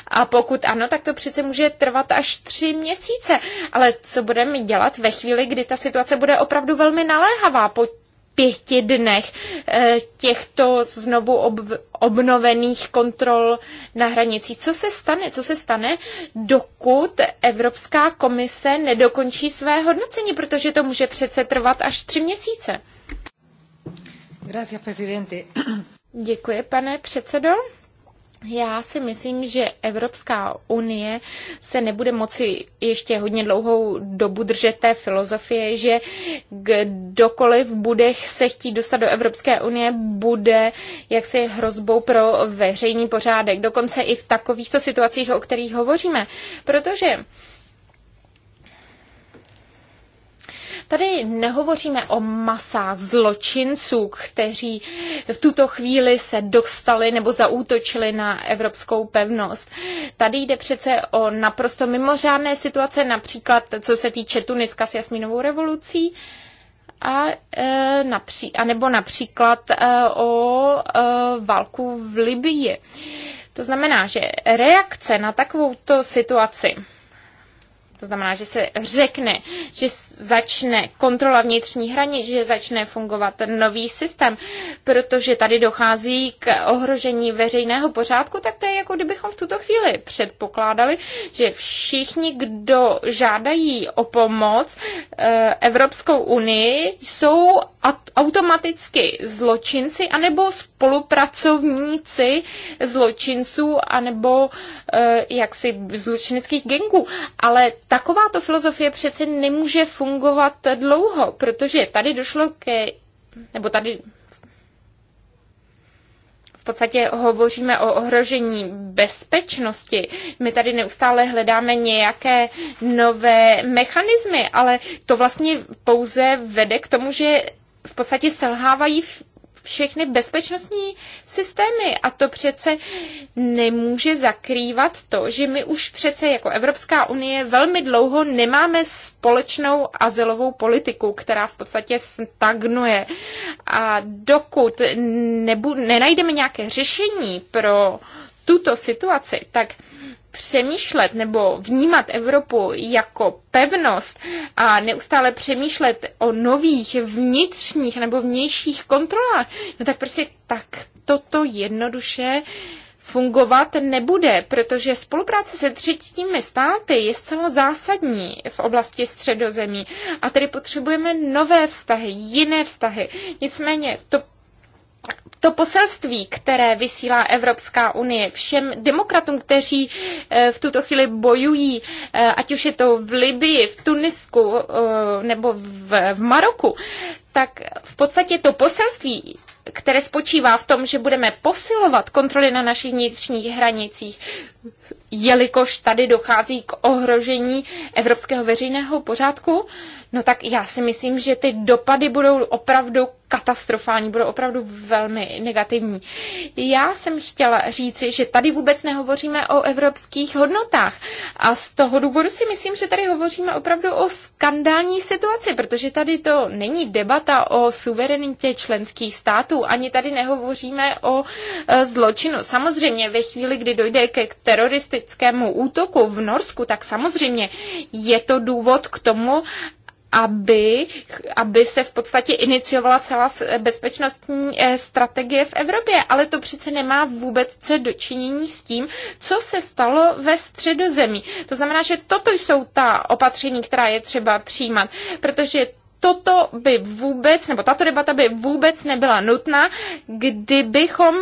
A pokud ano, tak to přece může trvat až tři měsíce. Ale co budeme dělat ve chvíli, kdy ta situace bude opravdu velmi naléhavá? Po pěti dnech eh, těchto znovu ob, obnovených kontrol na hranicích. Co se stane? Co se stane, dokud Evropská komise nedokončí své hodnocení, protože to může přece trvat až tři měsíce? Děkuji, pane předsedo. Já si myslím, že Evropská unie se nebude moci ještě hodně dlouhou dobu držet té filozofie, že kdokoliv bude se chtít dostat do Evropské unie, bude jaksi hrozbou pro veřejný pořádek. Dokonce i v takovýchto situacích, o kterých hovoříme. Protože Tady nehovoříme o masách zločinců, kteří v tuto chvíli se dostali nebo zaútočili na evropskou pevnost. Tady jde přece o naprosto mimořádné situace, například co se týče Tuniska s jasminovou revolucí, a, e, napří, a nebo například e, o e, válku v Libii. To znamená, že reakce na takovouto situaci to znamená, že se řekne, že začne kontrola vnitřní hranic, že začne fungovat nový systém, protože tady dochází k ohrožení veřejného pořádku, tak to je jako kdybychom v tuto chvíli předpokládali, že všichni, kdo žádají o pomoc eh, Evropskou unii, jsou automaticky zločinci anebo spolupracovníci zločinců anebo eh, jaksi zločineckých gengů. Ale ta takováto filozofie přece nemůže fungovat dlouho, protože tady došlo ke, nebo tady v podstatě hovoříme o ohrožení bezpečnosti. My tady neustále hledáme nějaké nové mechanismy, ale to vlastně pouze vede k tomu, že v podstatě selhávají všechny bezpečnostní systémy a to přece nemůže zakrývat to, že my už přece jako Evropská unie velmi dlouho nemáme společnou azylovou politiku, která v podstatě stagnuje. A dokud nebu- nenajdeme nějaké řešení pro tuto situaci, tak přemýšlet nebo vnímat Evropu jako pevnost a neustále přemýšlet o nových vnitřních nebo vnějších kontrolách, no tak prostě tak toto jednoduše fungovat nebude, protože spolupráce se třetími státy je zcela zásadní v oblasti středozemí a tedy potřebujeme nové vztahy, jiné vztahy. Nicméně to to poselství, které vysílá Evropská unie všem demokratům, kteří eh, v tuto chvíli bojují, eh, ať už je to v Libii, v Tunisku eh, nebo v Maroku, tak v podstatě to poselství, které spočívá v tom, že budeme posilovat kontroly na našich vnitřních hranicích, jelikož tady dochází k ohrožení evropského veřejného pořádku, no tak já si myslím, že ty dopady budou opravdu katastrofální, budou opravdu velmi negativní. Já jsem chtěla říci, že tady vůbec nehovoříme o evropských hodnotách a z toho důvodu si myslím, že tady hovoříme opravdu o skandální situaci, protože tady to není debata o suverenitě členských států, ani tady nehovoříme o e, zločinu. Samozřejmě ve chvíli, kdy dojde ke teroristickému útoku v Norsku, tak samozřejmě je to důvod k tomu, aby, aby se v podstatě iniciovala celá bezpečnostní eh, strategie v Evropě. Ale to přece nemá vůbec co dočinění s tím, co se stalo ve středozemí. To znamená, že toto jsou ta opatření, která je třeba přijímat, protože toto by vůbec, nebo tato debata by vůbec nebyla nutná, kdybychom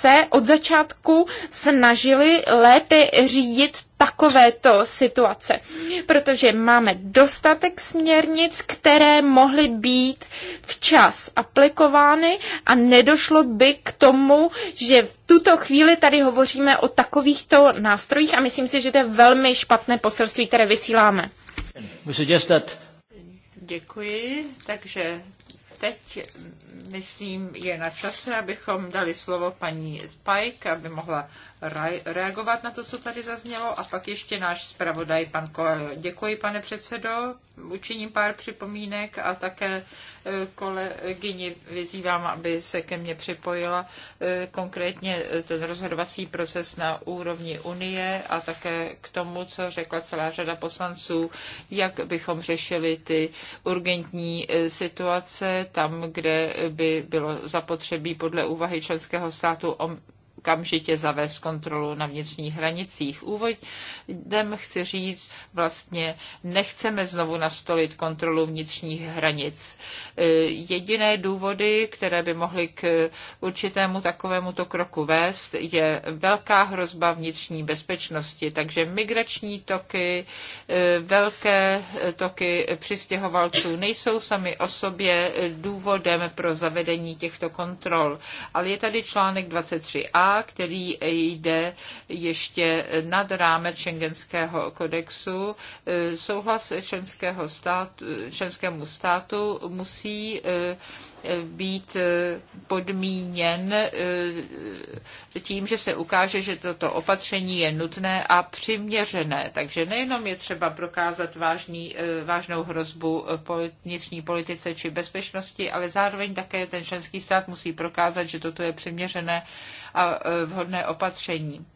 se od začátku snažili lépe řídit takovéto situace, protože máme dostatek směrnic, které mohly být včas aplikovány a nedošlo by k tomu, že v tuto chvíli tady hovoříme o takovýchto nástrojích a myslím si, že to je velmi špatné poselství, které vysíláme. Děkuji, takže teď myslím, je na čase, abychom dali slovo paní Spike, aby mohla reagovat na to, co tady zaznělo. A pak ještě náš zpravodaj, pan Koel. Děkuji, pane předsedo. Učiním pár připomínek a také e, kolegyni vyzývám, aby se ke mně připojila e, konkrétně e, ten rozhodovací proces na úrovni Unie a také k tomu, co řekla celá řada poslanců, jak bychom řešili ty urgentní situace tam, kde by bylo zapotřebí podle úvahy členského státu okamžitě zavést kontrolu na vnitřních hranicích. Úvodem chci říct, vlastně nechceme znovu nastolit kontrolu vnitřních hranic. E, jediné důvody, které by mohly k určitému takovémuto kroku vést, je velká hrozba vnitřní bezpečnosti, takže migrační toky, e, velké e, toky přistěhovalců nejsou sami o sobě důvodem pro zavedení těchto kontrol. Ale je tady článek 23a, který jde ještě nad rámec šengenského kodexu. Eh, souhlas členského státu, členskému státu musí eh, být eh, podmíněn eh, tím, že se ukáže, že toto opatření je nutné a přiměřené. Takže nejenom je třeba prokázat vážný, eh, vážnou hrozbu vnitřní politice či bezpečnosti, ale zároveň také ten členský stát musí prokázat, že toto je přiměřené a vhodné opatření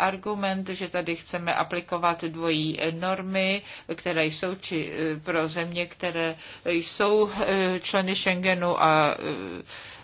argument, že tady chceme aplikovat dvojí normy, které jsou či eh, pro země, které jsou eh, členy Schengenu a eh,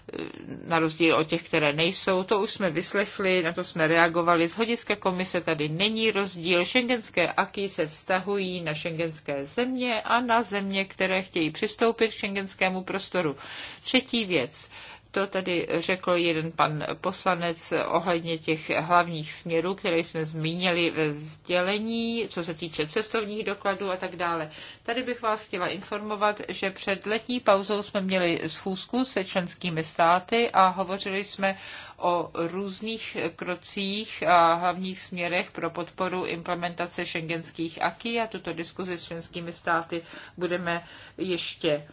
na rozdíl od těch, které nejsou. To už jsme vyslechli, na to jsme reagovali. Z hodiska komise tady není rozdíl. Schengenské, aky se vztahují na šengenské země a na země, které chtějí přistoupit k šengenskému prostoru. Třetí věc to tedy řekl jeden pan poslanec ohledně těch hlavních směrů, které jsme zmínili ve sdělení, co se týče cestovních dokladů a tak dále. Tady bych vás chtěla informovat, že před letní pauzou jsme měli schůzku se členskými státy a hovořili jsme o různých krocích a hlavních směrech pro podporu implementace šengenských aký a tuto diskuzi s členskými státy budeme ještě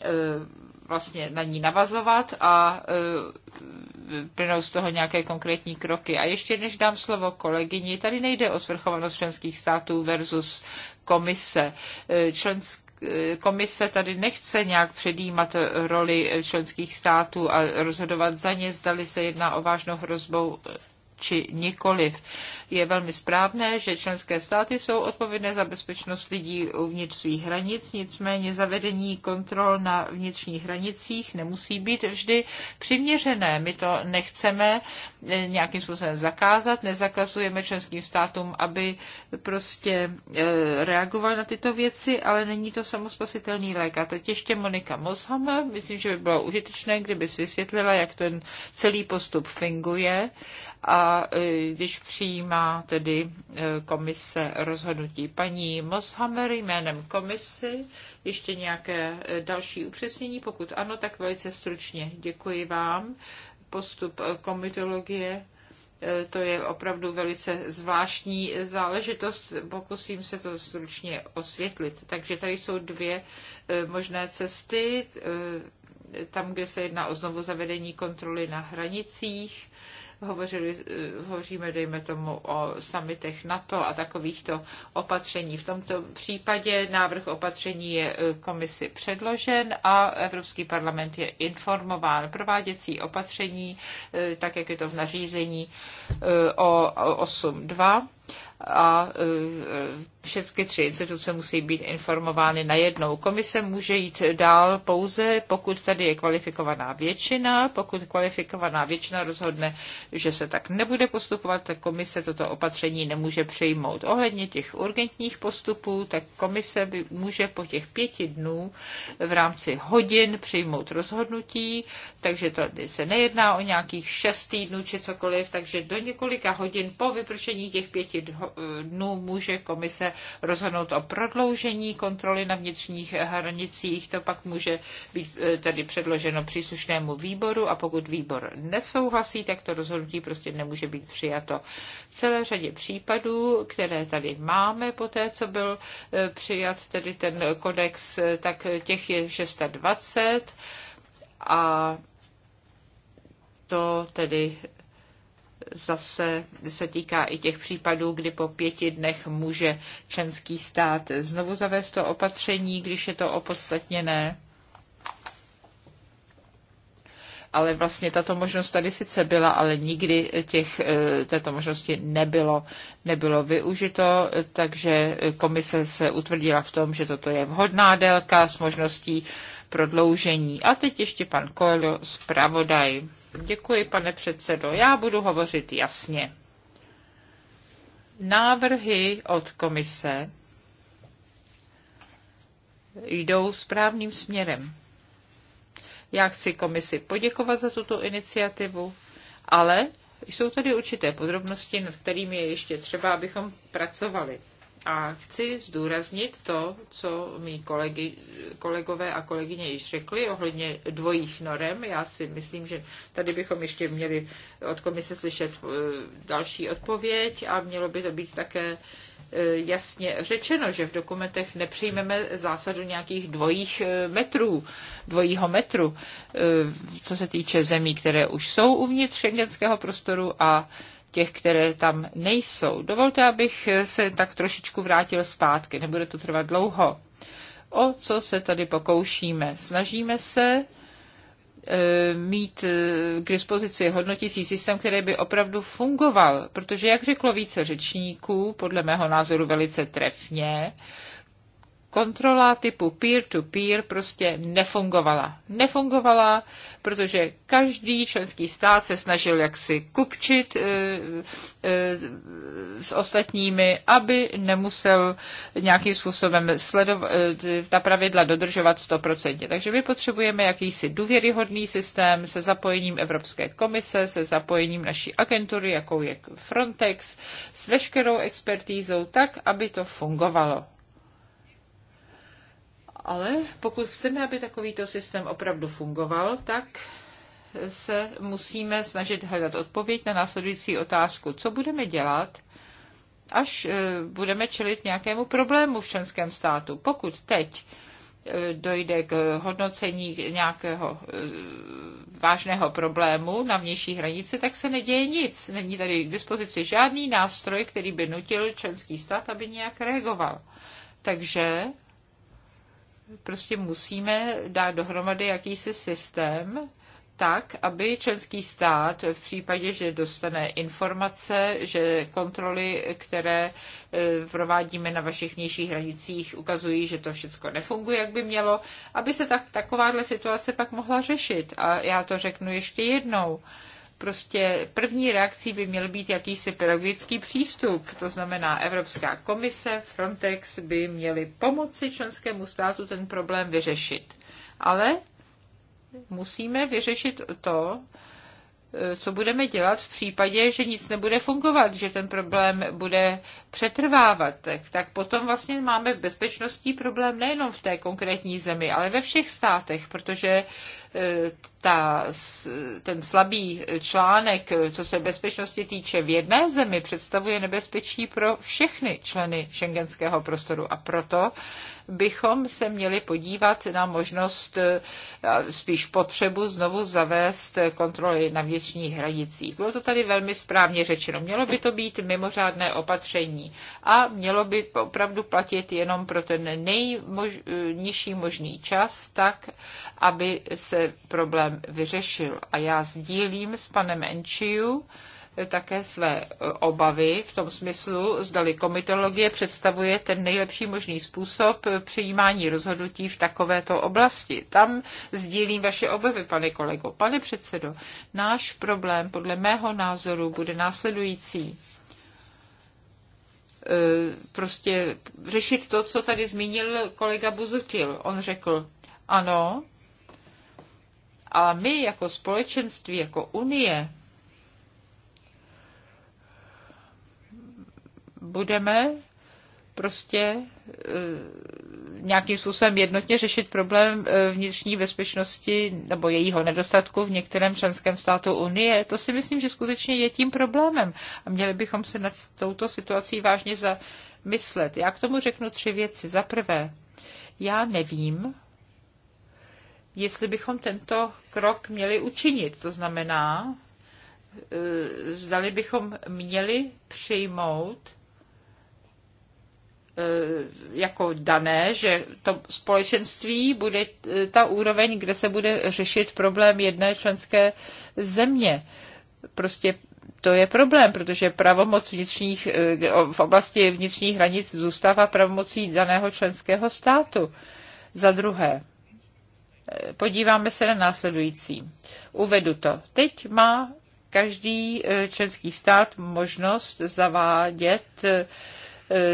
Eh, vlastně na ní navazovat a eh, plynou z toho nějaké konkrétní kroky. A ještě než dám slovo kolegyni, tady nejde o svrchovanost členských států versus komise. Eh, Členské komise tady nechce nějak předjímat roli členských států a rozhodovat za ně, zdali se jedná o vážnou hrozbou či nikoliv. Je velmi správné, že členské státy jsou odpovědné za bezpečnost lidí uvnitř svých hranic, nicméně zavedení kontrol na vnitřních hranicích nemusí být vždy přiměřené. My to nechceme eh, nějakým způsobem zakázat, nezakazujeme členským státům, aby prostě eh, reagoval na tyto věci, ale není to samospasitelný lék. A teď ještě Monika Mosham, myslím, že by bylo užitečné, kdyby si vysvětlila, jak ten celý postup funguje a e, když přijímá tedy e, komise rozhodnutí. Paní Moshammer jménem komisy, ještě nějaké e, další upřesnění? Pokud ano, tak velice stručně. Děkuji vám. Postup komitologie to je opravdu velice zvláštní záležitost. Pokusím se to stručně osvětlit. Takže tady jsou dvě možné cesty. Tam, kde se jedná o znovu zavedení kontroly na hranicích, hovořili, eh, hovoříme, dejme tomu, o samitech NATO a takovýchto opatření. V tomto případě návrh opatření je eh, komisi předložen a Evropský parlament je informován. Prováděcí opatření, eh, tak jak je to v nařízení o 8.2 a e, všechny tři instituce musí být informovány najednou. Komise může jít dál pouze, pokud tady je kvalifikovaná většina. Pokud kvalifikovaná většina rozhodne, že se tak nebude postupovat, tak komise toto opatření nemůže přejmout. Ohledně těch urgentních postupů, tak komise by, může po těch pěti dnů v rámci hodin přejmout rozhodnutí, takže to se nejedná o nějakých šest týdnů či cokoliv, takže do několika hodin po vypršení těch pěti dnů dnů může komise rozhodnout o prodloužení kontroly na vnitřních hranicích. To pak může být e, tedy předloženo příslušnému výboru a pokud výbor nesouhlasí, tak to rozhodnutí prostě nemůže být přijato. V celé řadě případů, které tady máme po té, co byl e, přijat tedy ten kodex, e, tak těch je 620 a to tedy zase se týká i těch případů, kdy po pěti dnech může členský stát znovu zavést to opatření, když je to opodstatněné. Ale vlastně tato možnost tady sice byla, ale nikdy těch, eh, této možnosti nebylo, nebylo využito, takže komise se utvrdila v tom, že toto je vhodná délka s možností prodloužení. A teď ještě pan Coelho, zpravodaj. Děkuji, pane předsedo. Já budu hovořit jasně. Návrhy od komise jdou správným směrem. Já chci komisi poděkovat za tuto iniciativu, ale jsou tady určité podrobnosti, nad kterými je ještě třeba, abychom pracovali. A chci zdůraznit to, co mý kolegy, kolegové a kolegyně již řekli ohledně dvojích norem. Já si myslím, že tady bychom ještě měli od komise slyšet eh, další odpověď a mělo by to být také eh, jasně řečeno, že v dokumentech nepřijmeme zásadu nějakých dvojích eh, metrů, dvojího metru, co se týče zemí, které už jsou uvnitř šengenského prostoru a těch, které tam nejsou. Dovolte, abych se tak trošičku vrátil zpátky, nebude to trvat dlouho. O co se tady pokoušíme? Snažíme se eh, mít eh, k dispozici hodnotící systém, který by opravdu fungoval, protože, jak řeklo více řečníků, podle mého názoru velice trefně, kontrola typu peer-to-peer -peer prostě nefungovala. Nefungovala, protože každý členský stát se snažil jaksi kupčit e, eh, e, eh, s ostatními, aby nemusel nějakým způsobem sledovat, e, eh, ta pravidla dodržovat 100%. Takže my potřebujeme jakýsi důvěryhodný systém se zapojením Evropské komise, se zapojením naší agentury, jakou je Frontex, s veškerou expertízou, tak, aby to fungovalo. Ale pokud chceme, aby takovýto systém opravdu fungoval, tak se musíme snažit hledat odpověď na následující otázku. Co budeme dělat, až e, budeme čelit nějakému problému v členském státu? Pokud teď e, dojde k hodnocení nějakého e, vážného problému na vnější hranici, tak se neděje nic. Není tady k dispozici žádný nástroj, který by nutil členský stát, aby nějak reagoval. Takže prostě musíme dát dohromady jakýsi systém, tak, aby členský stát v případě, že dostane informace, že kontroly, které e, provádíme na vašich vnějších hranicích, ukazují, že to všechno nefunguje, jak by mělo, aby se tak, takováhle situace pak mohla řešit. A já to řeknu ještě jednou. Prostě první reakcí by měl být jakýsi pedagogický přístup, to znamená Evropská komise, Frontex by měli pomoci členskému státu ten problém vyřešit. Ale musíme vyřešit to, eh, co budeme dělat v případě, že nic nebude fungovat, že ten problém bude přetrvávat, tak, tak potom vlastně máme v bezpečnosti problém nejenom v té konkrétní zemi, ale ve všech státech, protože Eh, ta, ten slabý článek, eh, co se bezpečnosti týče v jedné zemi, představuje nebezpečí pro všechny členy šengenského prostoru. A proto bychom se měli podívat na možnost, eh, spíš potřebu znovu zavést kontroly na vnitřních hranicích. Bylo to tady velmi správně řečeno. Mělo by to být mimořádné opatření a mělo by opravdu platit jenom pro ten nejnižší možný čas, tak, aby se problém vyřešil. A já sdílím s panem Enčiu eh, také své eh, obavy v tom smyslu, zdali komitologie představuje ten nejlepší možný způsob eh, přijímání rozhodnutí v takovéto oblasti. Tam sdílím vaše obavy, pane kolego. Pane předsedo, náš problém podle mého názoru bude následující prostě řešit to, co tady zmínil kolega Buzutil. On řekl, ano, ale my jako společenství, jako Unie, budeme prostě eh, nějakým způsobem jednotně řešit problém eh, vnitřní bezpečnosti nebo jejího nedostatku v některém členském státu Unie. To si myslím, že skutečně je tím problémem a měli bychom se nad touto situací vážně zamyslet. Já k tomu řeknu tři věci. Za prvé, já nevím, jestli bychom tento krok měli učinit. To znamená, e, zdali bychom měli přijmout e, jako dané, že to společenství bude e, ta úroveň, kde se bude řešit problém jedné členské země. Prostě to je problém, protože pravomoc vnitřních, v oblasti vnitřních hranic zůstává pravomocí daného členského státu. Za druhé, Podíváme se na následující. Uvedu to. Teď má každý eh, členský stát možnost zavádět eh,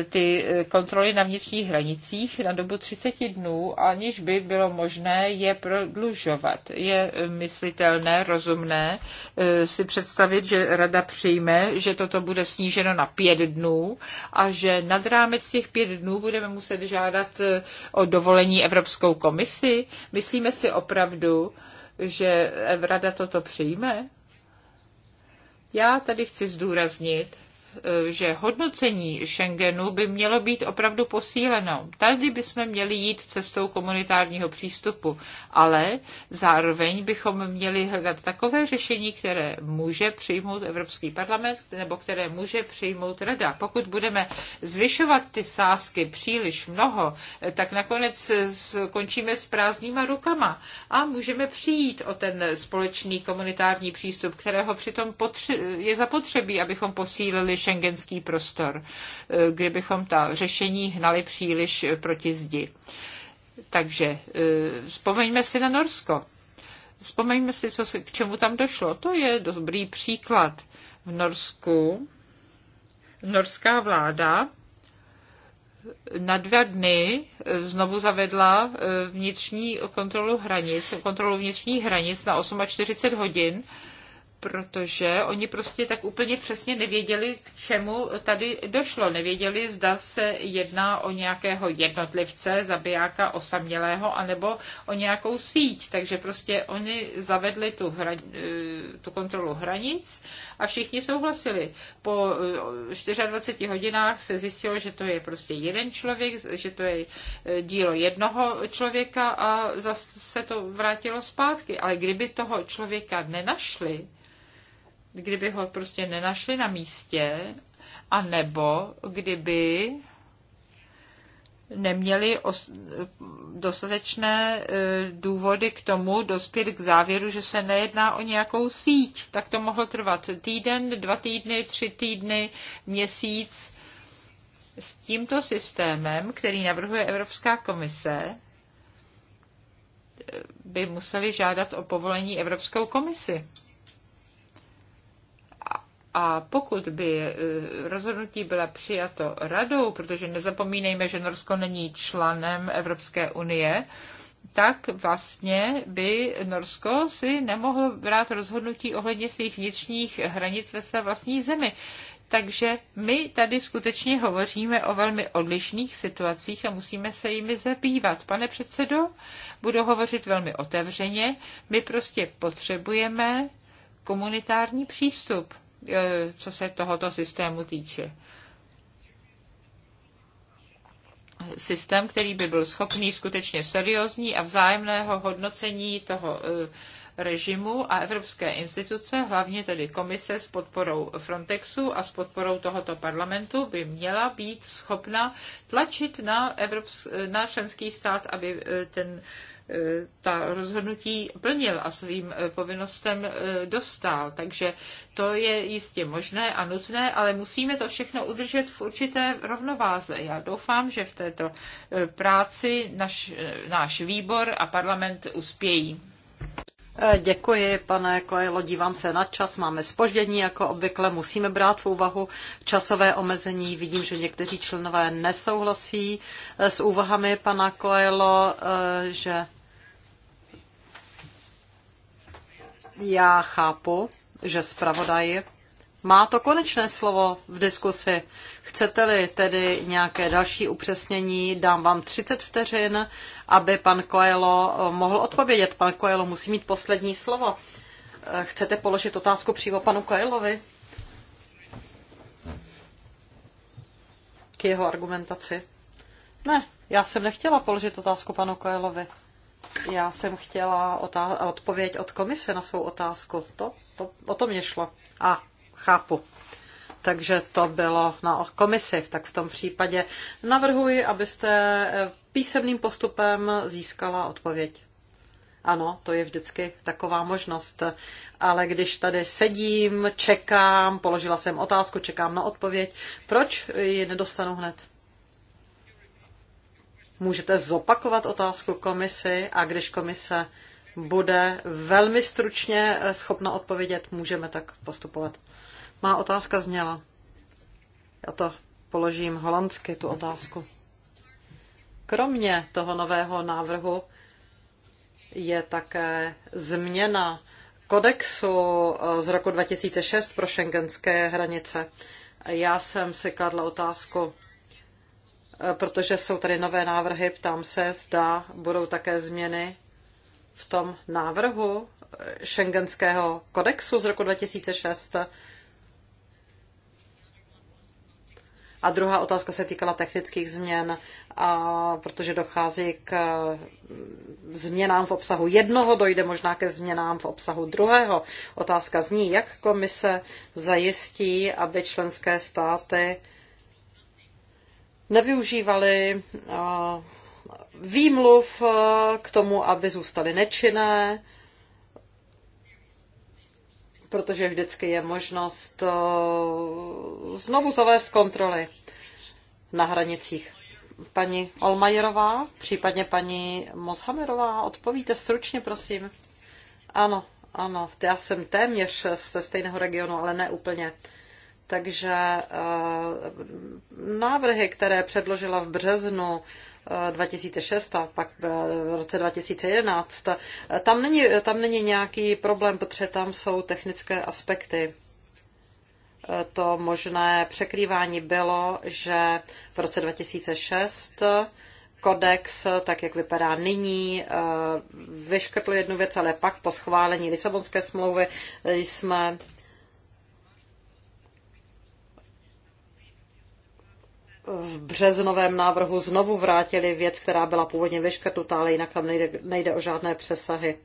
ty kontroly na vnitřních hranicích na dobu 30 dnů, aniž by bylo možné je prodlužovat. Je myslitelné, rozumné eh, si představit, že rada přijme, že toto bude sníženo na pět dnů a že nad rámec těch pět dnů budeme muset žádat eh, o dovolení Evropskou komisi. Myslíme si opravdu, že Rada toto přijme? Já tady chci zdůraznit, Eh, že hodnocení Schengenu by mělo být opravdu posíleno. Tady bychom měli jít cestou komunitárního přístupu, ale zároveň bychom měli hledat takové řešení, které může přijmout Evropský parlament nebo které může přijmout Rada. Pokud budeme zvyšovat ty sázky příliš mnoho, eh, tak nakonec skončíme s prázdnýma rukama a můžeme přijít o ten společný komunitární přístup, kterého přitom potře- je zapotřebí, abychom posílili šengenský prostor, eh, kdybychom ta řešení hnali příliš eh, proti zdi. Takže eh, vzpomeňme si na Norsko. Vzpomeňme si, co se, k čemu tam došlo. To je dobrý příklad. V Norsku norská vláda na dva dny znovu zavedla vnitřní kontrolu hranic, kontrolu vnitřních hranic na 48 hodin protože oni prostě tak úplně přesně nevěděli, k čemu tady došlo. Nevěděli, zda se jedná o nějakého jednotlivce, zabijáka osamělého, anebo o nějakou síť. Takže prostě oni zavedli tu, hra, eh, tu kontrolu hranic a všichni souhlasili. Po 24 eh, hodinách se zjistilo, že to je prostě jeden člověk, že to je eh, dílo jednoho člověka a zase se to vrátilo zpátky. Ale kdyby toho člověka nenašli, kdyby ho prostě nenašli na místě, a nebo kdyby neměli dostatečné e, důvody k tomu dospět k závěru, že se nejedná o nějakou síť. Tak to mohlo trvat týden, dva týdny, tři týdny, měsíc. S tímto systémem, který navrhuje Evropská komise, e, by museli žádat o povolení Evropskou komisi. A pokud by e, rozhodnutí byla přijato radou, protože nezapomínejme, že Norsko není členem Evropské unie, tak vlastně by Norsko si nemohlo brát rozhodnutí ohledně svých vnitřních hranic ve své vlastní zemi. Takže my tady skutečně hovoříme o velmi odlišných situacích a musíme se jimi zabývat. Pane předsedo, budu hovořit velmi otevřeně. My prostě potřebujeme komunitární přístup. E, co se tohoto systému týče. Systém, který by byl schopný skutečně seriózní a vzájemného hodnocení toho e, režimu a evropské instituce, hlavně tedy komise s podporou Frontexu a s podporou tohoto parlamentu, by měla být schopna tlačit na, Evrops- na členský stát, aby eh, ten eh, ta rozhodnutí plnil a svým eh, povinnostem dostal. Takže to je jistě možné a nutné, ale musíme to všechno udržet v určité rovnováze. Já doufám, že v této práci naš, náš výbor a parlament uspějí. Eh, děkuji, pane Kojelo, Dívám se na čas. Máme spoždění, jako obvykle musíme brát v úvahu časové omezení. Vidím, že někteří členové nesouhlasí eh, s úvahami pana Kojelo, eh, že já chápu, že zpravodaj má to konečné slovo v diskusi. Chcete-li tedy nějaké další upřesnění, dám vám 30 vteřin, aby pan Koelo eh, mohl odpovědět. Pan Koelo musí mít poslední slovo. Eh, chcete položit otázku přímo panu Koelovi? K jeho argumentaci. Ne, já jsem nechtěla položit otázku panu Koelovi. Já jsem chtěla odpověď od komise na svou otázku. To, to, o to mě šlo. A Chápu. Takže to bylo na komisi. Tak v tom případě navrhuji, abyste eh, písemným postupem získala odpověď. Ano, to je vždycky taková možnost. Ale když tady sedím, čekám, položila jsem otázku, čekám na odpověď, proč ji nedostanu hned? Můžete zopakovat otázku komisi a když komise bude velmi stručně eh, schopna odpovědět, můžeme tak postupovat. Má otázka zněla. Já to položím holandsky, tu otázku. Kromě toho nového návrhu je také změna kodexu eh, z roku 2006 pro šengenské hranice. Já jsem si kladla otázku, eh, protože jsou tady nové návrhy, ptám se, zda budou také změny v tom návrhu eh, šengenského kodexu z roku 2006 A druhá otázka se týkala technických změn, a protože dochází k mm, změnám v obsahu jednoho, dojde možná ke změnám v obsahu druhého. Otázka zní, jak komise zajistí, aby členské státy nevyužívaly výmluv k tomu, aby zůstaly nečinné, protože vždycky je možnost eh, znovu zavést kontroly na hranicích. Paní Olmajerová, případně paní Moshamerová, odpovíte stručně, prosím. Ano, ano, já jsem téměř ze stejného regionu, ale ne úplně. Takže eh, návrhy, které předložila v březnu 2006 a pak eh, v roce 2011. Tam není, tam není nějaký problém, protože tam jsou technické aspekty. Eh, to možné překrývání bylo, že v roce 2006 kodex, tak jak vypadá nyní, eh, vyškrtl jednu věc, ale pak po schválení Lisabonské smlouvy jsme v březnovém návrhu znovu vrátili věc, která byla původně vyškrtnutá, ale jinak tam nejde, nejde o žádné přesahy.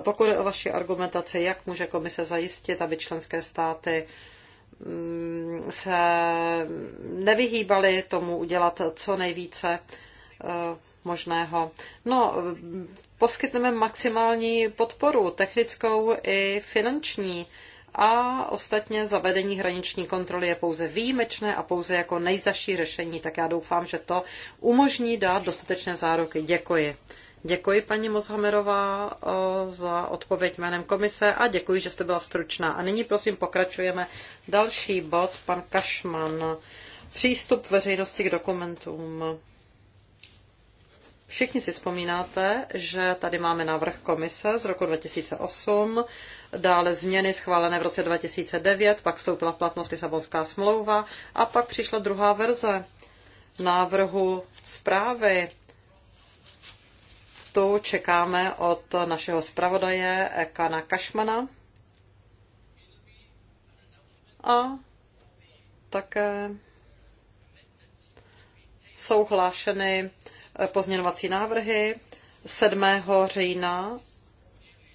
Pokud je o vaši argumentaci, jak může komise zajistit, aby členské státy mm, se nevyhýbaly tomu udělat co nejvíce eh, možného. No, poskytneme maximální podporu, technickou i finanční a ostatně zavedení hraniční kontroly je pouze výjimečné a pouze jako nejzaší řešení, tak já doufám, že to umožní dát dostatečné záruky. Děkuji. Děkuji paní Mozhamerová za odpověď jménem komise a děkuji, že jste byla stručná. A nyní prosím pokračujeme. Další bod, pan Kašman. Přístup veřejnosti k dokumentům. Všichni si vzpomínáte, že tady máme návrh komise z roku 2008, dále změny schválené v roce 2009, pak vstoupila v platnost Lisabonská smlouva a pak přišla druhá verze návrhu zprávy. Tu čekáme od našeho zpravodaje Ekana Kašmana a také jsou hlášeny pozměňovací návrhy 7. října.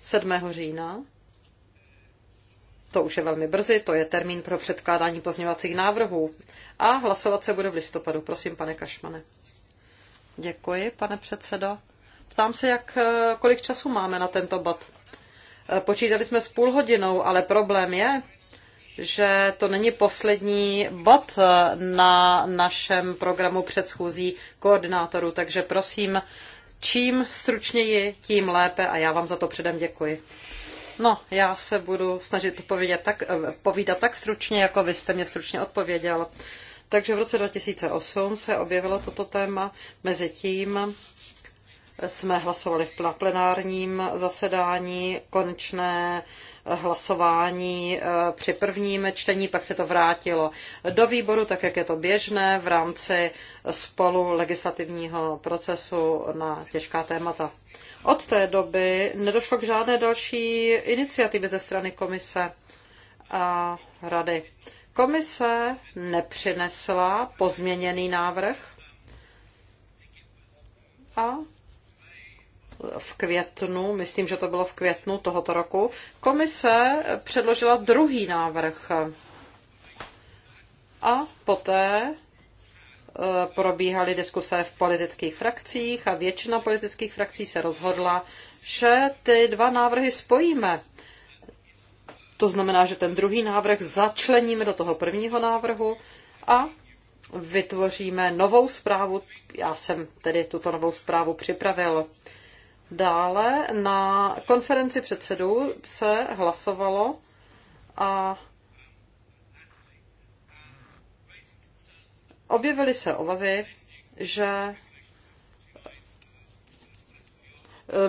7. října. To už je velmi brzy, to je termín pro předkládání pozměňovacích návrhů. A hlasovat se bude v listopadu. Prosím, pane Kašmane. Děkuji, pane předsedo. Ptám se, jak, eh, kolik času máme na tento bod. Eh, počítali jsme s půl hodinou, ale problém je, že to není poslední bod na našem programu předchůzí koordinátorů, takže prosím, čím stručněji, tím lépe a já vám za to předem děkuji. No, já se budu snažit povídat tak, povídat tak stručně, jako vy jste mě stručně odpověděl. Takže v roce 2008 se objevilo toto téma, mezi tím jsme hlasovali v plenárním zasedání konečné hlasování eh, při prvním čtení, pak se to vrátilo do výboru, tak jak je to běžné v rámci spolu legislativního procesu na těžká témata. Od té doby nedošlo k žádné další iniciativě ze strany komise a rady. Komise nepřinesla pozměněný návrh a v květnu, myslím, že to bylo v květnu tohoto roku, komise předložila druhý návrh. A poté eh, probíhaly diskuse v politických frakcích a většina politických frakcí se rozhodla, že ty dva návrhy spojíme. To znamená, že ten druhý návrh začleníme do toho prvního návrhu a vytvoříme novou zprávu. Já jsem tedy tuto novou zprávu připravil. Dále na konferenci předsedů se hlasovalo a objevily se obavy, že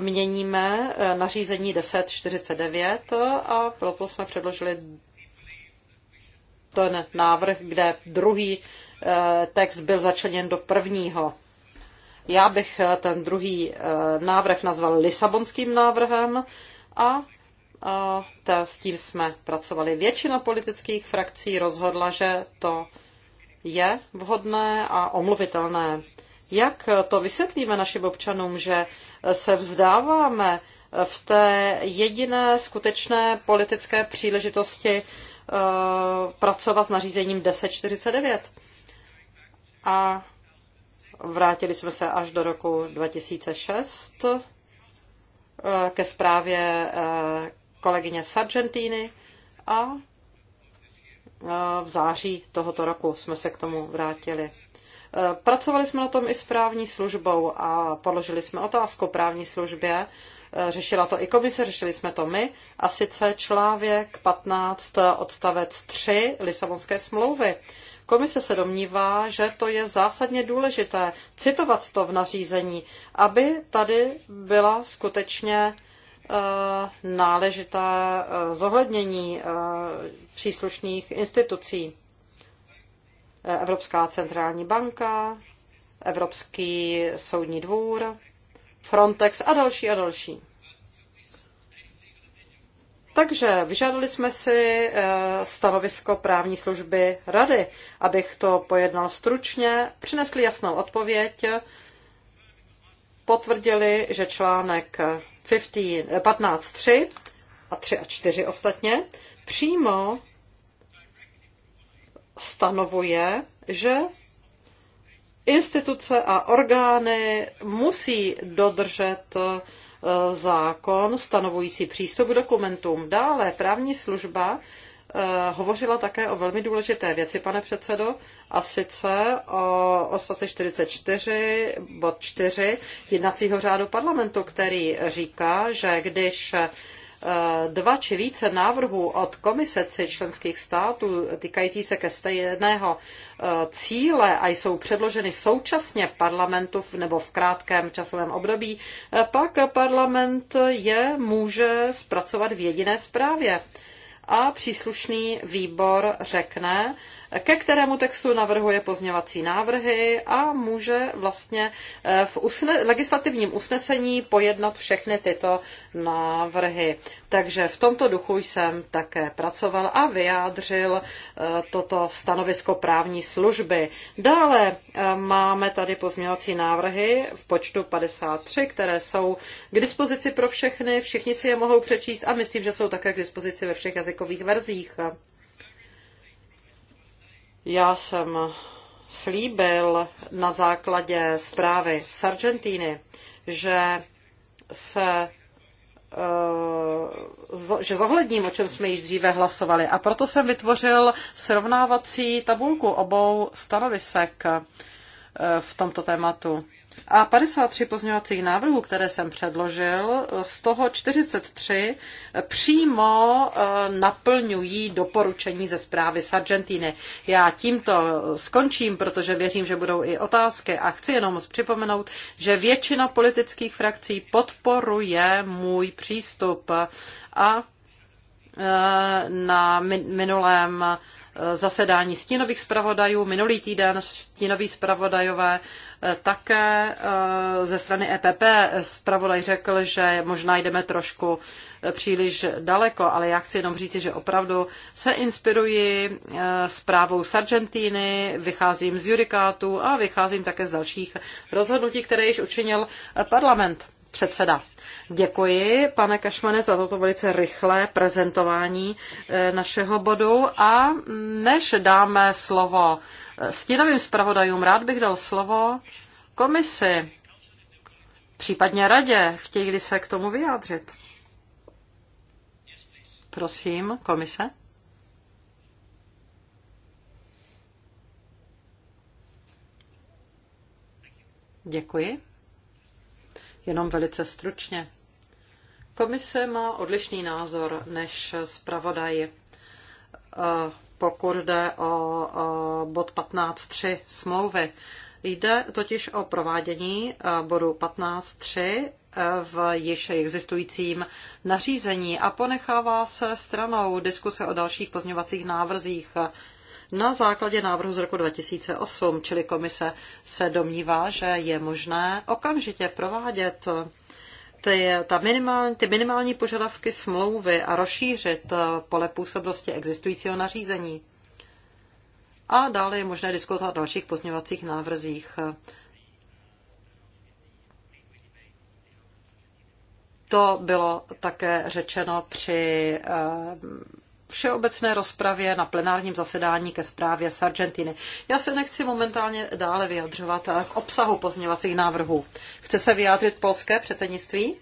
měníme eh, nařízení 1049 a proto jsme předložili ten návrh, kde druhý eh, text byl začleněn do prvního. Já bych eh, ten druhý eh, návrh nazval Lisabonským návrhem a eh, ta, s tím jsme pracovali. Většina politických frakcí rozhodla, že to je vhodné a omluvitelné. Jak to vysvětlíme našim občanům, že se vzdáváme v té jediné skutečné politické příležitosti pracovat s nařízením 1049? A Vrátili jsme se až do roku 2006 eh, ke zprávě eh, kolegyně Sargentiny a eh, v září tohoto roku jsme se k tomu vrátili. Pracovali jsme na tom i s právní službou a položili jsme otázku právní službě. Řešila to i komise, řešili jsme to my. A sice člověk 15 odstavec 3 Lisabonské smlouvy, Komise se domnívá, že to je zásadně důležité citovat to v nařízení, aby tady byla skutečně eh, náležité eh, zohlednění eh, příslušných institucí. Evropská centrální banka, Evropský soudní dvůr, Frontex a další a další. Takže vyžádali jsme si eh, stanovisko právní služby rady, abych to pojednal stručně, přinesli jasnou odpověď, potvrdili, že článek 15.3 eh, a 3 a 4 ostatně přímo stanovuje, že instituce a orgány musí dodržet eh, Eh, zákon stanovující přístup k dokumentům. Dále právní služba eh, hovořila také o velmi důležité věci, pane předsedo, a sice o odstavci 44, bod 4 jednacího řádu parlamentu, který říká, že když Eh, dva či více návrhů od komise či členských států týkající se ke stejného eh, cíle a jsou předloženy současně parlamentu nebo v krátkém časovém období, eh, pak parlament je může zpracovat v jediné zprávě. A příslušný výbor řekne, ke kterému textu navrhuje pozměvací návrhy a může vlastně eh, v usne, legislativním usnesení pojednat všechny tyto návrhy. Takže v tomto duchu jsem také pracoval a vyjádřil eh, toto stanovisko právní služby. Dále eh, máme tady pozměňovací návrhy v počtu 53, které jsou k dispozici pro všechny. Všichni si je mohou přečíst a myslím, že jsou také k dispozici ve všech jazykových verzích. Já jsem slíbil na základě zprávy z Argentíny, že se eh, že zohledním, o čem jsme již dříve hlasovali. A proto jsem vytvořil srovnávací tabulku obou stanovisek eh, v tomto tématu. A 53 pozměňovacích návrhů, které jsem předložil, z toho 43 přímo eh, naplňují doporučení ze zprávy Sargentiny. Argentiny. Já tímto skončím, protože věřím, že budou i otázky a chci jenom připomenout, že většina politických frakcí podporuje můj přístup a eh, na minulém zasedání stínových zpravodajů. Minulý týden stínoví zpravodajové eh, také eh, ze strany EPP zpravodaj řekl, že možná jdeme trošku eh, příliš daleko, ale já chci jenom říci, že opravdu se inspiruji zprávou z Argentíny, vycházím z judikátu a vycházím také z dalších rozhodnutí, které již učinil parlament. Předseda. Děkuji, pane Kašmane, za toto velice rychlé prezentování e, našeho bodu a než dáme slovo e, stínovým zpravodajům, rád bych dal slovo komisi, případně radě, chtějí se k tomu vyjádřit. Prosím, komise. Děkuji. Jenom velice stručně. Komise má odlišný názor než zpravodaj, eh, pokud jde o bod 15.3 smlouvy. Jde totiž o provádění eh, bodu 15.3 eh, v již existujícím nařízení a ponechává se stranou diskuse o dalších pozměňovacích návrzích na základě návrhu z roku 2008, čili komise se domnívá, že je možné okamžitě provádět ty, ta minimální, ty minimální požadavky smlouvy a rozšířit eh, pole působnosti existujícího nařízení. A dále je možné diskutovat o dalších pozměňovacích návrzích. To bylo také řečeno při eh, všeobecné rozpravě na plenárním zasedání ke zprávě Sargentiny. Já se nechci momentálně dále vyjadřovat k obsahu pozněvacích návrhů. Chce se vyjádřit polské předsednictví?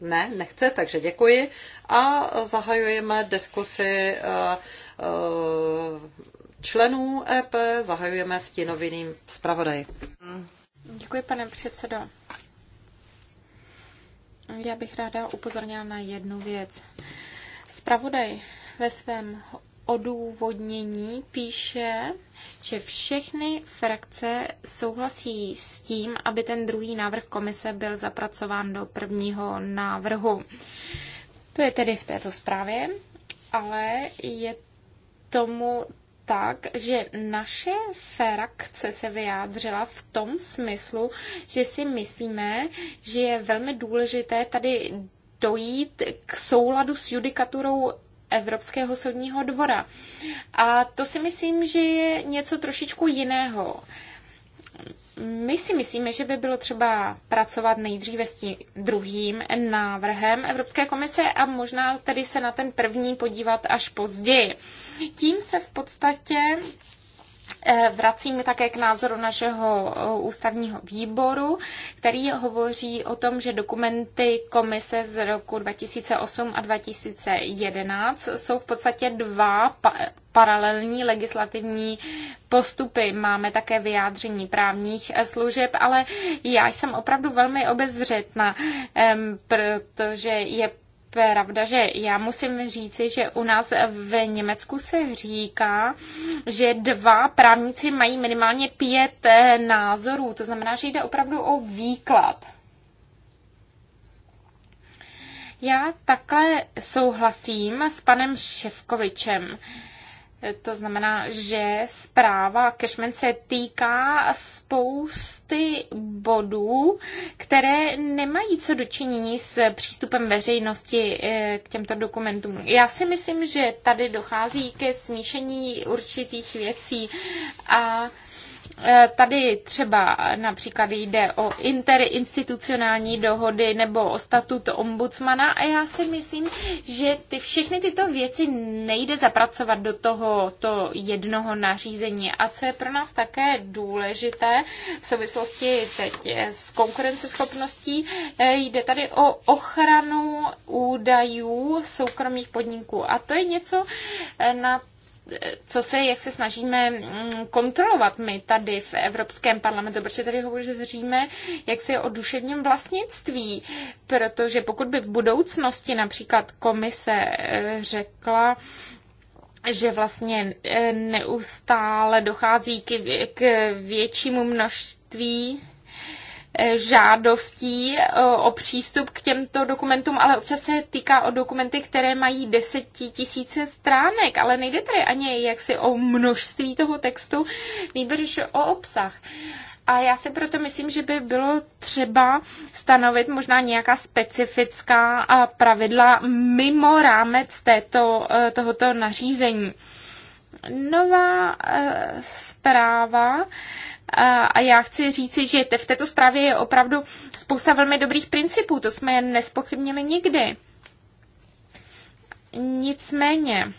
Ne, nechce, takže děkuji. A zahajujeme diskusy eh, členů EP, zahajujeme s tím zpravodaji. Děkuji, pane předsedo. Já bych ráda upozornila na jednu věc. Spravodaj ve svém odůvodnění píše, že všechny frakce souhlasí s tím, aby ten druhý návrh komise byl zapracován do prvního návrhu. To je tedy v této zprávě, ale je tomu tak, že naše frakce se vyjádřila v tom smyslu, že si myslíme, že je velmi důležité tady dojít k souladu s judikaturou Evropského soudního dvora. A to si myslím, že je něco trošičku jiného. My si myslíme, že by bylo třeba pracovat nejdříve s tím druhým návrhem Evropské komise a možná tedy se na ten první podívat až později. Tím se v podstatě Eh, vracíme také k názoru našeho eh, ústavního výboru, který hovoří o tom, že dokumenty komise z roku 2008 a 2011 jsou v podstatě dva pa paralelní legislativní postupy. Máme také vyjádření právních eh, služeb, ale já jsem opravdu velmi obezřetná, protože je pravda, že já musím říci, že u nás v Německu se říká, že dva právníci mají minimálně pět názorů. To znamená, že jde opravdu o výklad. Já takhle souhlasím s panem Ševkovičem. To znamená, že zpráva Cashman se týká spousty bodů, které nemají co dočinění s přístupem veřejnosti eh, k těmto dokumentům. Já si myslím, že tady dochází ke smíšení určitých věcí a Eh, tady třeba například jde o interinstitucionální dohody nebo o statut ombudsmana a já si myslím, že ty všechny tyto věci nejde zapracovat do toho to jednoho nařízení. A co je pro nás také důležité v souvislosti teď s konkurenceschopností, eh, jde tady o ochranu údajů soukromých podniků. A to je něco, eh, na co se, jak se snažíme mm, kontrolovat my tady v Evropském parlamentu, protože tady hovoříme, jak se o duševním vlastnictví, protože pokud by v budoucnosti například komise eh, řekla, že vlastně eh, neustále dochází k, většímu množství Eh, žádostí eh, o přístup k těmto dokumentům, ale občas se týká o dokumenty, které mají desetitisíce stránek, ale nejde tady ani jaksi o množství toho textu, nejbrž o obsah. A já si proto myslím, že by bylo třeba stanovit možná nějaká specifická eh, pravidla mimo rámec této, tohoto nařízení nová eh, zpráva eh, a já chci říci, že v této zprávě je opravdu spousta velmi dobrých principů, to jsme jen nespochybnili nikdy. Nicméně,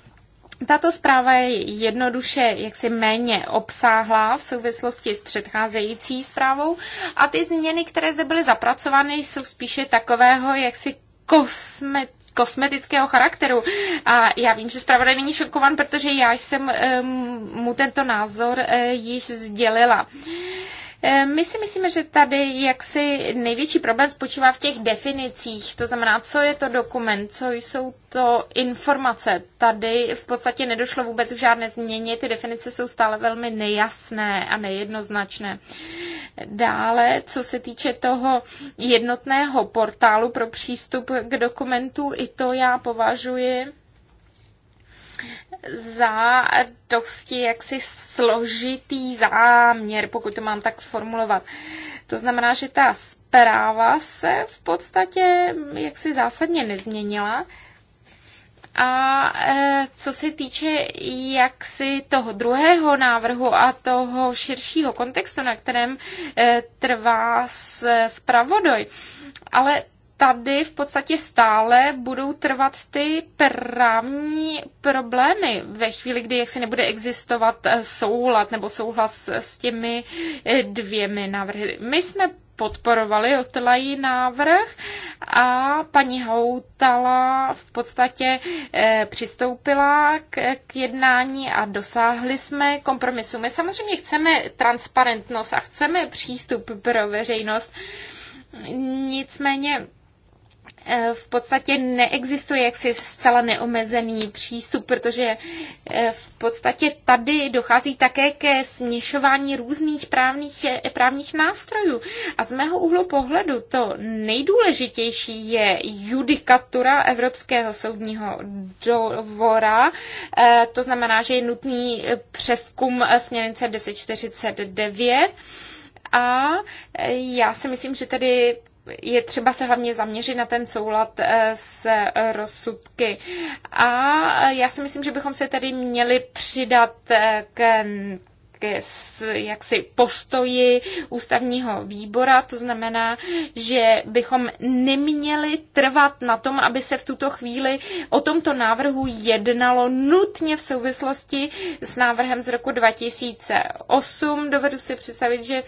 tato zpráva je jednoduše jaksi méně obsáhlá v souvislosti s předcházející zprávou a ty změny, které zde byly zapracovány, jsou spíše takového jaksi kosmet, kosmetického charakteru. A já vím, že zpravodaj není šokovan, protože já jsem eh, mu tento názor eh, již sdělila. Eh, my si myslíme, že tady jaksi největší problém spočívá v těch definicích, to znamená, co je to dokument, co jsou to informace. Tady v podstatě nedošlo vůbec k žádné změně, ty definice jsou stále velmi nejasné a nejednoznačné. Dále, co se týče toho jednotného portálu pro přístup k dokumentu, i to já považuji za dosti jaksi složitý záměr, pokud to mám tak formulovat. To znamená, že ta zpráva se v podstatě jaksi zásadně nezměnila. A e, co se týče jaksi toho druhého návrhu a toho širšího kontextu, na kterém e, trvá e, zpravodoj, ale tady v podstatě stále budou trvat ty právní problémy ve chvíli, kdy jaksi nebude existovat eh, soulad nebo souhlas s těmi eh, dvěmi návrhy. My jsme podporovali Otlají návrh a paní Houtala v podstatě eh, přistoupila k, k jednání a dosáhli jsme kompromisu. My samozřejmě chceme transparentnost a chceme přístup pro veřejnost. Nicméně E, v podstatě neexistuje jaksi zcela neomezený přístup, protože e, v podstatě tady dochází také ke směšování různých právních, e, právních nástrojů. A z mého úhlu pohledu to nejdůležitější je judikatura Evropského soudního dvora. To znamená, že je nutný přeskum směrnice 1049 a já si myslím, že tedy je třeba se hlavně zaměřit na ten soulad eh, s eh, rozsudky. A eh, já si myslím, že bychom se tedy měli přidat k, k jaksi postoji ústavního výbora, to znamená, že bychom neměli trvat na tom, aby se v tuto chvíli o tomto návrhu jednalo nutně v souvislosti s návrhem z roku 2008. Dovedu si představit, že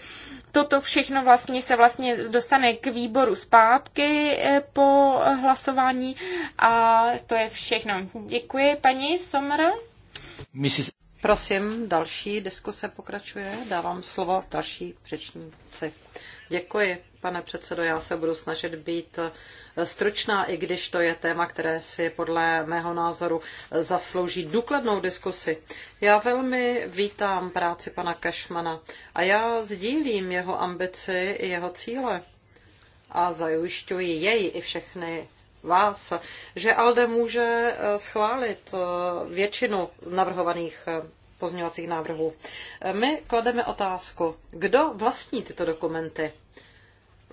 toto všechno vlastně se vlastně dostane k výboru zpátky eh, po hlasování a to je všechno. Děkuji paní Somr. Prosím, další diskuse pokračuje. Dávám slovo další řečníci. Děkuji pane předsedo. Já se budu snažit být stručná, i když to je téma, které si podle mého názoru zaslouží důkladnou diskusi. Já velmi vítám práci pana Kašmana a já sdílím jeho ambici i jeho cíle a zajišťuji jej i všechny vás, že ALDE může schválit většinu navrhovaných pozměňovacích návrhů. My klademe otázku, kdo vlastní tyto dokumenty?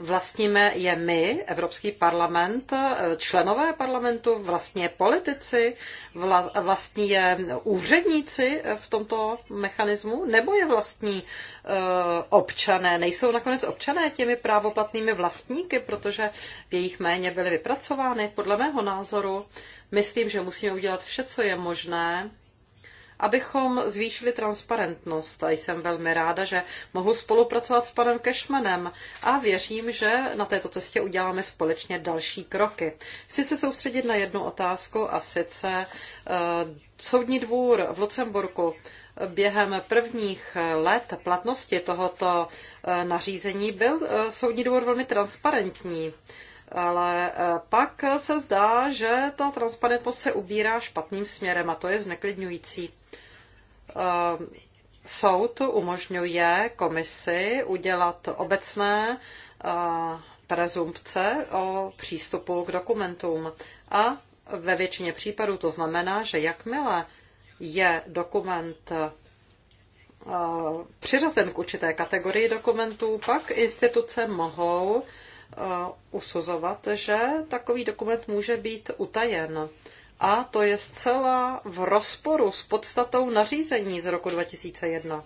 Vlastníme je my, Evropský parlament, členové parlamentu, vlastně politici, vla, vlastní je úředníci v tomto mechanismu, nebo je vlastní e, občané? Nejsou nakonec občané těmi právoplatnými vlastníky, protože v jejich méně byly vypracovány. Podle mého názoru myslím, že musíme udělat vše, co je možné, abychom zvýšili transparentnost. A jsem velmi ráda, že mohu spolupracovat s panem Kešmanem a věřím, že na této cestě uděláme společně další kroky. Chci se soustředit na jednu otázku a sice uh, Soudní dvůr v Lucemburku během prvních let platnosti tohoto eh, nařízení byl eh, soudní dvůr velmi transparentní. Ale pak se zdá, že ta transparentnost se ubírá špatným směrem a to je zneklidňující. Eh, soud umožňuje komisi udělat obecné eh, prezumpce o přístupu k dokumentům. A ve většině případů to znamená, že jakmile je dokument eh, přiřazen k určité kategorii dokumentů, pak instituce mohou usuzovat, že takový dokument může být utajen a to je zcela v rozporu s podstatou nařízení z roku 2001.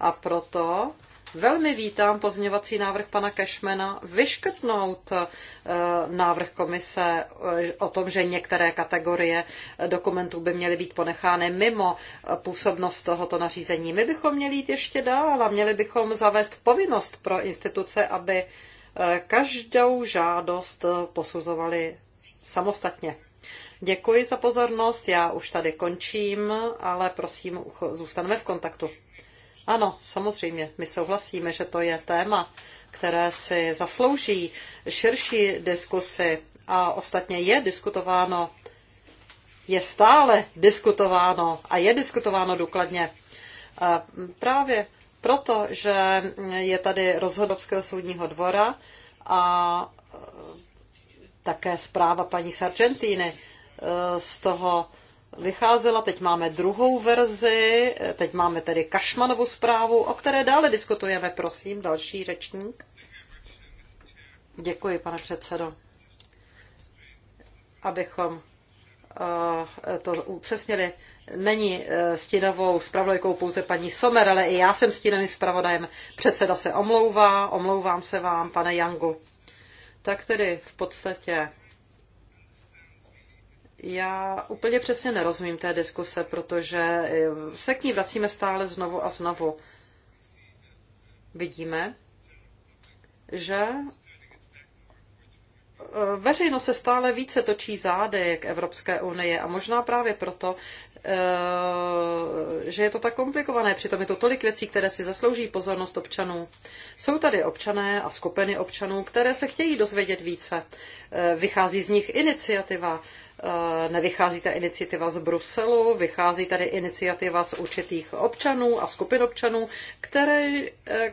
A proto velmi vítám pozměvací návrh pana Kešmena vyškrtnout eh, návrh komise eh, o tom, že některé kategorie eh, dokumentů by měly být ponechány mimo působnost tohoto nařízení. My bychom měli jít ještě dál a měli bychom zavést povinnost pro instituce, aby každou žádost posuzovali samostatně. Děkuji za pozornost, já už tady končím, ale prosím, zůstaneme v kontaktu. Ano, samozřejmě, my souhlasíme, že to je téma, které si zaslouží širší diskusy a ostatně je diskutováno, je stále diskutováno a je diskutováno důkladně. A e, právě proto, že je tady rozhodovského soudního dvora a také zpráva paní Sargentiny eh, z toho vycházela. Teď máme druhou verzi, eh, teď máme tedy Kašmanovu zprávu, o které dále diskutujeme. Prosím, další řečník. Děkuji, pane předsedo. Abychom eh, to upřesnili, není stínovou zpravodajkou pouze paní Somer, ale i já jsem stínovým zpravodajem. Předseda se omlouvá, omlouvám se vám, pane Jangu tak tedy v podstatě já úplně přesně nerozumím té diskuse, protože eh, se k ní vracíme stále znovu a znovu. Vidíme, že eh, veřejnost se stále více točí zády k Evropské unii a možná právě proto, Eh, že je to tak komplikované. Přitom je to tolik věcí, které si zaslouží pozornost občanů. Jsou tady občané a skupiny občanů, které se chtějí dozvědět více. Eh, vychází z nich iniciativa. Eh, nevychází ta iniciativa z Bruselu, vychází tady iniciativa z určitých občanů a skupin občanů, které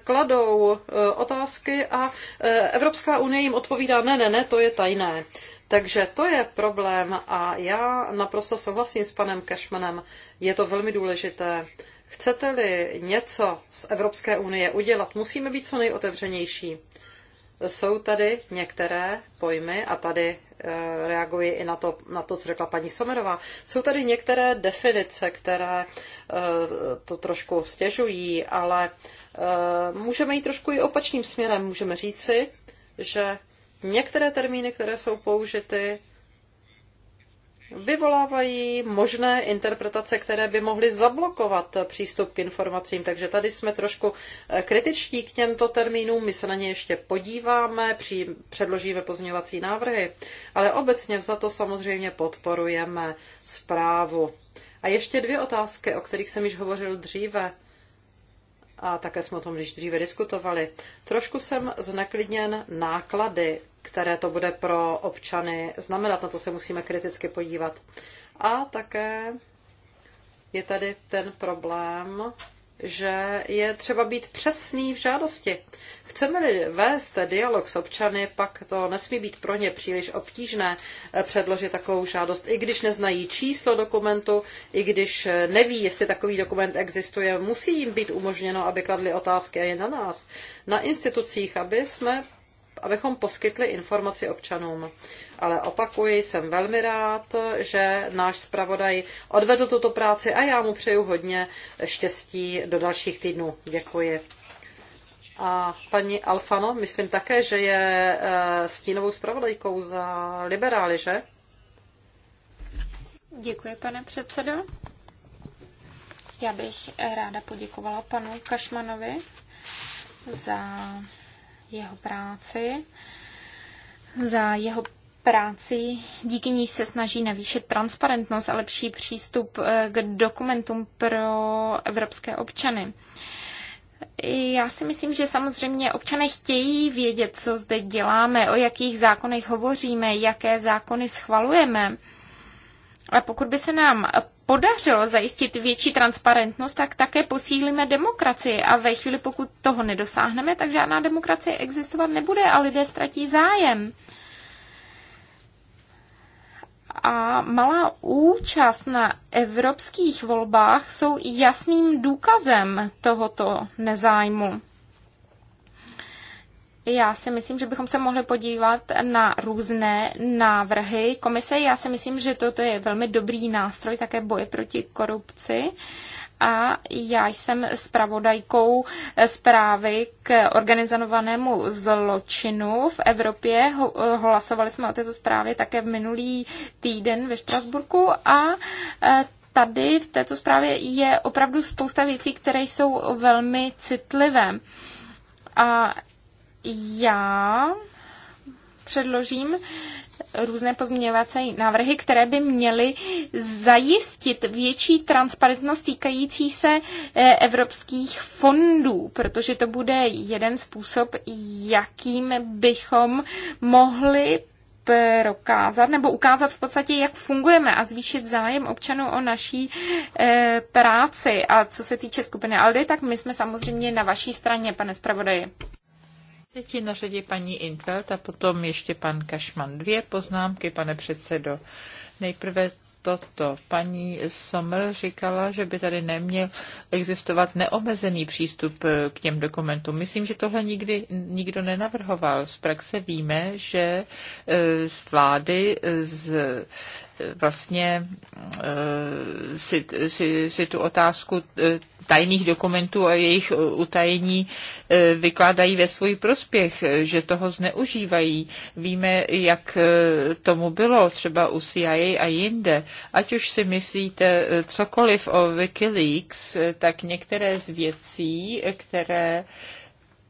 kladou otázky a Evropská unie jim odpovídá, ne, ne, ne, to je tajné. Takže to je problém a já naprosto souhlasím s panem Kešmanem. Je to velmi důležité. Chcete-li něco z Evropské unie udělat, musíme být co nejotevřenější. Jsou tady některé pojmy, a tady eh, reaguji i na to, na to, co řekla paní Somerová, jsou tady některé definice, které eh, to trošku stěžují, ale eh, můžeme jít trošku i opačným směrem. Můžeme říci, že Některé termíny, které jsou použity, vyvolávají možné interpretace, které by mohly zablokovat přístup k informacím. Takže tady jsme trošku eh, kritičtí k těmto termínům, my se na ně ještě podíváme, při, předložíme pozměňovací návrhy, ale obecně za to samozřejmě podporujeme zprávu. A ještě dvě otázky, o kterých jsem již hovořil dříve a také jsme o tom již dříve diskutovali. Trošku jsem zneklidněn náklady, které to bude pro občany znamenat, na to se musíme kriticky podívat. A také je tady ten problém že je třeba být přesný v žádosti. Chceme-li vést dialog s občany, pak to nesmí být pro ně příliš obtížné eh, předložit takovou žádost, i když neznají číslo dokumentu, i když eh, neví, jestli takový dokument existuje. Musí jim být umožněno, aby kladli otázky a je na nás, na institucích, aby jsme abychom poskytli informaci občanům. Ale opakuji, jsem velmi rád, že náš zpravodaj odvedl tuto práci a já mu přeju hodně štěstí do dalších týdnů. Děkuji. A paní Alfano, myslím také, že je eh, stínovou zpravodajkou za liberály, že? Děkuji, pane předsedo. Já bych ráda poděkovala panu Kašmanovi za jeho práci, za jeho práci, díky níž se snaží navýšit transparentnost a lepší přístup eh, k dokumentům pro evropské občany. Já si myslím, že samozřejmě občané chtějí vědět, co zde děláme, o jakých zákonech hovoříme, jaké zákony schvalujeme. A pokud by se nám podařilo zajistit větší transparentnost, tak také posílíme demokracii. A ve chvíli, pokud toho nedosáhneme, tak žádná demokracie existovat nebude a lidé ztratí zájem a malá účast na evropských volbách jsou jasným důkazem tohoto nezájmu. Já si myslím, že bychom se mohli podívat na různé návrhy komise. Já si myslím, že toto je velmi dobrý nástroj také boje proti korupci a já jsem zpravodajkou zprávy k organizovanému zločinu v Evropě. Eh, hlasovali jsme o této zprávě také v minulý týden ve Štrasburku a eh, tady v této zprávě je opravdu spousta věcí, které jsou velmi citlivé. A já předložím různé pozměňovací návrhy, které by měly zajistit větší transparentnost týkající se e, evropských fondů, protože to bude jeden způsob, jakým bychom mohli prokázat nebo ukázat v podstatě, jak fungujeme a zvýšit zájem občanů o naší e, práci. A co se týče skupiny Aldy, tak my jsme samozřejmě na vaší straně, pane zpravodaji. Teď je na řadě paní Infeld a potom ještě pan Kašman. Dvě poznámky, pane předsedo. Nejprve toto. Paní Sommer říkala, že by tady neměl existovat neomezený přístup eh, k těm dokumentům. Myslím, že tohle nikdy nikdo nenavrhoval. Z praxe víme, že eh, z vlády z vlastně eh, si, si, si tu otázku eh, tajných dokumentů a jejich utajení eh, vykládají ve svůj prospěch, že toho zneužívají. Víme, jak tomu bylo třeba u CIA a jinde. Ať už si myslíte cokoliv o Wikileaks, tak některé z věcí, které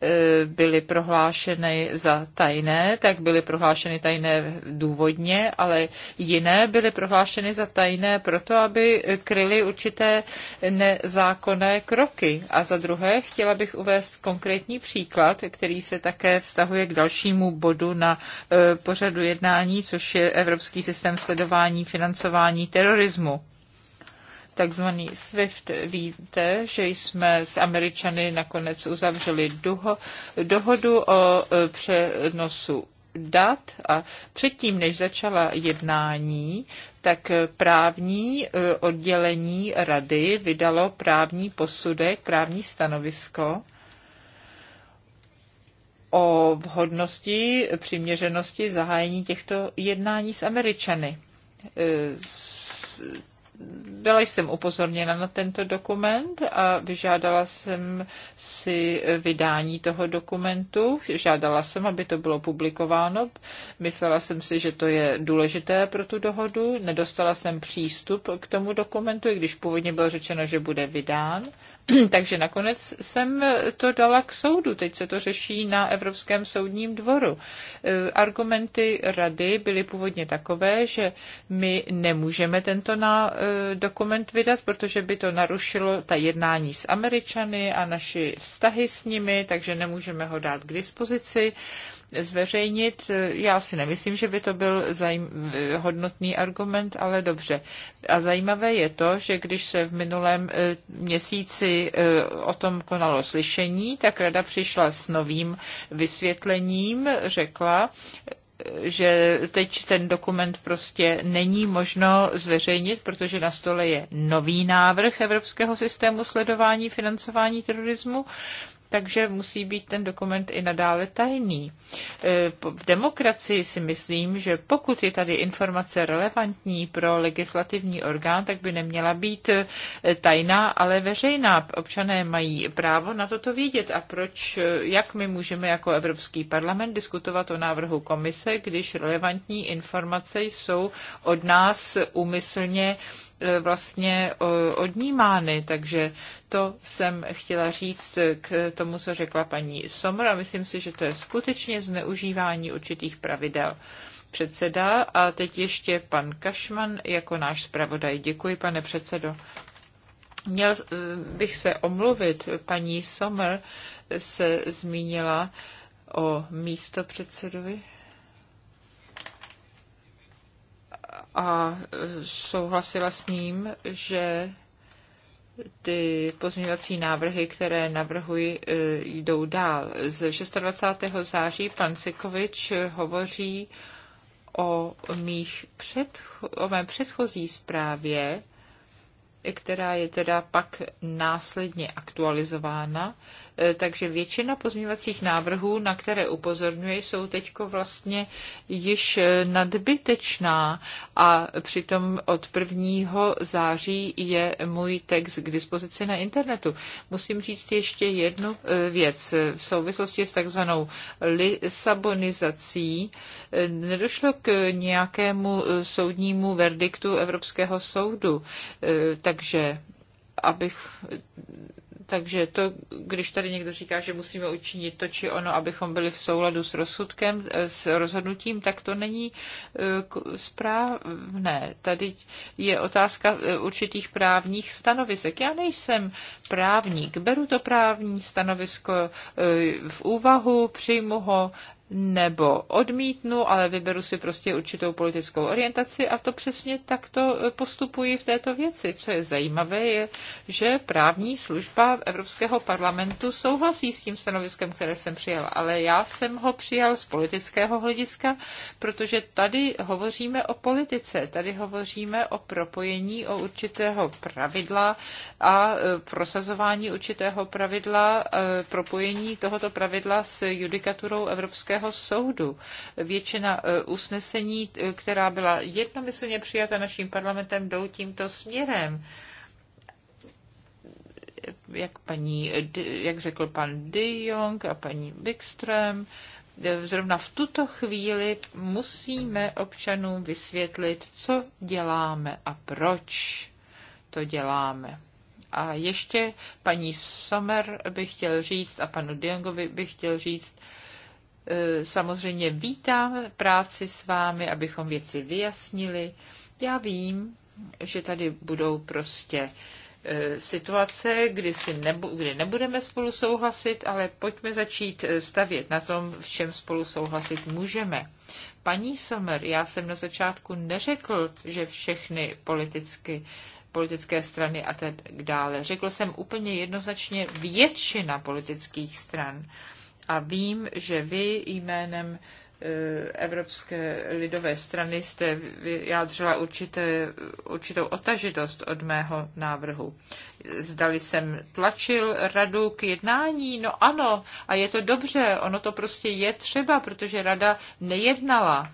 E, byly prohlášeny za tajné, tak byly prohlášeny tajné důvodně, ale jiné byly prohlášeny za tajné proto, aby kryly určité nezákonné kroky. A za druhé, chtěla bych uvést konkrétní příklad, který se také vztahuje k dalšímu bodu na e, pořadu jednání, což je Evropský systém sledování financování terorismu takzvaný SWIFT. Víte, že jsme s Američany nakonec uzavřeli doho- dohodu o e, přenosu dat a předtím, než začala jednání, tak právní e, oddělení rady vydalo právní posudek, právní stanovisko o vhodnosti, přiměřenosti zahájení těchto jednání s Američany e, byla jsem upozorněna na tento dokument a vyžádala jsem si vydání toho dokumentu. Žádala jsem, aby to bylo publikováno. Myslela jsem si, že to je důležité pro tu dohodu. Nedostala jsem přístup k tomu dokumentu, i když původně bylo řečeno, že bude vydán. <clears throat> Takže nakonec jsem to dala k soudu. Teď se to řeší na Evropském soudním dvoru. E, argumenty rady byly původně takové, že my nemůžeme tento na, e, dokument vydat, protože by to narušilo ta jednání s Američany a naši vztahy s nimi, takže nemůžeme ho dát k dispozici zveřejnit. Já si nemyslím, že by to byl zajím, hodnotný argument, ale dobře. A zajímavé je to, že když se v minulém eh, měsíci eh, o tom konalo slyšení, tak rada přišla s novým vysvětlením, řekla, eh, že teď ten dokument prostě není možno zveřejnit, protože na stole je nový návrh Evropského systému sledování financování terorismu takže musí být ten dokument i nadále tajný. E, v demokracii si myslím, že pokud je tady informace relevantní pro legislativní orgán, tak by neměla být e, tajná, ale veřejná. Občané mají právo na toto vědět a proč, e, jak my můžeme jako Evropský parlament diskutovat o návrhu komise, když relevantní informace jsou od nás úmyslně E, vlastně e, odnímány, takže to jsem chtěla říct k tomu, co řekla paní Somra. Myslím si, že to je skutečně zneužívání určitých pravidel předseda. A teď ještě pan Kašman jako náš zpravodaj. Děkuji, pane předsedo. Měl e, bych se omluvit, paní Sommer se zmínila o místo předsedovi a souhlasila s ním, že ty pozměňovací návrhy, které navrhuji, e, jdou dál. Z 26. září pan Sikovič hovoří o, mých předcho- o mém předchozí zprávě, která je teda pak následně aktualizována, Eh, takže většina pozměňovacích návrhů, na které upozorňuje, jsou teď vlastně již eh, nadbytečná a přitom od 1. září je můj text k dispozici na internetu. Musím říct ještě jednu eh, věc. V souvislosti s takzvanou Lisabonizací nedošlo k nějakému soudnímu verdiktu Evropského soudu, takže abych takže to, když tady někdo říká, že musíme učinit to či ono, abychom byli v souladu s rozsudkem, eh, s rozhodnutím, tak to není eh, správné. Tady je otázka eh, určitých právních stanovisek. Já nejsem právník, beru to právní stanovisko v úvahu, přijmu ho nebo odmítnu, ale vyberu si prostě určitou politickou orientaci a to přesně takto eh, postupuji v této věci. Co je zajímavé, je, že právní služba Evropského parlamentu souhlasí s tím stanoviskem, které jsem přijal, ale já jsem ho přijal z politického hlediska, protože tady hovoříme o politice, tady hovoříme o propojení o určitého pravidla a eh, prosazování určitého pravidla, eh, propojení tohoto pravidla s judikaturou Evropského Evropského soudu. Většina e, usnesení, která byla jednomyslně přijata naším parlamentem, jdou tímto směrem jak, paní, jak řekl pan De Jong a paní Bickström, e, zrovna v tuto chvíli musíme občanům vysvětlit, co děláme a proč to děláme. A ještě paní Sommer bych chtěl říct a panu De bych chtěl říct, Eh, samozřejmě vítám práci s vámi, abychom věci vyjasnili. Já vím, že tady budou prostě eh, situace, kdy, si nebu, kdy nebudeme spolu souhlasit, ale pojďme začít eh, stavět na tom, v čem spolu souhlasit můžeme. Paní Sommer, já jsem na začátku neřekl, že všechny politicky, politické strany a tak dále. Řekl jsem úplně jednoznačně většina politických stran. Uh, a vím, že vy jménem e, Evropské lidové strany jste vyjádřila určité, určitou otažitost od mého návrhu. Zdali jsem tlačil radu k jednání, no ano, a je to dobře, ono to prostě je třeba, protože rada nejednala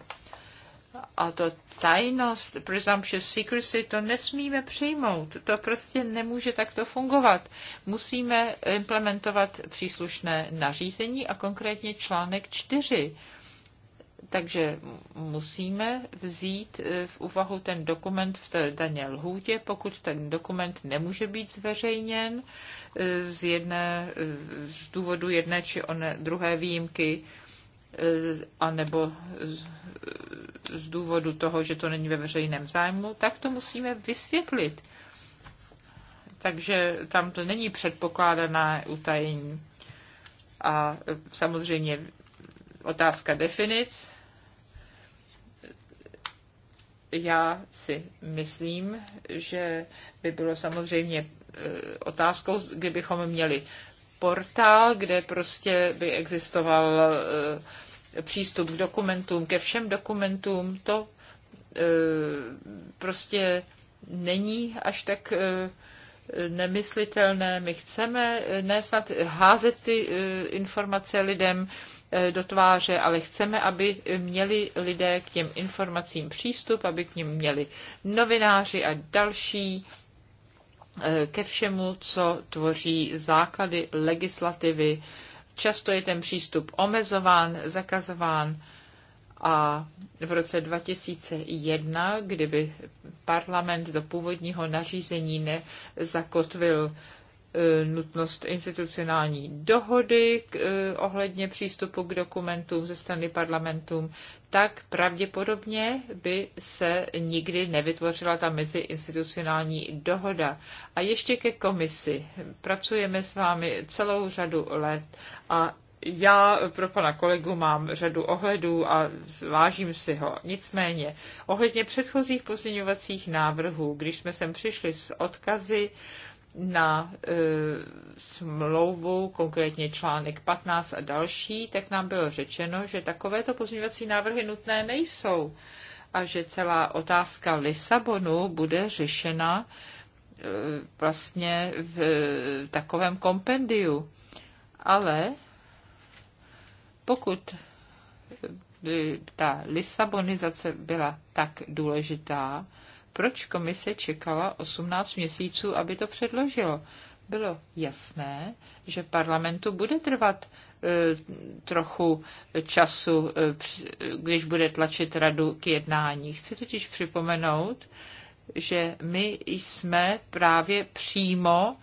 a to tajnost, presumptuous secrecy, to nesmíme přijmout. To prostě nemůže takto fungovat. Musíme implementovat příslušné nařízení a konkrétně článek 4. Takže musíme vzít eh, v úvahu ten dokument v té daně lhůtě, pokud ten dokument nemůže být zveřejněn eh, z, jedné, eh, z důvodu jedné či one, druhé výjimky, Eh, anebo z důvodu toho, že to není ve veřejném zájmu, tak to musíme vysvětlit. Takže tam to není předpokládané utajení. A eh, samozřejmě otázka definic. Já si myslím, že by bylo samozřejmě eh, otázkou, kdybychom měli portál, kde prostě by existoval uh, přístup k dokumentům, ke všem dokumentům, to e, prostě není až tak e, nemyslitelné. My chceme e, snad házet ty informace lidem do tváře, ale chceme, aby měli lidé k těm informacím přístup, aby k ním měli novináři a další ke všemu, co tvoří základy legislativy Často je ten přístup omezován, zakazován a v roce 2001, kdyby parlament do původního nařízení nezakotvil e, nutnost institucionální dohody e, ohledně přístupu k dokumentům ze strany parlamentům, tak pravděpodobně by se nikdy nevytvořila ta meziinstitucionální dohoda. A ještě ke komisi. Pracujeme s vámi celou řadu let a já pro pana kolegu mám řadu ohledů a vážím si ho. Nicméně, ohledně předchozích pozměňovacích návrhů, když jsme sem přišli s odkazy, na e, smlouvu, konkrétně článek 15 a další, tak nám bylo řečeno, že takovéto pozměňovací návrhy nutné nejsou a že celá otázka Lisabonu bude řešena e, vlastně v e, takovém kompendiu. Ale pokud by ta Lisabonizace byla tak důležitá, proč komise čekala 18 měsíců, aby to předložilo. Bylo jasné, že parlamentu bude trvat e, trochu času, e, když bude tlačit radu k jednání. Chci totiž připomenout, že my jsme právě přímo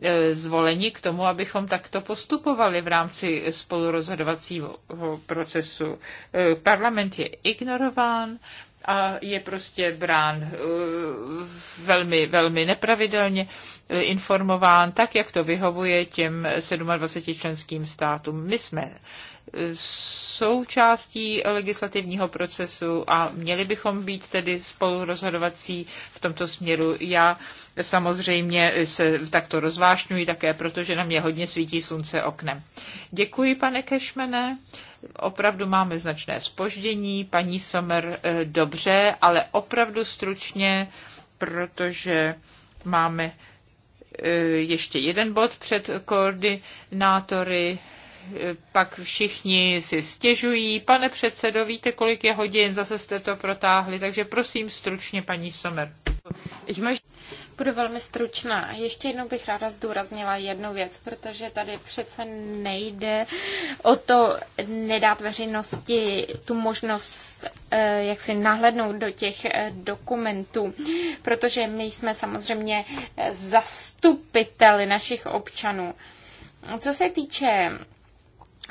e, zvoleni k tomu, abychom takto postupovali v rámci spolurozhodovacího procesu. Parlament je ignorován, a je prostě brán eh, velmi, velmi nepravidelně eh, informován, tak jak to vyhovuje těm 27 členským státům. My jsme součástí legislativního procesu a měli bychom být tedy spolurozhodovací v tomto směru. Já samozřejmě se takto rozvášňuji také, protože na mě hodně svítí slunce oknem. Děkuji, pane Kešmene. Opravdu máme značné spoždění. Paní Sommer, eh, dobře, ale opravdu stručně, protože máme eh, ještě jeden bod před koordinátory pak všichni si stěžují. Pane předsedo, víte, kolik je hodin, zase jste to protáhli, takže prosím stručně, paní Somer. Budu velmi stručná. Ještě jednou bych ráda zdůraznila jednu věc, protože tady přece nejde o to nedát veřejnosti tu možnost eh, jak si nahlednout do těch eh, dokumentů, protože my jsme samozřejmě eh, zastupiteli našich občanů. Co se týče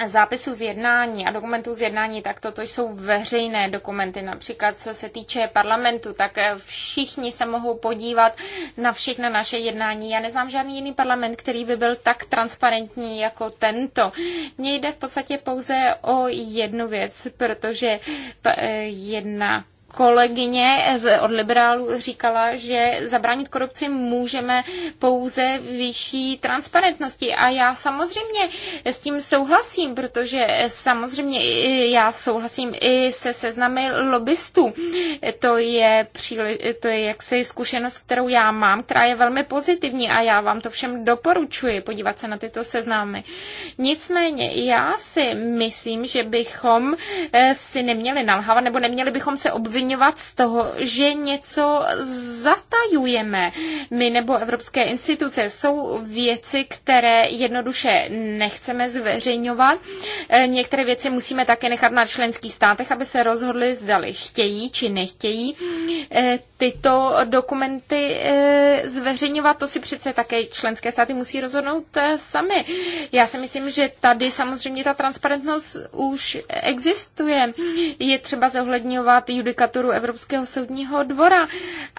zápisů z jednání a dokumentů z jednání, tak toto jsou veřejné dokumenty. Například co se týče parlamentu, tak eh, všichni se mohou podívat na všechna naše jednání. Já neznám žádný jiný parlament, který by byl tak transparentní jako tento. Mně jde v podstatě pouze o jednu věc, protože eh, jedna kolegyně od liberálů říkala, že zabránit korupci můžeme pouze vyšší transparentnosti. A já samozřejmě s tím souhlasím, protože samozřejmě já souhlasím i se seznamy lobbystů. To je, příli, to je jaksi zkušenost, kterou já mám, která je velmi pozitivní a já vám to všem doporučuji podívat se na tyto seznamy. Nicméně já si myslím, že bychom eh, si neměli nalhávat nebo neměli bychom se obvinovat obvinovat z toho, že něco zatajujeme. My nebo evropské instituce jsou věci, které jednoduše nechceme zveřejňovat. E, některé věci musíme také nechat na členských státech, aby se rozhodli, zdali chtějí či nechtějí e, tyto dokumenty e, zveřejňovat. To si přece také členské státy musí rozhodnout sami. Já si myslím, že tady samozřejmě ta transparentnost už existuje. Je třeba zohledňovat judikatu judikaturu Evropského soudního dvora.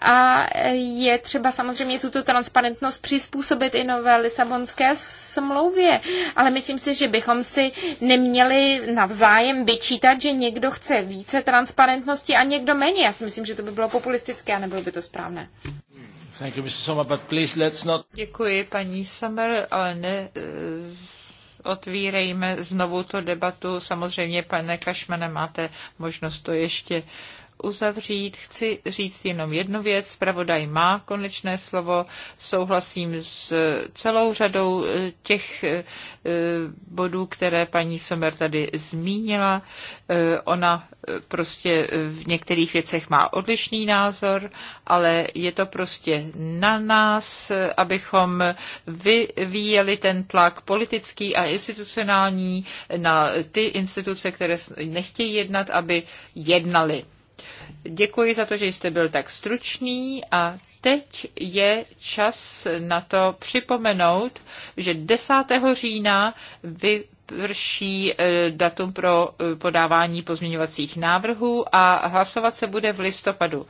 A je třeba samozřejmě tuto transparentnost přizpůsobit i nové Lisabonské smlouvě. Ale myslím si, že bychom si neměli navzájem vyčítat, že někdo chce více transparentnosti a někdo méně. Já si myslím, že to by bylo populistické a nebylo by to správné. Thank you, Mr. Sommer, but please let's not... Děkuji, paní Sommer, ale ne, eh, otvírejme znovu tu debatu. Samozřejmě, pane Kašmane, máte možnost to ještě uzavřít. Chci říct jenom jednu věc. Spravodaj má konečné slovo. Souhlasím s celou řadou eh, těch eh, bodů, které paní Somer tady zmínila. Eh, ona prostě v některých věcech má odlišný názor, ale je to prostě na nás, abychom vyvíjeli ten tlak politický a institucionální na ty instituce, které nechtějí jednat, aby jednali. Děkuji za to, že jste byl tak stručný a teď je čas na to připomenout, že 10. října vy vrší e, datum pro e, podávání pozměňovacích návrhů a hlasovat se bude v listopadu.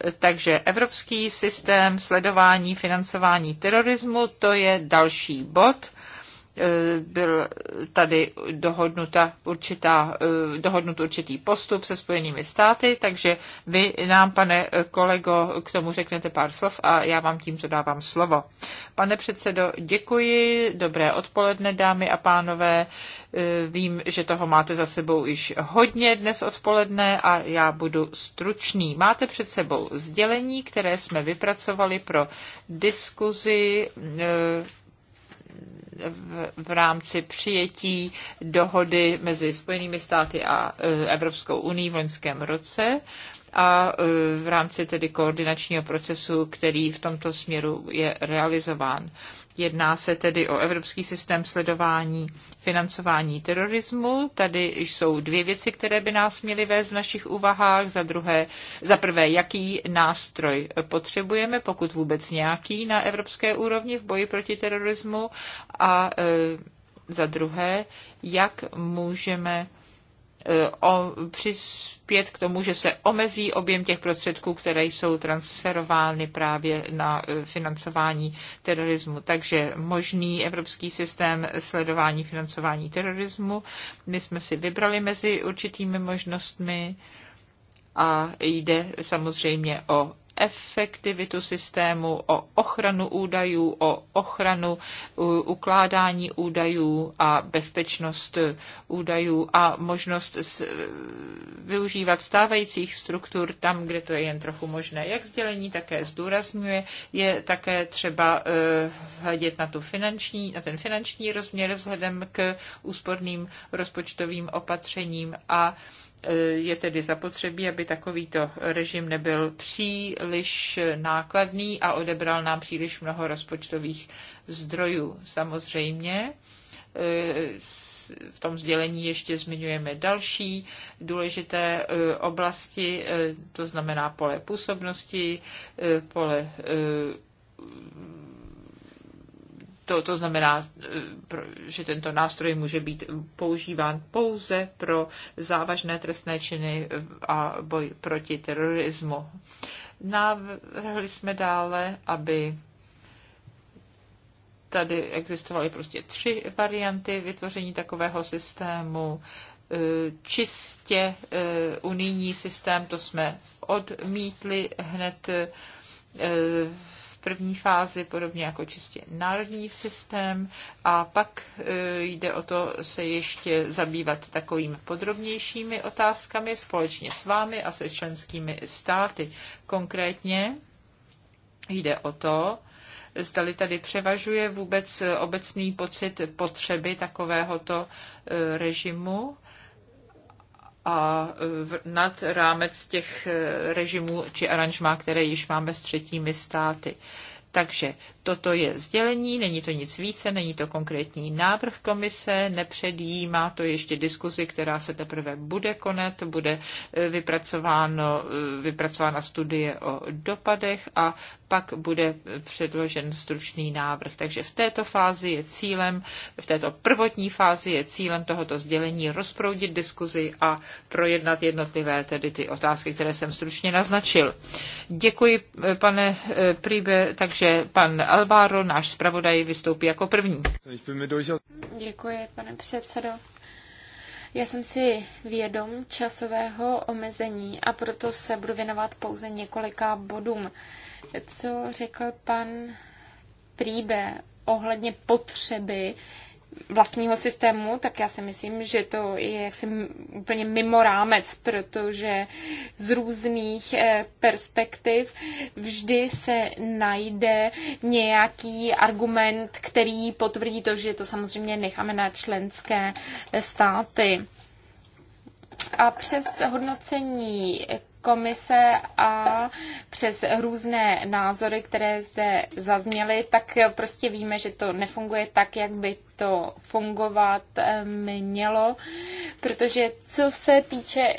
E, takže Evropský systém sledování financování terorismu, to je další bod. Eh, byl tady dohodnuta určitá, eh, dohodnut určitý postup se Spojenými státy, takže vy nám, pane eh, kolego, k tomu řeknete pár slov a já vám tímto dávám slovo. Pane předsedo, děkuji, dobré odpoledne, dámy a pánové. Vím, že toho máte za sebou již hodně dnes odpoledne a já budu stručný. Máte před sebou sdělení, které jsme vypracovali pro diskuzi v rámci přijetí dohody mezi Spojenými státy a e, Evropskou unii v loňském roce a e, v rámci tedy koordinačního procesu, který v tomto směru je realizován. Jedná se tedy o Evropský systém sledování financování terorismu. Tady jsou dvě věci, které by nás měly vést v našich úvahách. Za, druhé, za prvé, jaký nástroj potřebujeme, pokud vůbec nějaký, na evropské úrovni v boji proti terorismu. A e, za druhé, jak můžeme E, o, přispět k tomu, že se omezí objem těch prostředků, které jsou transferovány právě na e, financování terorismu. Takže možný evropský systém sledování financování terorismu. My jsme si vybrali mezi určitými možnostmi a jde samozřejmě o efektivitu systému, o ochranu údajů, o ochranu ukládání údajů a bezpečnost údajů a možnost využívat stávajících struktur tam, kde to je jen trochu možné. Jak sdělení také zdůrazňuje, je také třeba eh, hledět na, tu finanční, na ten finanční rozměr vzhledem k úsporným rozpočtovým opatřením a Eh, je tedy zapotřebí, aby takovýto režim nebyl příliš nákladný a odebral nám příliš mnoho rozpočtových zdrojů. Samozřejmě eh, v tom sdělení ještě zmiňujeme další důležité eh, oblasti, to znamená pole působnosti, pole to, to znamená, e, že tento nástroj může být používán pouze pro závažné trestné činy a boj proti terorismu. Navrhli jsme dále, aby tady existovaly prostě tři varianty vytvoření takového systému. E, čistě e, unijní systém, to jsme odmítli hned v první fázi, podobně jako čistě národní systém. A pak e, jde o to se ještě zabývat takovými podrobnějšími otázkami společně s vámi a se členskými státy. Konkrétně jde o to, zdali tady převažuje vůbec obecný pocit potřeby takovéhoto e, režimu a e, nad rámec těch e, režimů či aranžmá, které již máme s třetími státy. Takže toto je sdělení, není to nic více, není to konkrétní návrh komise, nepředjímá to ještě diskuzi, která se teprve bude konat, bude eh, vypracováno, eh, vypracována studie o dopadech a pak bude předložen stručný návrh. Takže v této fázi je cílem, v této prvotní fázi je cílem tohoto sdělení rozproudit diskuzi a projednat jednotlivé tedy ty otázky, které jsem stručně naznačil. Děkuji, eh, pane Príbe, takže takže pan Alvaro, náš zpravodaj, vystoupí jako první. Děkuji, pane předsedo. Já jsem si vědom časového omezení a proto se budu věnovat pouze několika bodům. Co řekl pan Príbe ohledně potřeby vlastního systému, tak já si myslím, že to je jaksi úplně mimo rámec, protože z různých eh, perspektiv vždy se najde nějaký argument, který potvrdí to, že to samozřejmě necháme na členské státy. A přes hodnocení komise a přes různé názory, které zde zazněly, tak prostě víme, že to nefunguje tak, jak by to fungovat eh, mělo, protože co se týče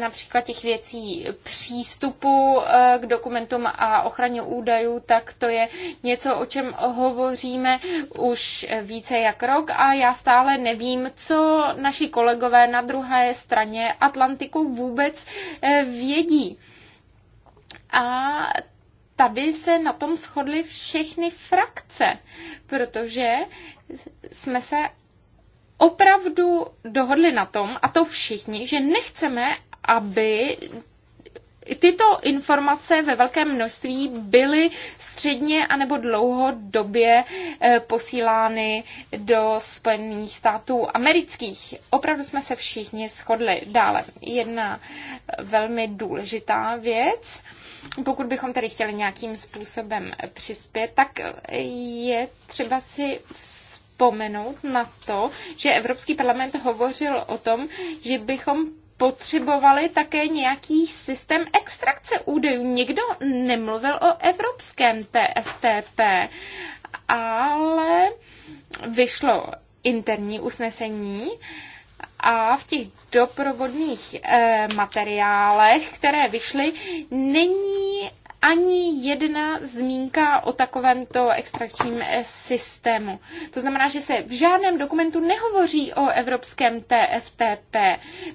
například těch věcí přístupu eh, k dokumentům a ochraně údajů, tak to je něco, o čem hovoříme už více jak rok a já stále nevím, co naši kolegové na druhé straně Atlantiku vůbec eh, vědí. A tady se na tom shodly všechny frakce, protože jsme se opravdu dohodli na tom, a to všichni, že nechceme, aby tyto informace ve velkém množství byly středně anebo dlouhodobě eh, posílány do Spojených států amerických. Opravdu jsme se všichni shodli. Dále jedna velmi důležitá věc, pokud bychom tedy chtěli nějakým způsobem přispět, tak je třeba si vzpomenout na to, že Evropský parlament hovořil o tom, že bychom potřebovali také nějaký systém extrakce údajů. Někdo nemluvil o evropském TFTP, ale vyšlo interní usnesení a v těch doprovodných e, materiálech, které vyšly, není ani jedna zmínka o takovémto extrakčním eh, systému. To znamená, že se v žádném dokumentu nehovoří o evropském TFTP.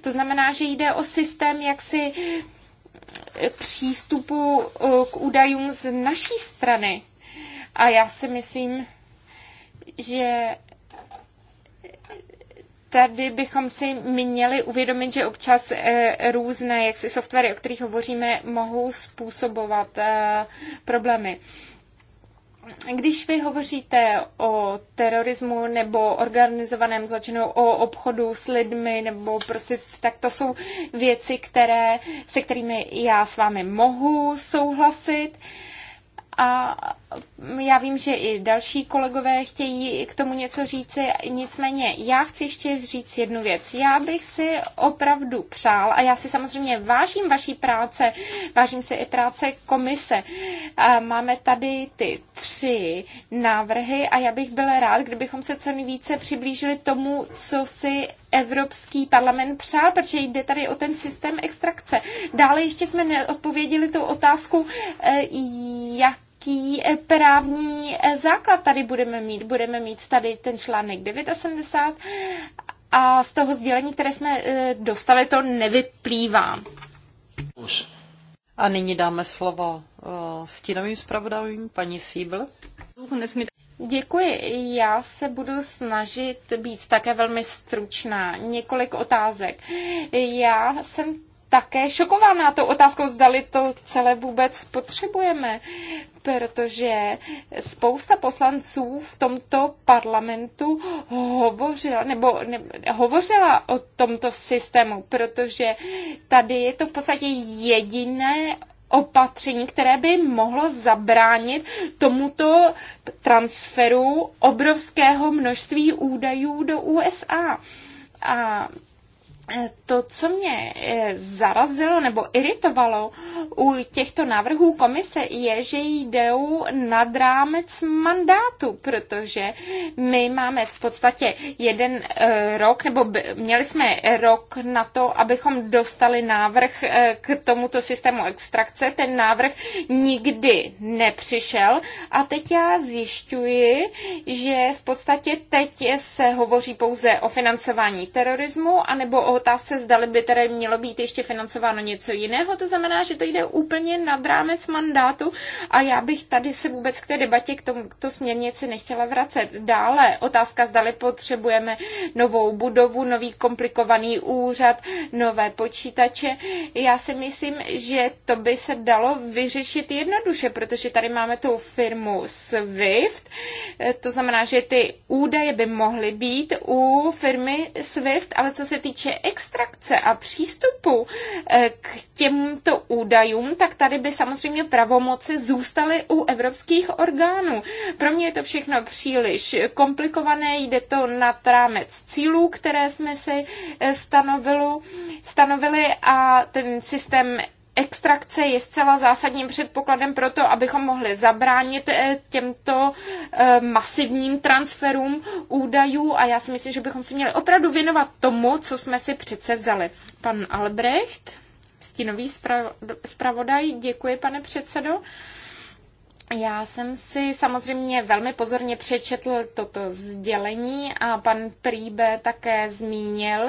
To znamená, že jde o systém jaksi eh, přístupu eh, k údajům z naší strany. A já si myslím, že tady bychom si měli uvědomit, že občas eh, různé jaksi softwary, o kterých hovoříme, mohou způsobovat eh, problémy. Když vy hovoříte o terorismu nebo organizovaném zločinu, o obchodu s lidmi nebo prostě, tak to jsou věci, které, se kterými já s vámi mohu souhlasit. A já vím, že i další kolegové chtějí k tomu něco říci, nicméně já chci ještě říct jednu věc. Já bych si opravdu přál, a já si samozřejmě vážím vaší práce, vážím si i práce komise. Máme tady ty tři návrhy a já bych byl rád, kdybychom se co nejvíce přiblížili tomu, co si Evropský parlament přál, protože jde tady o ten systém extrakce. Dále ještě jsme neodpověděli tu otázku, eh, jak jaký e, právní e, základ tady budeme mít. Budeme mít tady ten článek 79 a z toho sdělení, které jsme e, dostali, to nevyplývá. A nyní dáme slovo stínovým zpravodajům, paní Síbl. Děkuji. Já se budu snažit být také velmi stručná. Několik otázek. Já jsem také šokována tou otázkou, zdali to celé vůbec potřebujeme, protože spousta poslanců v tomto parlamentu hovořila, nebo ne, hovořila o tomto systému, protože tady je to v podstatě jediné opatření, které by mohlo zabránit tomuto transferu obrovského množství údajů do USA. A Eh, to, co mě eh, zarazilo nebo iritovalo u těchto návrhů komise, je, že jdou nad rámec mandátu, protože my máme v podstatě jeden eh, rok, nebo měli jsme rok na to, abychom dostali návrh k tomuto systému extrakce. Ten návrh nikdy nepřišel a teď já zjišťuji, že v podstatě teď se hovoří pouze o financování terorismu anebo o otázce, zdali by tedy mělo být ještě financováno něco jiného. To znamená, že to jde úplně nad rámec mandátu a já bych tady se vůbec k té debatě, k tomuto směrnici nechtěla vracet. Dále otázka, zdali potřebujeme novou budovu, nový komplikovaný úřad, nové počítače. Já si myslím, že to by se dalo vyřešit jednoduše, protože tady máme tu firmu Swift, to znamená, že ty údaje by mohly být u firmy Swift, ale co se týče extrakce a přístupu eh, k těmto údajům, tak tady by samozřejmě pravomoci zůstaly u evropských orgánů. Pro mě je to všechno příliš komplikované, jde to na rámec cílů, které jsme si eh, stanovili, stanovili a ten systém Extrakce je zcela zásadním předpokladem pro to, abychom mohli zabránit eh, těmto eh, masivním transferům údajů a já si myslím, že bychom si měli opravdu věnovat tomu, co jsme si přece vzali. Pan Albrecht, stínový zpravodaj, děkuji, pane předsedo. Já jsem si samozřejmě velmi pozorně přečetl toto sdělení a pan Príbe také zmínil,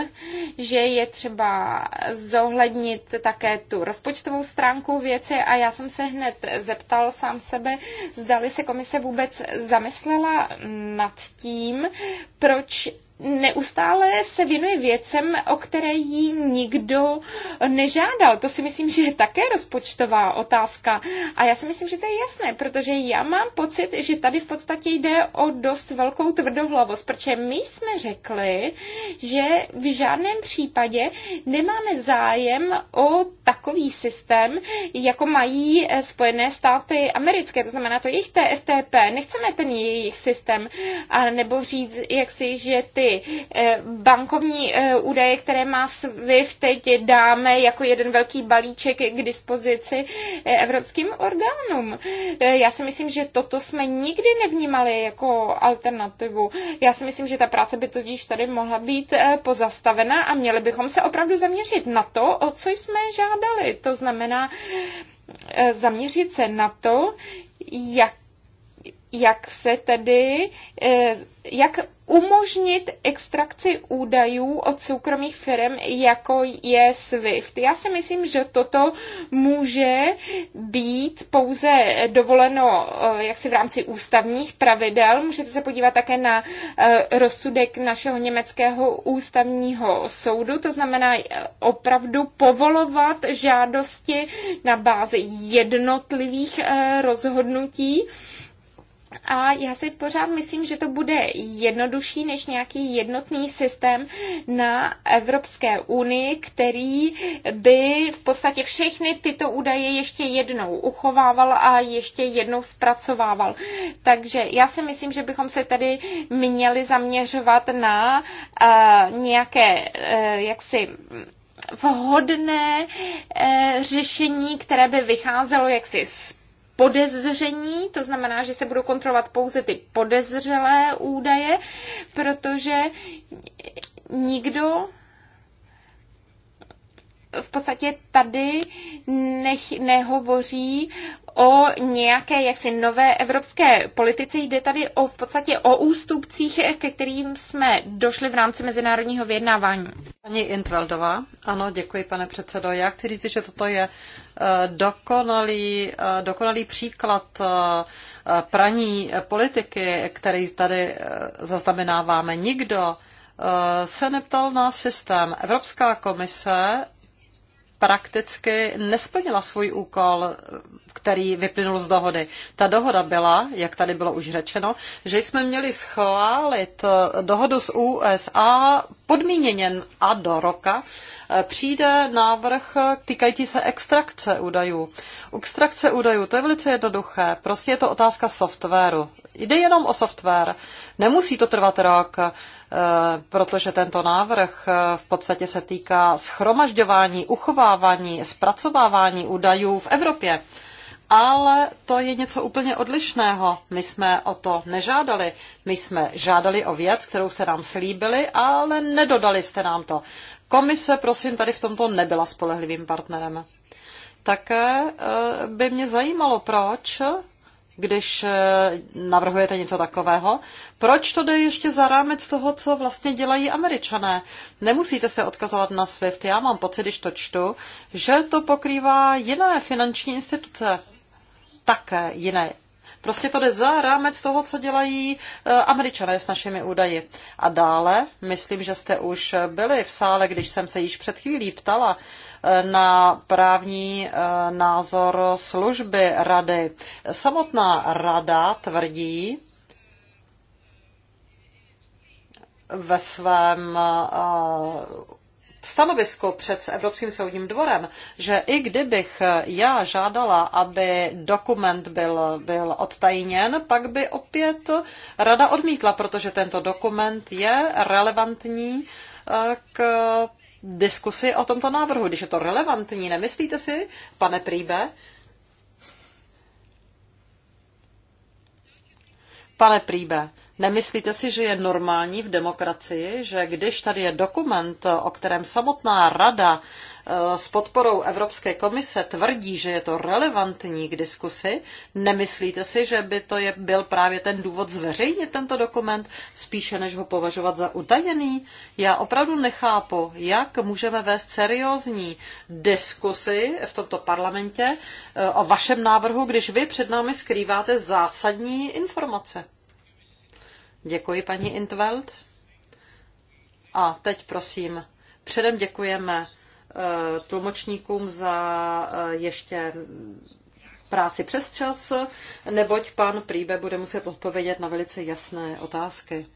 že je třeba zohlednit také tu rozpočtovou stránku věci a já jsem se hned zeptal sám sebe, zdali se komise vůbec zamyslela nad tím, proč neustále se věnuje věcem, o které ji nikdo nežádal. To si myslím, že je také rozpočtová otázka. A já si myslím, že to je jasné, protože já mám pocit, že tady v podstatě jde o dost velkou tvrdohlavost, protože my jsme řekli, že v žádném případě nemáme zájem o takový systém, jako mají eh, Spojené státy americké, to znamená to jejich TFTP. Nechceme ten jejich systém, a nebo říct, jak si, že ty ty eh, bankovní eh, údaje, které má SWIFT, teď dáme jako jeden velký balíček k dispozici eh, evropským orgánům. Já si myslím, že toto jsme nikdy nevnímali jako alternativu. Já si myslím, že ta práce by tudíž tady mohla být pozastavena a měli bychom se opravdu zaměřit na to, o co jsme žádali. To znamená zaměřit se na to, jak jak se tedy jak umožnit extrakci údajů od soukromých firm, jako je SWIFT. Já si myslím, že toto může být pouze dovoleno eh, jak si v rámci ústavních pravidel. Můžete se podívat také na eh, rozsudek našeho německého ústavního soudu, to znamená eh, opravdu povolovat žádosti na bázi jednotlivých rozhodnutí. A já si pořád myslím, že to bude jednodušší než nějaký jednotný systém na Evropské unii, který by v podstatě všechny tyto údaje ještě jednou uchovával a ještě jednou zpracovával. Takže já si myslím, že bychom se tady měli zaměřovat na uh, nějaké, uh, jaksi, vhodné e, řešení, které by vycházelo jaksi z podezření, to znamená, že se budou kontrolovat pouze ty podezřelé údaje, protože nikdo v podstatě tady nech, nehovoří o nějaké jaksi nové evropské politice. Jde tady o v podstatě o ústupcích, ke kterým jsme došli v rámci mezinárodního vyjednávání. Paní Intveldová, ano, děkuji, pane předsedo. Já chci říct, že toto je eh, dokonalý, eh, dokonalý příklad eh, praní politiky, který tady zaznamenáváme. Nikdo se neptal na systém. Evropská komise prakticky nesplnila svůj úkol který vyplynul z dohody. Ta dohoda byla, jak tady bylo už řečeno, že jsme měli schválit eh, dohodu s USA podmíněně a do roka eh, přijde návrh eh, týkající se extrakce údajů. Extrakce údajů, to je velice jednoduché, prostě je to otázka softwaru. Jde jenom o software. Nemusí to trvat rok, protože tento návrh v podstatě se týká schromažďování, uchovávání, zpracovávání údajů v Evropě ale to je něco úplně odlišného. My jsme o to nežádali. My jsme žádali o věc, kterou jste nám slíbili, ale nedodali jste nám to. Komise, prosím, tady v tomto nebyla spolehlivým partnerem. Také eh, by mě zajímalo, proč, když eh, navrhujete něco takového, proč to jde ještě za rámec toho, co vlastně dělají američané. Nemusíte se odkazovat na SWIFT. Já mám pocit, když to čtu, že to pokrývá jiné finanční instituce také jiné. Prostě to jde za rámec toho, co dělají eh, američané s našimi údaji. A dále, myslím, že jste už byli v sále, když jsem se již před chvílí ptala eh, na právní eh, názor služby rady. Samotná rada tvrdí, ve svém stanovisku před Evropským soudním dvorem, že i kdybych já žádala, aby dokument byl, byl odtajněn, pak by opět rada odmítla, protože tento dokument je relevantní eh, k diskusi o tomto návrhu. Když je to relevantní, nemyslíte si, pane Príbe, Pane Príbe, nemyslíte si, že je normální v demokracii, že když tady je dokument, o kterém samotná rada Eh, s podporou Evropské komise tvrdí, že je to relevantní k diskusi, nemyslíte si, že by to je, byl právě ten důvod zveřejnit tento dokument, spíše než ho považovat za utajený? Já opravdu nechápu, jak můžeme vést seriózní diskusy v tomto parlamentě eh, o vašem návrhu, když vy před námi skrýváte zásadní informace. Děkuji, paní Intveld. A teď prosím, předem děkujeme Eh, tlumočníkům za eh, ještě práci přes čas, neboť pan Príbe bude muset odpovědět na velice jasné otázky,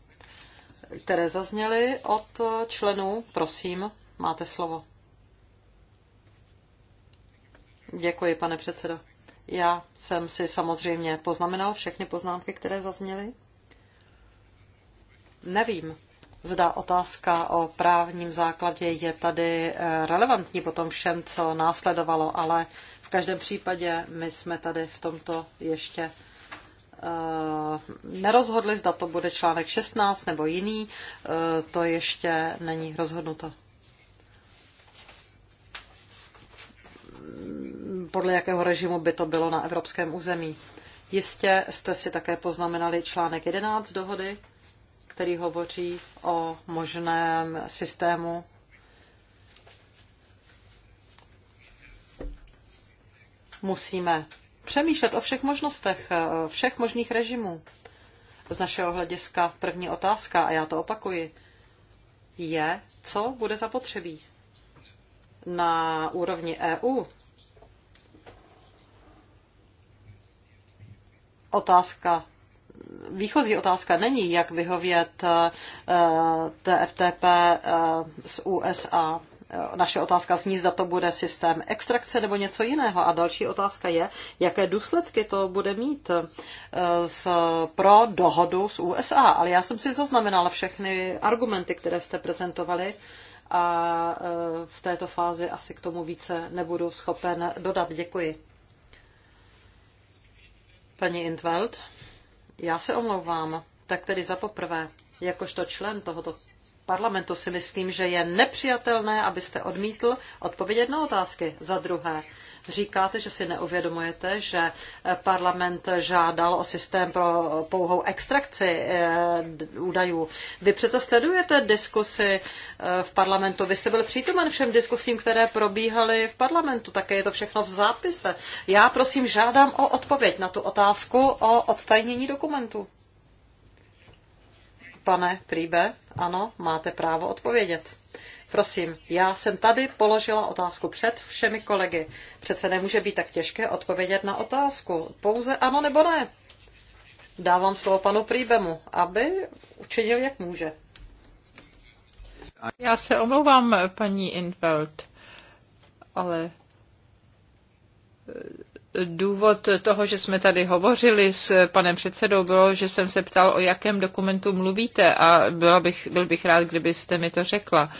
které zazněly od členů. Prosím, máte slovo. Děkuji, pane předsedo. Já jsem si samozřejmě poznamenal všechny poznámky, které zazněly. Nevím, Zda otázka o právním základě je tady eh, relevantní po tom všem, co následovalo, ale v každém případě my jsme tady v tomto ještě eh, nerozhodli, zda to bude článek 16 nebo jiný, eh, to ještě není rozhodnuto. Podle jakého režimu by to bylo na evropském území. Jistě jste si také poznamenali článek 11 dohody, který hovoří o možném systému musíme přemýšlet o všech možnostech, eh, všech možných režimů. Z našeho hlediska první otázka, a já to opakuji, je, co bude zapotřebí na úrovni EU. Otázka výchozí otázka není, jak vyhovět eh, TFTP eh, z USA. Naše otázka zní, zda to bude systém extrakce nebo něco jiného. A další otázka je, jaké důsledky to bude mít eh, z, pro dohodu s USA. Ale já jsem si zaznamenala všechny argumenty, které jste prezentovali a v této fázi asi k tomu více nebudu schopen dodat. Děkuji. Paní Intveld. Já se omlouvám. Tak tedy za poprvé, jakožto člen tohoto parlamentu si myslím, že je nepřijatelné, abyste odmítl odpovědět na otázky. Za druhé, Říkáte, že si neuvědomujete, že eh, parlament žádal o systém pro pouhou extrakci eh, údajů. Vy přece sledujete diskusy eh, v parlamentu. Vy jste byl přítomen všem diskusím, které probíhaly v parlamentu. Také je to všechno v zápise. Já prosím žádám o odpověď na tu otázku o odtajnění dokumentu. Pane Príbe, ano, máte právo odpovědět. Prosím, já jsem tady položila otázku před všemi kolegy. Přece nemůže být tak těžké odpovědět na otázku. Pouze ano nebo ne. Dávám slovo panu Príbemu, aby učinil, jak může. Já se omlouvám, paní Infeld, ale eh, důvod toho, že jsme tady hovořili s panem předsedou, bylo, že jsem se ptal, o jakém dokumentu mluvíte a byla bych, byl bych rád, kdybyste mi to řekla.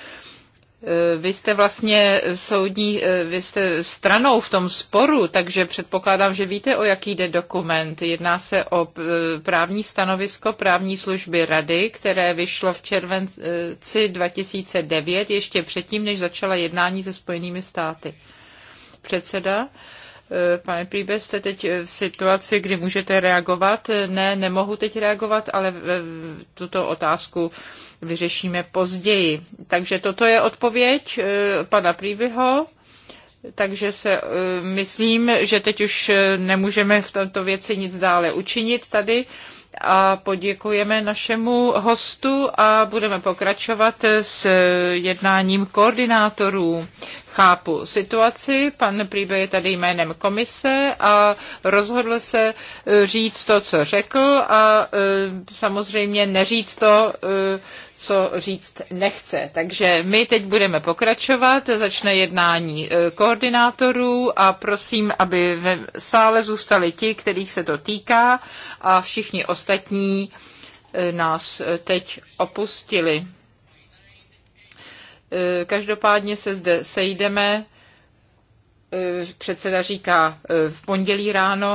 Eh, vy jste vlastně soudní, eh, vy jste stranou v tom sporu, takže předpokládám, že víte, o jaký jde dokument. Jedná se o eh, právní stanovisko právní služby rady, které vyšlo v červenci 2009, ještě předtím, než začala jednání se Spojenými státy. Předseda, Eh, pane Príbe, jste teď v situaci, kdy můžete reagovat? Ne, nemohu teď reagovat, ale tuto otázku vyřešíme později. Takže toto je odpověď eh, pana Príbyho. Takže se eh, myslím, že teď už nemůžeme v tomto věci nic dále učinit tady a poděkujeme našemu hostu a budeme pokračovat s jednáním koordinátorů chápu situaci. Pan Príbe je tady jménem komise a rozhodl se e, říct to, co řekl a e, samozřejmě neříct to, e, co říct nechce. Takže my teď budeme pokračovat, začne jednání koordinátorů a prosím, aby v sále zůstali ti, kterých se to týká a všichni ostatní nás teď opustili. Eh, každopádně se zde sejdeme. Eh, předseda říká eh, v pondělí ráno.